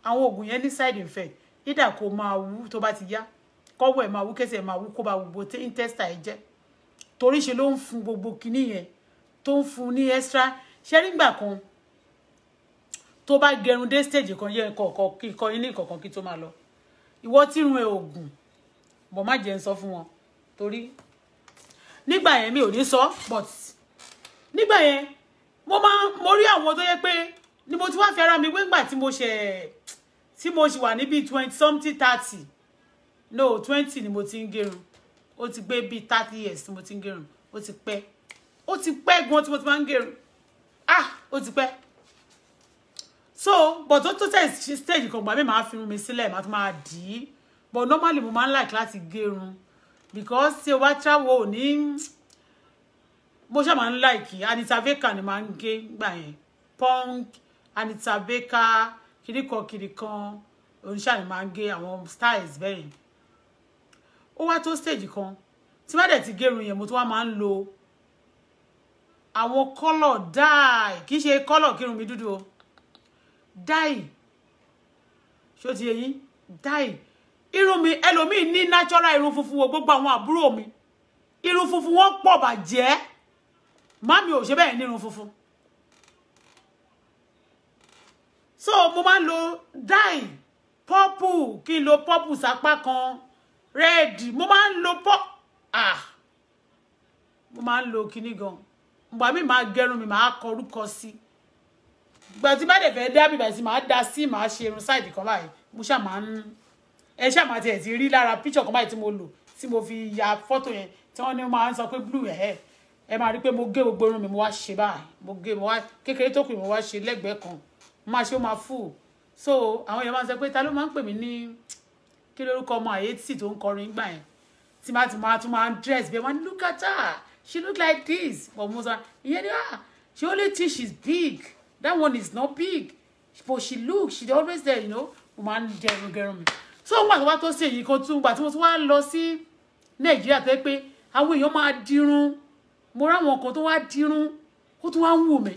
àwọn oògùn yẹn ní side effect ìdà ko ma wu tó bá ti yá ma wu kese wú kẹsẹ̀ ẹ̀ máa wú kó bá gbogbo intestine ẹ̀ jẹ́ torí ṣe ló ń fún gbogbo kinní yẹn tó ń fún ní extra ṣé nígbà kan tó bá gẹrun dé stage kan yẹ kọ̀ọ̀kan kí kọ́ ilé kọ̀ọ̀kan kí tó máa lọ ìwọ run ẹ̀ oògùn bọ̀ má jẹ́ ń sọ fún wọn torí nígbà yẹn mi ò ní sọ but nígbà yẹn mo máa mo rí àwọn tó yẹ pé ni mo ti wá fi ara mi wéngbà tí mo ṣe tí mo ṣì wà níbi twenty something thirty no twenty ni mo ti ń gẹrun ó ti gbé bíi thirty years tí mo ti ń gẹrun ó ti pẹ́ ó ti pẹ́ gan tí mo ti máa ń gẹrun ah ó ti pẹ́ so but ó tó tẹ̀ stage kan gbà mí màá fi irun mi sílẹ̀ màá tún máa dì í but normally mo máa like láti gẹrun because tí o bá travel ò ní mo ṣáà man like Anita Baker ni máa ń gé gbà yẹn punk Anita Baker kìrìkan kìrìkan oníṣà ni máa ń gé àwọn styles bẹ́ẹ̀ yẹn ó wá tó stage kan tí bá dẹ̀ ti gẹrun yẹn mo tún wá máa ń lo àwọn kọ́lọ̀ dáì kì í ṣe kọ́lọ̀ kírun mi dúdú o dáì ṣó ti yẹ yín irun mi elomi ni natural irun fufu wo gbogbo àwọn àbúrò mi irun funfun wọn pọ̀ bàjẹ́ mami ò ṣe bẹ́ẹ̀ ní irun funfun so mo máa lo dye purple kí lo purple sápá kan red mo máa lo po ah mo máa lo kini gan ìgbà mi máa gẹrun mi ma kọ orúkọ sí ìgbà tí bá dẹ̀ fẹ́ dá bíbá si ma dá sí máa ṣe irun sáìdì kan báyìí mo ṣáà máa ń ẹ ṣáà máa tiẹ̀ ti rí lára píṣọ̀ kan báyìí tí mo lò tí mo fi ya fọ́tò yẹn tí wọ́n ní máa ń sọ pé blue ẹ̀ ẹ máa rí pé mo gé gbogbo irun mi mo wá ṣe báyìí mo gé mo wá kékeré tó kù mo wá ṣe lẹ́gbẹ̀ẹ́ kan mo máa ṣe ó máa fù so àwọn èèyàn máa ń sọ pé ta ló máa ń pè mí ní kí lórúkọ ọmọ àyètì tó ń kọrin gbà yẹn tí máa ti máa tún máa ń dress bẹ́ẹ̀ wọ́n ní look at her she look like this but mo sọ ìyẹn ni ah she only think she's big that one is not big but she look she always there you know mo máa ń jẹun gẹrun mi so wọn àti wá tó ṣe èyí kan tún gbà tí mo tún wá lọ sí nàìjíríà tó yẹ pé àwọn èèyàn máa dirun mo ráwọn kan tó wá dirun ó tún wá ń wù mí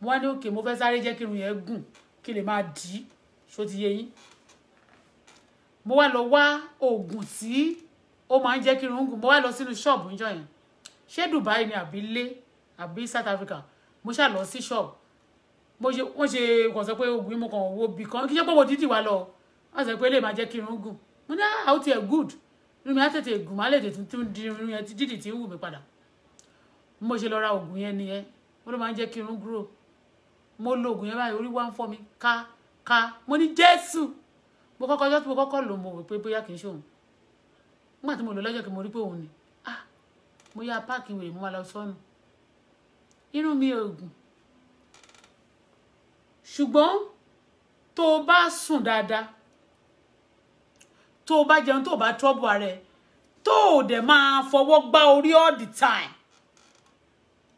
mo wá ní òkè mo fẹ́ sáré jẹ́ kí irun yẹn gùn kí lè máa dì í ṣó ti yé yín mo wá lọ wá oògùn tí ó máa ń jẹ́ kí irun gùn mo wá lọ sínú ṣọ́ọ̀bù níjọ́ yẹn ṣé Dubai ni àbí lé àbí South Africa mo ṣáà lọ sí ṣọ́ọ̀bù mo ṣe wọ́n ṣe kàn sọ pé oògùn yìí mo kàn wo bì kan kí ṣe pé mo dídì wá lọ wọ́n sọ pé lè máa jẹ́ kí irun gùn mo ní àwọn ah, tiẹ̀ good irun mi á tètè gùn má lè tètè tún di irun yẹn dídì tí ń wù mí padà mo ṣe lọ ra oògùn yẹn nìyẹn ó ló máa ń jẹ́ kí irun grow mo lo oògùn yẹn báyìí orí wá ń fọ́ mi ká ká mo ní jésù mo kọ́kọ́ ọjọ́ tí mo kọ́kọ́ lò mo wò pé bóyá kì í ṣe òun nígbà tí mo lò lọ́jọ́ kí mo rí pé òun ni ah mo yá páàkì wèrè mo máa lọ sọ́nù irun mi oògùn ṣùgbọ́n tó o bá sùn dáadáa tó o bá jẹun tó o bá trouble ara ẹ tó o dẹ̀ máa fọwọ́ gbá orí all the time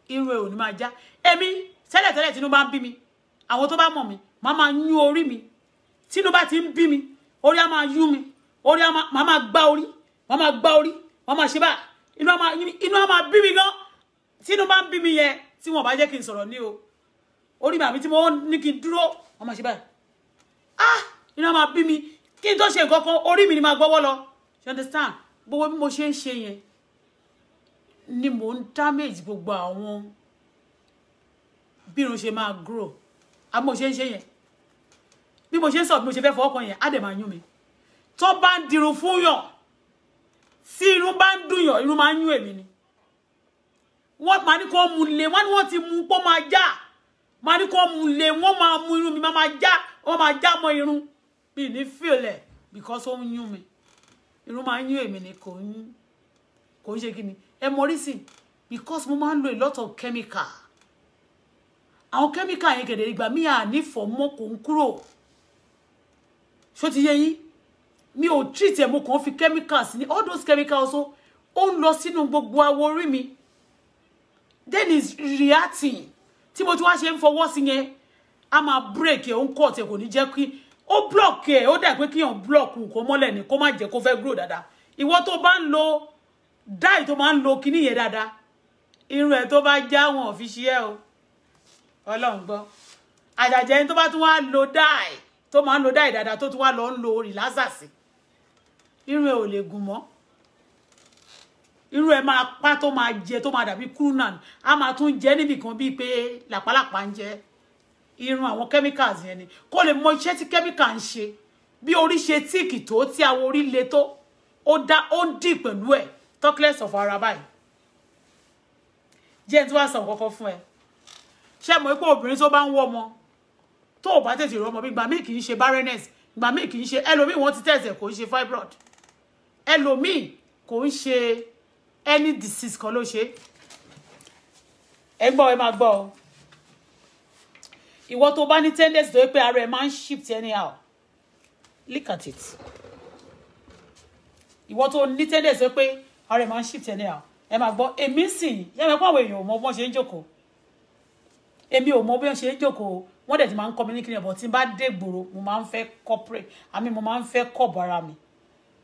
irun ẹ̀ ò ní máa já èmi tẹ́lẹ̀tẹ́lẹ̀ tínú bá ń bí mi àwọn tó bá mọ̀ mi màá máa yún orí mi tínú bá ti ń bí mi orí á máa yún mi orí á máa máa gbá orí màá máa gbá orí màá máa ṣe báyìí inú á máa bí mi gan tínú bá ń bí mi yẹn tí wọn bá jẹ́ kí n sọ̀rọ̀ ní o orí mi tí mo ní kí n dúró wọn máa ṣe báyìí ah inú á máa bí mi kí n tó ṣe nǹkan kan orí mi ni máa gbọ́wọ́ lọ you understand gbogbo bí mo ṣe ń ṣe yẹn ni mò ń damage gbogbo àwọn bí irun ṣe máa grow àbí mo ṣe ń ṣe yẹn bí mo ṣe ń sọ bí mo ṣe fẹ́ fọwọ́ kan yẹn á dẹ̀ máa yún mi tó bá ń dirun fún yàn tí irun bá ń dùn yàn irun máa ń yún èmi ni wọ́n máa ní kó mu lé wọ́n ní wọ́n ti mu pọ́ máa já máa ní kó mu lé wọ́n máa mu irun mi máa já wọ́n máa já mọ́ irun mi ní fìlẹ̀ because ó ń yún mi irun máa ń yún èmi ni kò ń kò ń ṣe kí ni ẹ because mo máa lo a lot of chemical àwọn chemical yẹn gẹ̀dẹ̀ ìgbà mi à nífọ̀ mọ́ kò ń kúrò ṣó ti yé yín mi ò treat ẹ̀ mo kàn fi chemicals ní all those chemicals o ó ń lọ sínú gbogbo awọ orí mi then is reacting tí mo ti wá ṣe ń fọwọ́ sí yẹn a máa break ẹ̀ ó ń kọ̀ ọ̀tẹ̀ kò ní jẹ́ kí o block ẹ o dà pé kíyàn block nǹkan mọ́lẹ̀ ni kó má jẹ́ kó fẹ́ grow dáadáa ìwọ tó bá ń lo dáì tó máa ń lo kíní yẹn dáadáa irun ẹ tó bá já wọn ò fi ṣe o Ọlọ́run gbọ́ àjàjẹ ẹni tó bá tún wá lo dáì tó máa ń lo dáì dáadáa tó tún wá lọ ń lo rìlásà sí irun ẹ ò lè gùn mọ́ irú ẹ máa pa tó máa jẹ tó máa dàbí kúrúnà a máa tún jẹ níbìkan bíi pé làpálàpá ń jẹ irun àwọn chemicals yẹn ni kó lè mọ iṣẹ́ tí chemical ń ṣe bí orí ṣe tíìkì tó tí awọ orí le tó ó dá ó ń dì pẹ̀lú ẹ̀ talkless of ara báyìí jẹ́ tí wàá sàn kọ́kọ́ fún ẹ ṣé mo pé obìnrin tó bá ń wọ́ ọmọ tó ò bá tètè rọ́mọ bí gbà míì kì í ṣe barrenness gbà míì kì í ṣe ẹlòmíì wọ́n ti tẹ̀sẹ̀ kò ń ṣe fibroid ẹlòmíì kò ń ṣe any disease kan ló ṣe ẹ gbọ́ ẹ máa gbọ́ ọ ìwọ tó bá ní tendency tó yẹ pé ara ẹ máa ń shift anyhow look at it ìwọ tó ní tendency tó yẹ pé ara ẹ máa ń shift anyhow ẹ máa gbọ́ èmi sì yẹ mẹ́kọ́ àwọn èèyàn ò mọ bí wọ́n ṣe ń jókòó èmi ò mọ bí wọ́n ṣe ń jókòó wọ́n dẹ̀ ti máa ń kọ́ mi ní kíni ọ̀bọ̀ tí n bá dé gbòòrò mo máa ń fẹ́ corporate àmì mo máa ń fẹ́ kọ̀bọ̀ ara mi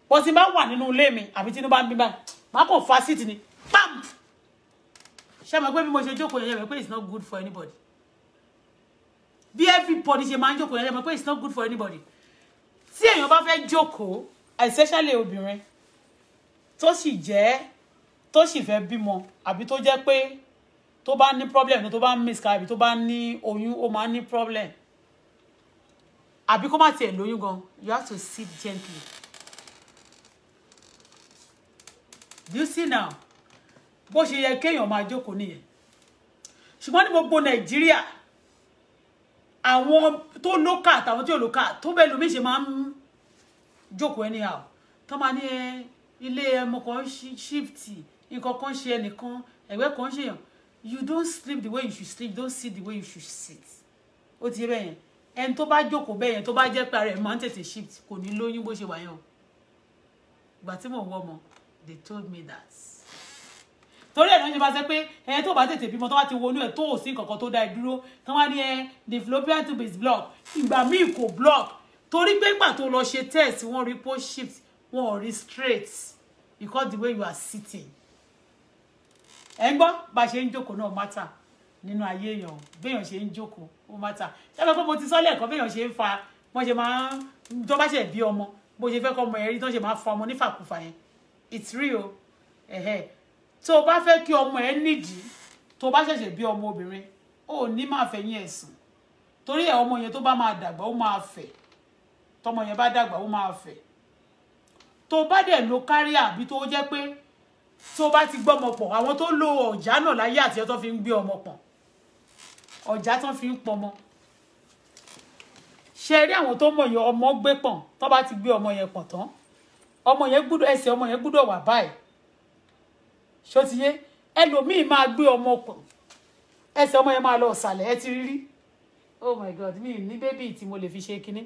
bó ti bá wà nínú ilé mi àbí tí inú bá ń bí báyìí má kò fa ni pam ṣé mo pé bí mo ṣe jókòó yẹn yẹ pé it's not good for anybody bí everybody ṣe máa ń jókòó yẹn lẹ́mọ̀ pé it's not good for anybody tí èèyàn bá fẹ́ jókòó especially obìnrin tó sì jẹ́ tó sì fẹ́ bímọ àbí tó jẹ́ pé tó bá ní problem tó bá ń miscarry àbí tó bá ní oyún ó máa ń ní problem àbí kó má tiẹ̀ lóyún gan you have to sit gently do you see now bó ṣe yẹ kéèyàn máa jókòó nìyẹn ṣùgbọ́n ní gbogbo nàìjíríà àwọn tó lókà àtàwọn tí ò lókà tó bẹ́ẹ̀ lómi ṣe máa ń jókòó anyhow tó máa ní ilé ẹmọ kan shift nǹkan kan ṣe ẹnìkan ẹ̀gbẹ́ kan ṣèyàn you don't sleep the way you should sleep you don't sit the way you should sit ó ti bẹ́ẹ̀ yẹn ẹni tó bá jókòó bẹ́ẹ̀ yẹn tó bá jẹ́ pé ara ẹ̀ máa ń tètè shift kò ní lóyún bó ṣe wà ìgbà tí mò ń wọ́ ọmọ they told me that torí ẹ̀ ló ń ṣe bá ṣe pé ẹ tó bá tètè bímọ tó bá ti wọnú ẹ tó ò sí nǹkan kan tó dá ẹ dúró tó wá ní ẹ the fallopian tube is blocked ìgbà míì kò block torí pé ìgbà tó lọ ṣe test wọ́n rí post shift wọ́n rí straight because the way you are sitting ẹ ń gbọ́ bá a ṣe ń jókòó náà mátà nínú ayé èèyàn béèyàn ṣe ń jókòó ó matter? ṣáà pé mo ti sọ́lẹ̀ ẹ̀kọ́ béèyàn ṣe ń fa wọ́n ṣe máa ń tó bá ṣe bí ọmọ bó ṣe fẹ́ kọ́ ọmọ ẹ̀ rí tó ṣe máa fa ọmọ nífàkúfà yẹn it's real ẹ̀hẹ́ tó bá fẹ́ kí ọmọ ẹ nídìí tó bá ṣẹ̀ṣẹ̀ bí ọmọ obìnrin ó ní máa fẹ̀yìn ẹ̀sìn torí ẹ̀ ọmọ yẹn tó bá máa dàgbà ó máa fẹ̀ tọmọ yẹn bá dàgbà ó máa fẹ̀ tó bá dẹ̀ lo kárí àbí tó jẹ́ pé tó bá ti gbọ́mọ pọ̀ àwọn tó lo ọ̀já náà láyé àtijọ́ tó fi ń gbé ọmọ pọ̀ ọ̀já tó fi ń pọmọ ṣe rí àwọn tó mọ̀ yẹn ọmọ gbé pọ̀n tó bá ti gbé ọmọ yẹn pọ̀ tán ọmọ yẹn gbúdọ̀ ẹsẹ̀ ọmọ yẹn gbúdọ̀ wà báyìí ṣó ti yé ẹlòmíì máa gbé ọmọ pọ̀n ẹsẹ̀ ọmọ yẹn máa lọ ọ̀sàlẹ̀ ẹ ti rí rí oh my god mi ní bébì tí mo lè fi ṣe kinní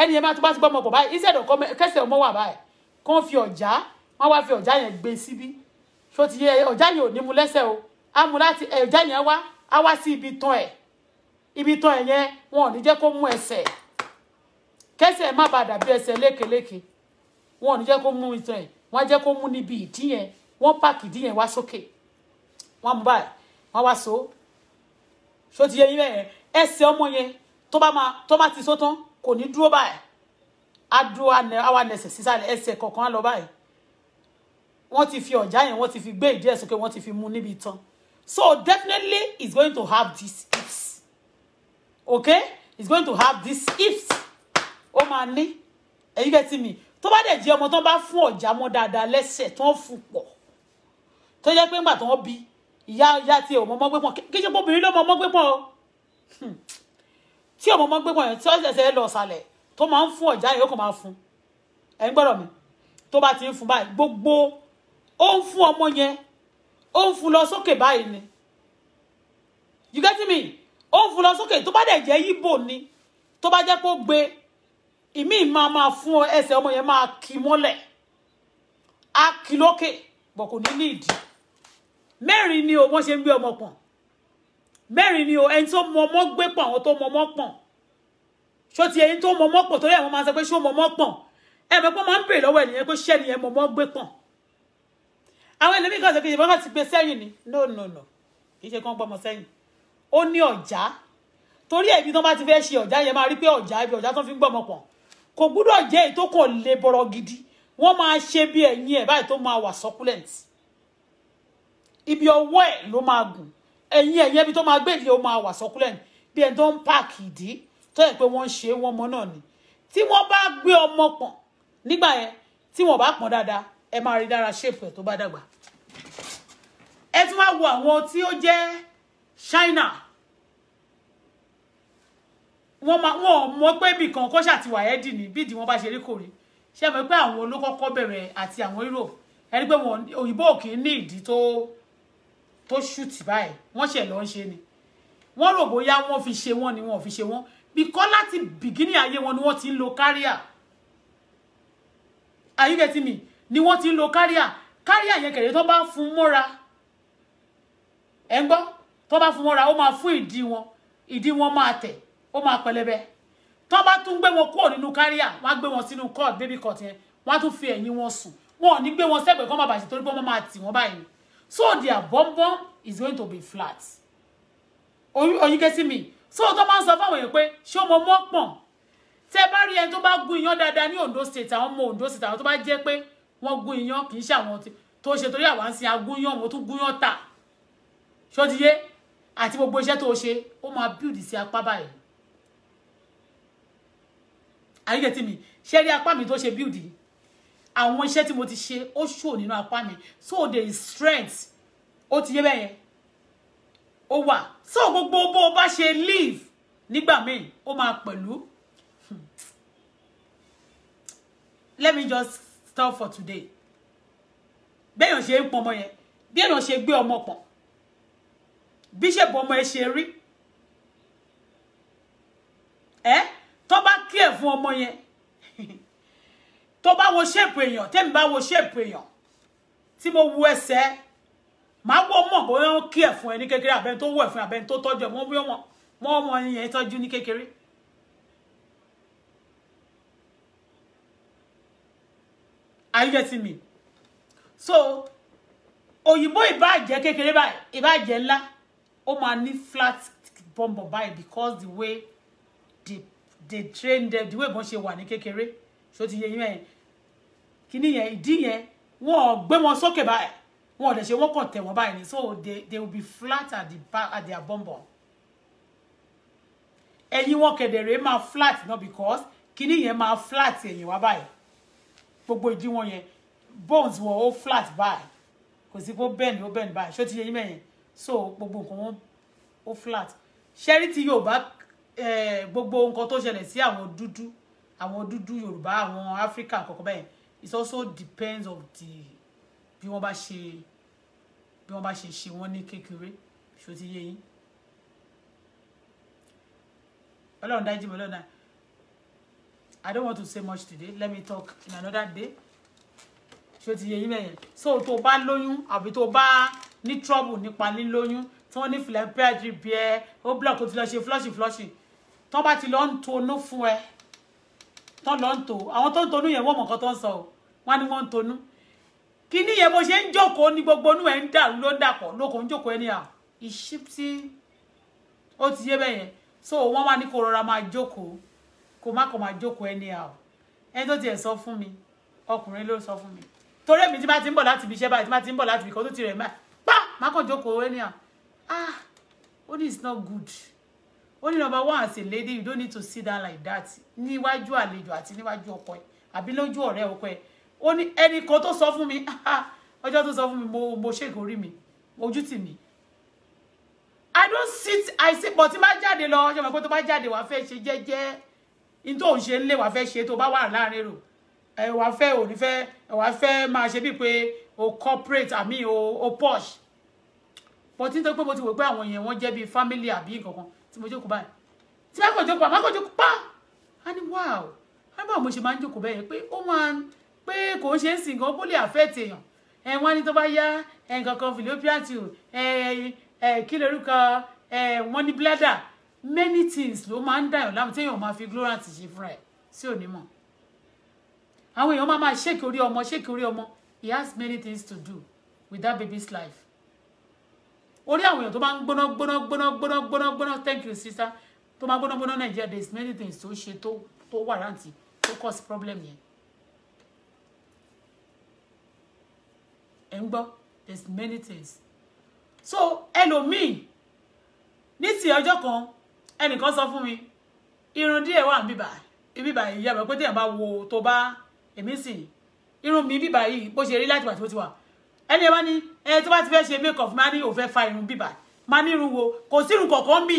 ẹni yẹn máa tó bá ti gbọ́ ọmọ pọ̀ báyìí ìṣẹ̀dọ̀ kẹsẹ̀ ọmọ wà báyìí kó fi ọ̀já wọ́n wá fi ọ̀já yẹn gbé síbí ṣó ti yé ọ̀já yẹn mu lẹ́sẹ̀ o á mu láti ọ̀já yẹn wá á wá sí ibi tán ẹ̀ ibi tán ẹ̀ yẹn wọn ò ní jẹ́ kó mú ẹsẹ̀ kẹsẹ̀ má bàa dàbí ẹsẹ̀ lékeleke wọn ò ní jẹ́ kó mú ìtàn ẹ̀ wọ́n á jẹ́ kó mú níbi ìdí yẹn wọ́n páàkì ìdí yẹn wá sókè wọ́n mú báyìí wọ́n wá so ṣó ti yẹ yín bẹ́ẹ̀ ẹsẹ̀ ọmọ yẹn tó bá máa tó bá ti so tán kò ní dúró báyìí á dúró àwa nẹsẹ̀ sísàlẹ̀ ẹsẹ̀ kọ̀ọ̀kan á lọ báyìí wọ́n ti fi ọ̀já yẹn wọ́n ti fi gbé ìdí ẹ̀ sókè wọ́n ti fi mú níbi tán so definitely it's going to have these hips okay it's going to have these hips ó máa ní ẹ̀yìn gẹ́tì mi tó bá dẹ̀ jẹ́ ọmọ tó bá fún ọ̀já mọ́ dáadáa lẹ́sẹ̀ tó ń fún pọ̀ tó jẹ́ pé ńgbà tó wọ́n bí ìyá ìyá tí ọmọ ọmọ gbẹ́pọ̀n kí ṣe bóbìnrin ló mọ ọmọ gbẹ́pọ̀n o hmm. tí ọmọ ọmọ gbẹ́pọ̀n yẹn tí wọ́n ṣẹ̀ṣẹ̀ lọ sàlẹ̀ tó máa ń fún ọ̀já yóò kàn máa fún ẹ̀ ń gbọ́dọ̀ mi tó bá ti ń fún báyìí gbogbo ó ń fún ọmọ yẹn ó ń fún lọ sókè báyìí ni you get me ó ń fún lọ sókè tó bá dẹ̀ jẹ́ yíbò ni tó bá jẹ́ pé gbé ìmí máa máa fún ẹsẹ̀ ọmọ yẹn máa kì mọ́lẹ̀ á kì lókè bọ̀ kò ní ní ìdí mẹ́rin ni o wọ́n ṣe ń gbé ọmọ pọ̀n mẹ́rin ni o ẹni tó mọ ọmọ gbé pọ̀n àwọn tó mọ ọmọ pọ̀n ṣó ti ẹni tó mọ ọmọ pọ̀n torí àwọn máa ń sọ pé ṣó mọ ọmọ pọ̀n ẹ mọ̀ pé máa ń bèrè lọ́wọ́ ẹnìyẹn pé ṣẹ́ ni ẹ mọ ọmọ gbé pọ̀n àwọn ẹlẹ́mí kan sọ pé ìbọn ti gbé sẹ́yìn ni no no no kì í ṣe kán gbọ́mọ sẹ́yìn ó ní ọ̀já torí ẹ̀bí tó bá ti fẹ́ ṣe ọ̀já yẹn máa rí pé ọ̀já ibi ọ̀já tó fi ń gbọ́mọ pọ̀n kò gbúdọ̀ jẹ́ èyí tó kàn lè bọ̀rọ̀ gidi wọ́n máa ṣe bí ẹ̀yìn ẹ̀ báyìí tó máa wà succulent ibi ọwọ́ ẹ̀ ló máa gùn ẹ̀yìn ẹ̀yìn ẹbí tó máa gbé ìdílé ó máa wà sọkúlẹ̀ǹt bí ẹni tó ń páàkì ìdí tó yẹ pé wọ́n ń ṣe wọ́n mọ́ náà ni tí wọ́n bá gbé ọmọ pọ̀n nígbà yẹn tí wọ́n bá pọ̀n dáadáa ẹ máa rí dára ṣèpù ẹ̀ tó bá dàgbà ẹ tún wá wo àwọn tí ó jẹ́ China wọ́n máa wọ́n mọ̀ pé ibì kan kọ́ ṣàtiwà ẹ́ dì ní bídìí wọ́n bá ṣe rí kò rí ṣe mọ̀ pé àwọn olókọ́kọ́ bẹ̀rẹ̀ àti àwọn Europe ẹni pé òyìnbó kì ní ìdí tó tó ṣùtì báyìí wọ́n ṣẹ̀ lọ́ ń ṣe ni wọ́n rò bóyá wọ́n fi ṣe wọ́n ni wọ́n fi ṣe wọ́n because láti bìgínì ayé wọn ni wọ́n ti ń lo káríà are you getting me ni wọ́n ti ń lo káríà káríà yẹn kẹ̀lé tó bá fún mọ́ra ẹ̀ ń gbọ́ tó bá fún mọ́ra ó máa fún ìdí wọn ìdí wọn máa tẹ̀ ó máa pẹlẹbẹ tó bá tún gbé wọn kúrò nínú káríà wọ́n á gbé wọn sínú court baby court yẹn wọ́n á tún fi ẹ̀yìn wọn sùn wọn ò ní gbé wọn sẹ́gbẹ̀ẹ́ kọ́ máa bàjẹ́ torí pé wọ́n máa tì wọ́n báyìí so their bum bum is going to be flat are, you are you getting me so tó man suffer when you èèyàn show ṣé ọmọ mọ́ pọ̀n tẹ́ bá rí ẹni tó bá gún iyán dáadáa ní Ondo state àwọn ọmọ Ondo state àwọn tó bá jẹ́ pé wọ́n gún iyán kì í ṣe To tó ṣe torí àwọn àǹsìn agúnyán wọn tó gúnyán tà ṣó ti yé àti gbogbo iṣẹ́ tó ṣe ó máa build sí apá báyìí are you getting me ṣé rí apá mi to ṣe building àwọn iṣẹ́ tí mo ti ṣe ó ṣò nínú apá mi so there is strength ó ti yé bẹ́ẹ̀ ó wà so gbogbo bó o bá ṣe leave. nígbà míì ó máa pẹ̀lú hmm. let me just stop for today bẹ́ẹ̀yàn ṣe ń pọn ọmọ yẹn bí èèyàn ṣe gbé ọmọ pọ̀ bíṣẹ̀pù ọmọ ẹ ṣe rí ẹ tó bá kí ẹ̀ fún ọmọ yẹn tó bá wo ṣéèpù èèyàn tẹ́mi bá wo ṣéèpù èèyàn tí mo wu ẹsẹ̀ máa wọ́ mọ̀ bóyá wọ́n kí ẹ̀ fún kékeré àbẹ́ni tó wọ̀ ẹ̀ fún tó tọ́jú ẹ̀ wọ́n bí wọ́n ọmọ yẹn tọ́jú ní kékeré. Are you getting me? So òyìnbó ìbàjẹ́ kékeré báyìí ìbàjẹ́ ńlá ó máa ní flat bọ́m̀bọ̀ báyìí because the way they they train them the way bọ́n ṣe wà ní kékeré ṣó ti yẹ yín mẹ́rin kíní yẹn idi yẹn wọn ò gbé wọn sókè báyìí wọn ò dẹ̀ ṣe wọ́n kàn tẹ̀ ni so they they will be flat at the back at their bum bum ẹ̀yìn wọn kẹ̀dẹ̀rẹ̀ máa flat not because kini yẹn ma flat ẹ̀yìn wá báyìí gbogbo ìdí wọn yẹn bones wọn all flat báyìí kò sí kó bend o bend báyìí ṣó ti yẹ yín so gbogbo nǹkan wọn ó flat ṣẹ́rí ti Yorùbá eh, gbogbo nǹkan tó ṣẹlẹ̀ sí àwọn dúdú àwọn dúdú Yorùbá àwọn Africa kọ̀ọ̀kan bẹ́ẹ̀ it also depends of the bí wọ́n bá ṣe bí wọ́n bá ṣe ṣe wọ́n ní kékeré ṣó ti yé yín ọlọ́run dájú mi ọlọ́run náà I don't want to say much today let me talk in another day ṣó ti yé yín mẹ́yẹn so tó bá lóyún àbí tó bá ní trouble nípa lílóyún tí wọ́n ní philanthropy bí ẹ ó block ó ti lọ ṣe flushing flushing tí wọ́n bá ti lọ ń tonú fún ẹ tó lọ ń tò àwọn tó ń tonú yẹn wọ́n mọ̀ kan tó ń sọ o wọ́n ní wọ́n ń tonú kíní yẹn bó ṣe ń jókòó ní gbogbo inú ẹ̀ ń dàrú ló ń dàpọ̀ lóko ń jókòó ẹni à ìṣí tí ó ti yé bẹ́yẹn so wọ́n wá ní kó rọra máa jókòó kó má kó máa jókòó ẹni à ẹni tó tiẹ̀ sọ fún mi ọkùnrin ló sọ fún mi torí èmi tí bá ti ń bọ̀ láti ibi iṣẹ́ báyìí tí bá ti ń bọ̀ láti ibi kan tó ti rẹ̀ mẹ́ pa má kàn jókòó ẹni à ah ó is not good ó ní number one as a lady you don't need to sit down like that níwájú àlejò àti níwájú ọkọ ẹ àbí lójú ọ̀rẹ́ ọkọ ẹ ó ní ẹnì kan tó sọ fún mi ọjọ́ tó sọ fún mi mo mo ṣègùn orí mi ojú tì mí i don't sit i sit but tí bá jáde lọ ṣe mọ̀ pé tó bá jáde wàá fẹ́ ṣe jẹ́jẹ́ ní tó ń ṣe nílé wàá fẹ́ ṣe tó bá wà láàrin rò ẹ wàá fẹ́ ò ní fẹ́ ẹ wàá fẹ́ máa ṣe bíi pé o corporate àmì o o posh but nítorí pé mo ti wò pé àwọn èèyàn wọn jẹ́ bíi family àbí nǹkan kan tí mo jókòó báyìí tí bá kò jókòó àmọ́ kò jókòó pa á ní wow á ní báwo mo ṣe máa ń jókòó bẹ́ẹ̀ pé ó máa ń pé kò ń ṣe é sìn gan ó lè àfẹ́ẹ̀tì èèyàn ẹ wọ́n ní tó bá yá nǹkan kan fallopian tube ẹ ẹ kí lorúkọ ẹ wọ́n ní bladder many things ló máa ń dàyàn láàmú téèyàn máa fi glorant ṣe fúnra ẹ̀ sí òní mọ̀ àwọn èèyàn máa máa ṣèkì orí ọmọ ṣèkì orí ọmọ he has many things to do with that baby's life orí àwọn èèyàn tó bá ń gbóná gbóná gbóná gbóná gbóná gbóná thank you sister tó bá gbóná gbóná nàìjíríà there is many things tó ṣe tó tó wà rántí tó cause problem yẹn ẹ̀ ń gbọ́ there is many things so ẹlòmíì ní ti ọjọ́ kan ẹnìkan sọ fún mi irun díẹ̀ wà ń bíbà bíbà yìí yàgbẹ́ pé téèyàn bá wo tó bá èmi sìn irun mi bíbà yìí bó ṣe rí láti wà tí ó ti wà ẹni ẹ bá ní ẹ tó bá ti fẹ́ ṣe make up máa ní òun fẹ́ fa irun bíbà máa ní irun wo kò sí irun kọ̀ọ̀kan mì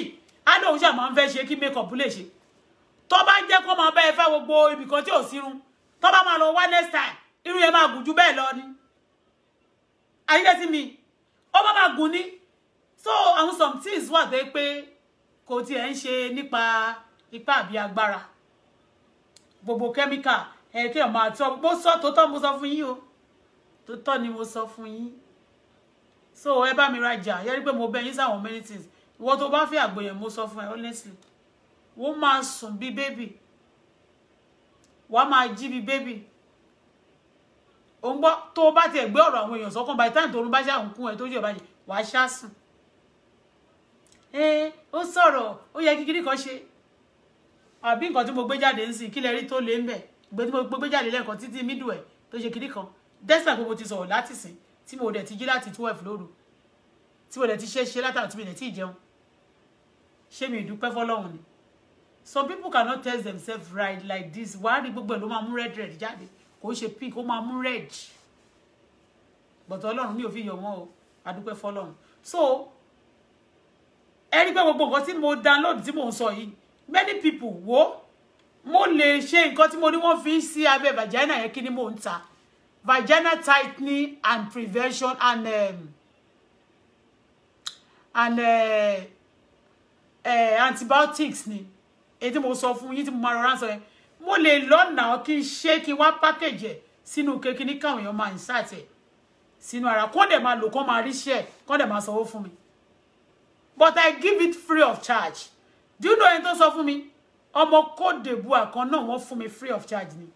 á ní òun ṣàmọ́ fẹ́ ṣe kí make up lè ṣe tó bá ń jẹ́ kó máa bá ẹ fẹ́ gbogbo ibìkan tí ò sí irun tó bá máa lọ wá next time irun yẹn máa gùn ju bẹ́ẹ̀ lọ ni àyíké sí mi ó bá máa gùn ni so àwọn some things wà tó pé kò tiẹ̀ ń ṣe nípa ipá àbí agbára gbogbo kẹ́míkà ẹ̀ẹ́kẹ́ ọ̀ma àti ọgbó sọ tó tọ́ mo sọ fún yín o tó tọ́ ni mo sọ fún yín so ẹ bá mi rajà yẹ rí pé mo bẹ yín sáwọn many things ìwọ tó bá fẹ́ àgbò yẹn mo sọ fún ẹ honestly wọ́n máa sùn bí bébì wàá máa jí bí bébì ò ń gbọ́ tó o bá tiẹ̀ gbé ọ̀rọ̀ àwọn èèyàn sọ́kàn báyìí táyì tó ń bá ṣe àǹkún ẹ tó jẹ́ ìbàjẹ́ wàá ṣáàsùn ẹ ó sọ̀rọ̀ ó yẹ kíkiri kan ṣe àbí nǹkan tí mo gbé jáde ń sìn kí lẹ rí tó lé ń bẹ̀ gbé tí mo gbé jáde lẹ́ẹ̀kan títí mídùú ẹ̀ tó ṣe kiri kan despite pé ti sọ̀rọ̀ láti sìn tí mo dẹ̀ ti jí láti twelve lóru tí mo dẹ̀ ti ṣe ṣe látàrí tí mi dẹ̀ ti jẹun ṣé mi ìdúpẹ́ fọlọ́run ni some people cannot test themselves right like this wàá rí gbogbo ẹ̀ ló máa mú red red jáde kò ń ṣe pink ó máa mú red bọ̀tọ̀ ọlọ́run mi ò fi yọ wọ́n o adúpẹ́ fọlọ́run so ẹ rí pé gbogbo nǹkan tí mo download tí mò ń sọ yìí many people wo mo lè ṣe nǹkan tí mo ní wọ́n fi ń sí abẹ́ vagina yẹn kí ni mò ń ta vaginal tightening and prevention and um, and uh, uh, antibiotics ni èyí tí mo sọ fún yín tí mo máa rọra sọ yẹn mo lè lọ́nà kí n ṣe kí n wá package ẹ̀ sínú kékeré káwọn èèyàn máa ń ṣàtẹ̀ sínú ara kó dẹ̀ máa lò kó máa ríṣẹ́ kó dẹ̀ máa sanwó fún mi but I give it free of charge do you know ẹni tó sọ fún mi ọmọ kódèbù àkan náà wọ́n fún mi free of charge ni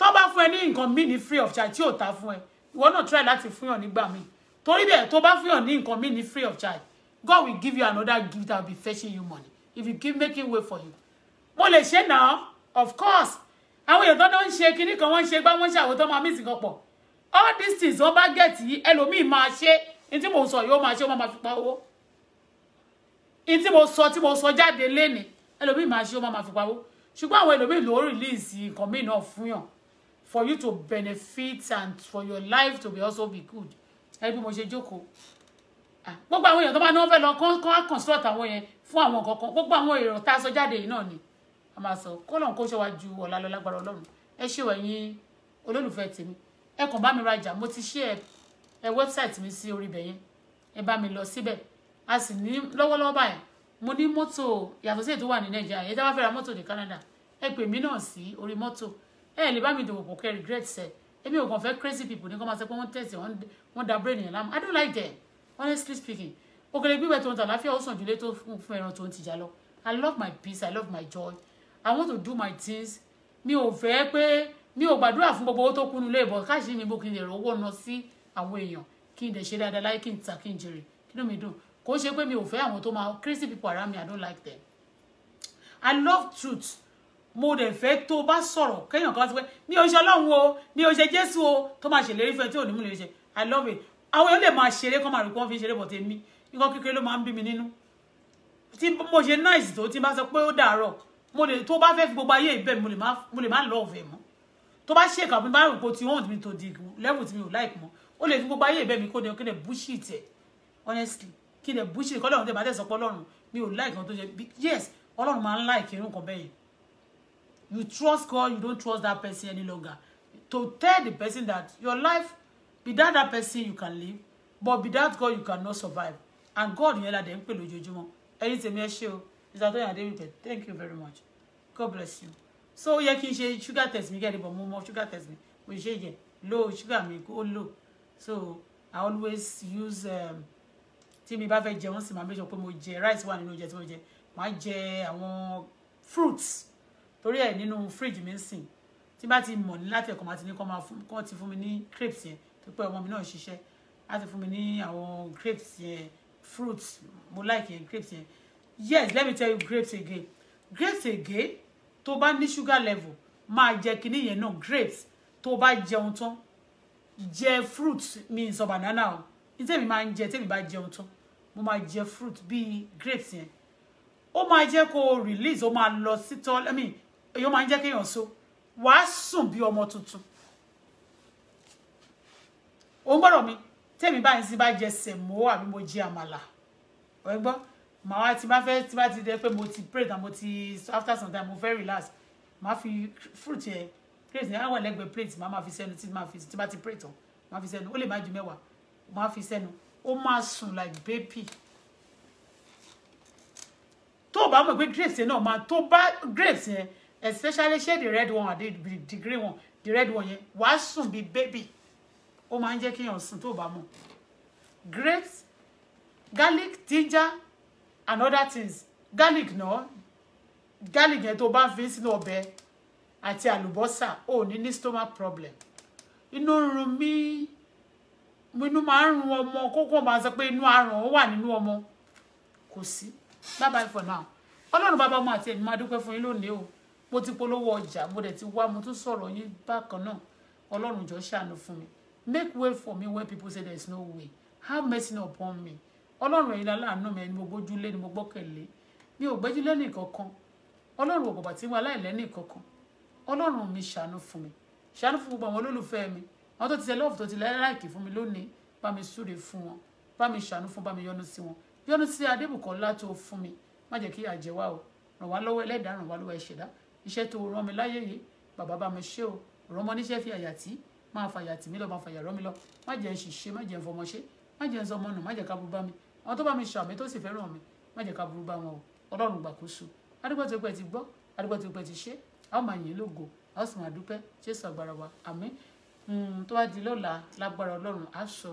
tó bá fún ẹ ní nǹkan míì ní free of charge tí ò ta fún ẹ ìwọ náà try láti fún yàn nígbà míì torí bẹ́ẹ̀ tó bá fún yàn ní nǹkan míì ní free of charge God will give you another gift that will be fetching you money if you keep making way for you. mo lè ṣe náà of course àwọn èèyàn tó náà ń ṣe kinní kan wọ́n ń ṣe gbá wọ́n ń ṣàwọ́ tó máa mí sìnkàn pọ̀ all these things wọ́n bá get yìí ẹlòmíì máa ṣe ní tí mo sọ yìí ó máa ṣe ó máa fi pa owó ní tí mo sọ tí mo sọ jáde lénìí ẹlòmíì máa ṣe ó máa fi pa owó ṣùgbọ́n àwọn ẹlòmíì ló release nǹkan míì náà fún yàn for you to benefit and for your life to be also be good ẹbí mo ṣe jókòó ah, gbogbo àwọn èèyàn tó bá ní wọn fẹ́ lọ kán kán construct àwọn yẹn fún àwọn kankan gbogbo àwọn èrò tá a sọ jáde yìí náà ni a máa sọ kọlọ̀n kó ṣe wá ju ọ̀la lọ lágbára ọlọ́run ẹ ṣe wẹ̀yìn olólùfẹ́ tèmi ẹ kàn bá mi rajà mo ti ṣe ẹ website mi sí orí ibẹ̀ yẹn ẹ bá mi lọ síbẹ̀ a sì ní lọ́wọ́lọ́wọ́ báyìí mo ní mọ́tò yàtọ̀ sí ètò wà ní nàìjíríà yẹn tá bá fẹ́ ra mọ́tò ní Canada ẹ pè mí náà sí orí mọ́tò 0244 ẹ lè bá mi dòwò pọ̀ kẹ́ regret sẹ́ èmi ò kàn fẹ́ crazy people ní kọ́ máa sọ pé wọ́n tẹ̀sí wọ́n da brain yẹn láàmú I don't like them honestly speaking òkèlè gbígbẹ́ tó ń tà láfíà ó sàn jùlé tó fún fún ẹran tó ń tìjà lọ I love my peace I love my joy I want to do my things mi ò fẹ́ pé mi ò gbàdúrà fún gbogbo owó tó kúnnu lé ìbọn káàṣì mi bó kí n lè rówó ná sí àwọn èèyàn kí n dẹ̀ ṣe dáadáa láyé kí n ta kí n jèrè kí ló mi dùn kò ṣe pé mi ò fẹ́ àwọn tó máa crazy people around me I don't like them I love truth mo dẹ̀ fẹ́ tó o bá sọ̀rọ̀ kéèyàn kan ti pẹ́ mi ò ṣe ọlọ́run o mi ò ṣe jésù o tó máa ṣèlérí fún ẹ tí ò ní mú lè ṣe i love it àwọn èèyàn lè máa ṣeré kán máa rí kó fi ṣeré bọ̀ tèmi nǹkan kékeré ló máa ń bí mi nínú tí mo ṣe nice tó tí n bá sọ pé ó dàárọ̀ mo lè tó bá fẹ́ fi gbogbo ayé ìbẹ̀ mo lè má lọ ọ̀fẹ́ mọ́ tó bá ṣe ìkàwé bá rò pé tí wọ́n mi tó di level tí mi ò like mọ́ ó lè fi gbogbo ayé ìbẹ̀ mi kó dẹ̀ kí lè bullshit honestly kí lè bullshit tẹ̀ bá tẹ̀ sọ ọlọ́run mi ò like kan tó ṣe yes ọlọ́run máa ń like irun kan bẹ́yẹn you trust God, you don't trust that person any longer. To tell the person that your life, without that person, you can live, but without God, you cannot survive. And God, you la dẹ̀ ń pè lójoojúmọ́. Ẹni tèmi ẹ ṣé o, Mr. Toyin Adéwìtẹ̀, thank you very much. God bless you. So ó yẹ sugar test mi kẹ́ni, but mo mọ sugar test me. We ṣe low sugar mi go low. So I always use um, tí mi bá fẹ́ jẹun sí rice wà nínú oúnjẹ tí mo jẹ, màá jẹ fruits torí ẹ̀ nínú fridge mi ń sìn tí bá ti mọ̀ ní láti ẹ̀kọ́ máa ti ní kọ́ ti fún mi ní crepes yẹn tó pé ọmọ mi náà ṣiṣẹ́ láti fún mi ní àwọn crepes yẹn fruits mo like yẹn crepes yẹn yes let me tell you grapes again grapes again tó bá ní sugar level máa jẹ kinní yẹn náà grapes tó bá jẹun tán jẹ fruit mi sọ banana o ní tèmi máa ń jẹ tèmi bá jẹun tán mo máa jẹ fruit bíi grapes yẹn ó máa jẹ́ kó release ó máa lọ sí tọ́ I mean èyí ó máa ń jẹ́ kéèyàn so wàá sùn bí ọmọ tuntun ó ń gbọ́dọ̀ mi tèmi báyìí sí bá jẹ sẹ̀mọ́ àbí mo jẹ àmàlà ọ̀ ẹ gbọ́ màá wá tí bá fẹ́ tí bá ti dẹ pé mo ti pray and mo ti after some time mo fẹ́ relax màá fi fruit yẹn plate ní àwọn ẹlẹgbẹ̀ẹ́ plate màá máa fi sẹ́nu tí màá fi tí bá ti pray tán màá fi sẹ́nu ó lè má ju mẹ́wàá màá fi sẹ́nu ó máa sùn like baby tó o bá mọ̀ pé grapes yẹn náà máa tó bá grapes yẹn especially share the red one àti the green one the red one yẹn wàá sùn bíi baby ó máa ń jẹ́ kéèyàn sùn tó bá mọ̀ grapes garlic ginger and other things garlic no. garlic yẹn tó bá ń fi sínú ọbẹ̀ àti àlùbọ́sà ò ní ní stomach problem inú run mí inú máa ń run ọmọ kókó máa sọ pé inú aràn ó wà nínú ọmọ kò sí bye bye for now ọlọ́run bàbá ọmọ àti ẹ̀mí máa dúpẹ́ fún yín lónìí o mo ti polówó ọjà mo dẹ̀ ti wá mo tún sọ̀rọ̀ yín bákan náà ọlọ́run jọ ṣàánú fún mi make way for me when people say there is no way have mercy upon me ọlọ́run ẹ̀yin aláàánú mi ẹni mo gbójúlé ni mo gbọ́kẹ̀lé mi ò gbẹ́júlé nìkankan ọlọ́run ò bàbà tí wọn aláìlẹ́ nìkankan ọlọ́run mi ṣàánú fún mi ṣàánú fún gbogbo àwọn olólùfẹ́ mi àwọn tó ti tẹ lọ́ọ̀fù tó ti láìkì fún mi lónìí bá mi súre fún wọn bá mi ṣàánú fún bá mi yọ́nú sí wọn yọ́nú sí adébùkọ́ tó fún mi má jẹ́ kí àjẹwà o ràn wá lọ́wọ́ ẹlẹ́dàá ràn wá lọ́wọ́ ẹ̀ṣẹ̀dá iṣẹ́ tó rán mi láyé yìí bàbá bá mi ṣe o rán mọ́ níṣẹ́ fi àyà tí máa fàyà tì mí lọ máa fàyà rán mi lọ má jẹ́ ń ṣiṣẹ́ má jẹ́ ń fọmọ ṣe má jẹ́ ń sọmọ nù má jẹ́ ká burú bá mi àwọn tó bá mi ṣàmì tó sì fẹ́ràn mi má jẹ́ ká burú bá wọn o ọlọ́run gbàkóso adúgbò tó pẹ́ ti gbọ́ adúgbò tó pẹ́ ti ṣe a ó máa yìn lógo a ó sì máa dúpẹ́ jésù agbára wa àmín hmm, tó bá di lọ́la lágbára ọlọ́run á sọ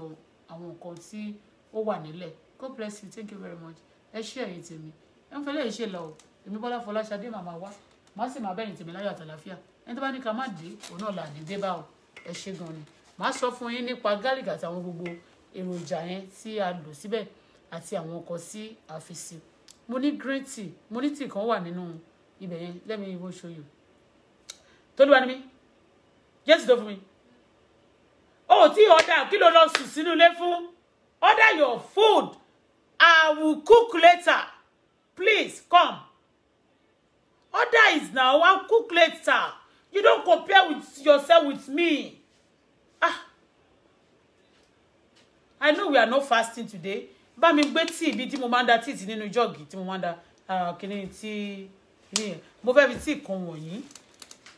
àwọn nǹkan tí ó wà nílẹ̀ god bless you thank you very much ẹ ṣé ẹ̀yin tèmi ẹ ń fẹ́ lẹ́yìn ṣe lọ má sì máa bẹ́yìn tèmi láyọ̀ àtàlàfíà ẹni tó bá ní ká má dé òun náà là ní dé bá o ẹ ṣe gan ni má sọ fún yín nípa gálíìkì àtàwọn gbogbo èròjà yẹn tí a lò síbẹ̀ àti àwọn ọkọ̀ sí àfisì mo ní green tea mo ní tea kan wà nínú ibẹ̀ yẹn let me even show you tolúwa ni mí jésù tó fún mi ó tí ọ̀dà kí ló lọ sùn sínú ilé fún order your food i will cook later please come Order is now. I'll cook later. You don't compare with yourself with me. Ah. I know we are not fasting today. but mi gbé tíì bí tí mo is in the jog tí nínú jọ́ọ̀gì tí mo máa ń da kìnìún tí mo fẹ́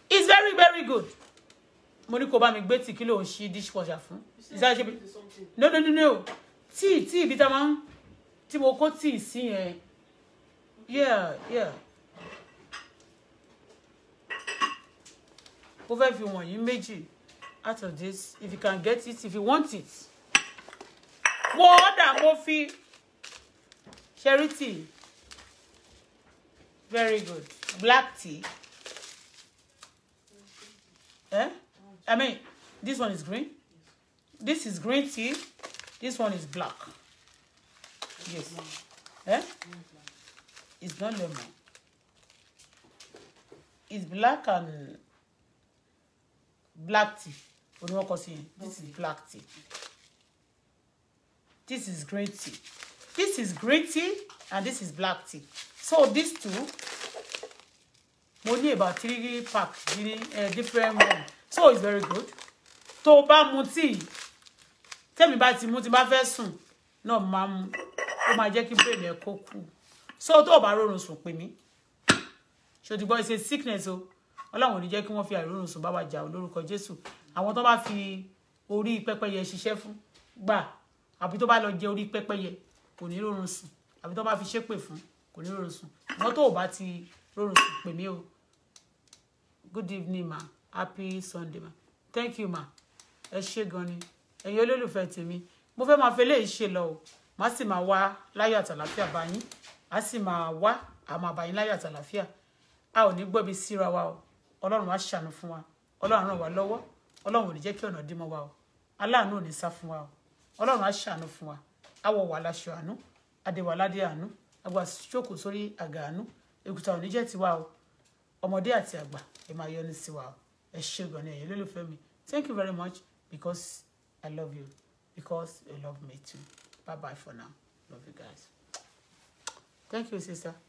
It's very very good. Mo ní kó bá mi gbé tíì kí ló ń ṣí dishwasher fún. No no no no. Tíì tíì bí tá máa ń tí mo kó tíì Yeah yeah. ó fẹ́ fi wọ̀nyí méjì out of this if you can get it if you want it. wo ọ̀dà mo fi tea. very good black tea eh? I mean this one is green this is green tea this one is black yes eh? it's not lemon it's black and black tea òní wọn kọ sí yẹn this is black tea this is green tea this is green tea and this is black tea so these two money about three pack uh, different one so it's very good tó muti, tell me about tẹ́mi bá ti mu tí bá fẹ́ sùn náà máa mu a máa jẹ́ kí brain ẹ̀ kó kú so tó o bá rọrùn sùn pè mí sickness Oh ọlọ́run ò ní jẹ́ kí wọ́n fi àìrórun sùn bá wa jà lórúkọ jésù àwọn tó bá fi orí pẹ́pẹ́yẹ ṣiṣẹ́ fún gbà àbí tó bá lọ jẹ orí pẹ́pẹ́yẹ kò ní rórun sùn àbí tó bá fi ṣépè fún kò ní rórun sùn wọn tó bá ti rórun sùn pè mí o good evening ma happy sunday ma thank you ma ẹ ṣé gan ni ẹ̀yin olólùfẹ́ tèmi mo fẹ́ máa fi eléyìí ṣe lọ o má sì máa wá láyọ̀ àtàlàfíà bá yín á sì máa wá àmọ́ àbáyín láyọ̀ àtàlàfíà a ò ní gbọ́bi síra wa o ọlọ́run á ṣàánú fún wa ọlọ́run ràn wá lọ́wọ́ ọlọ́run ò ní jẹ́ kí ọ̀nà dí mọ́ wa o aláàánú ò ní sá fún wa o ọlọ́run á ṣàánú fún wa awọ wà láṣọ àánú adéwà ládé àánú àgbà ṣòkò sórí àga àánú èkúta ò ní jẹ́ tiwa o ọmọdé àti àgbà ẹ máa yọ ní tiwa o ẹ ṣe gan ni ẹ̀yin olólùfẹ́ mi thank you very much because i love you because you love me too bye bye for now love you guys thank you sister.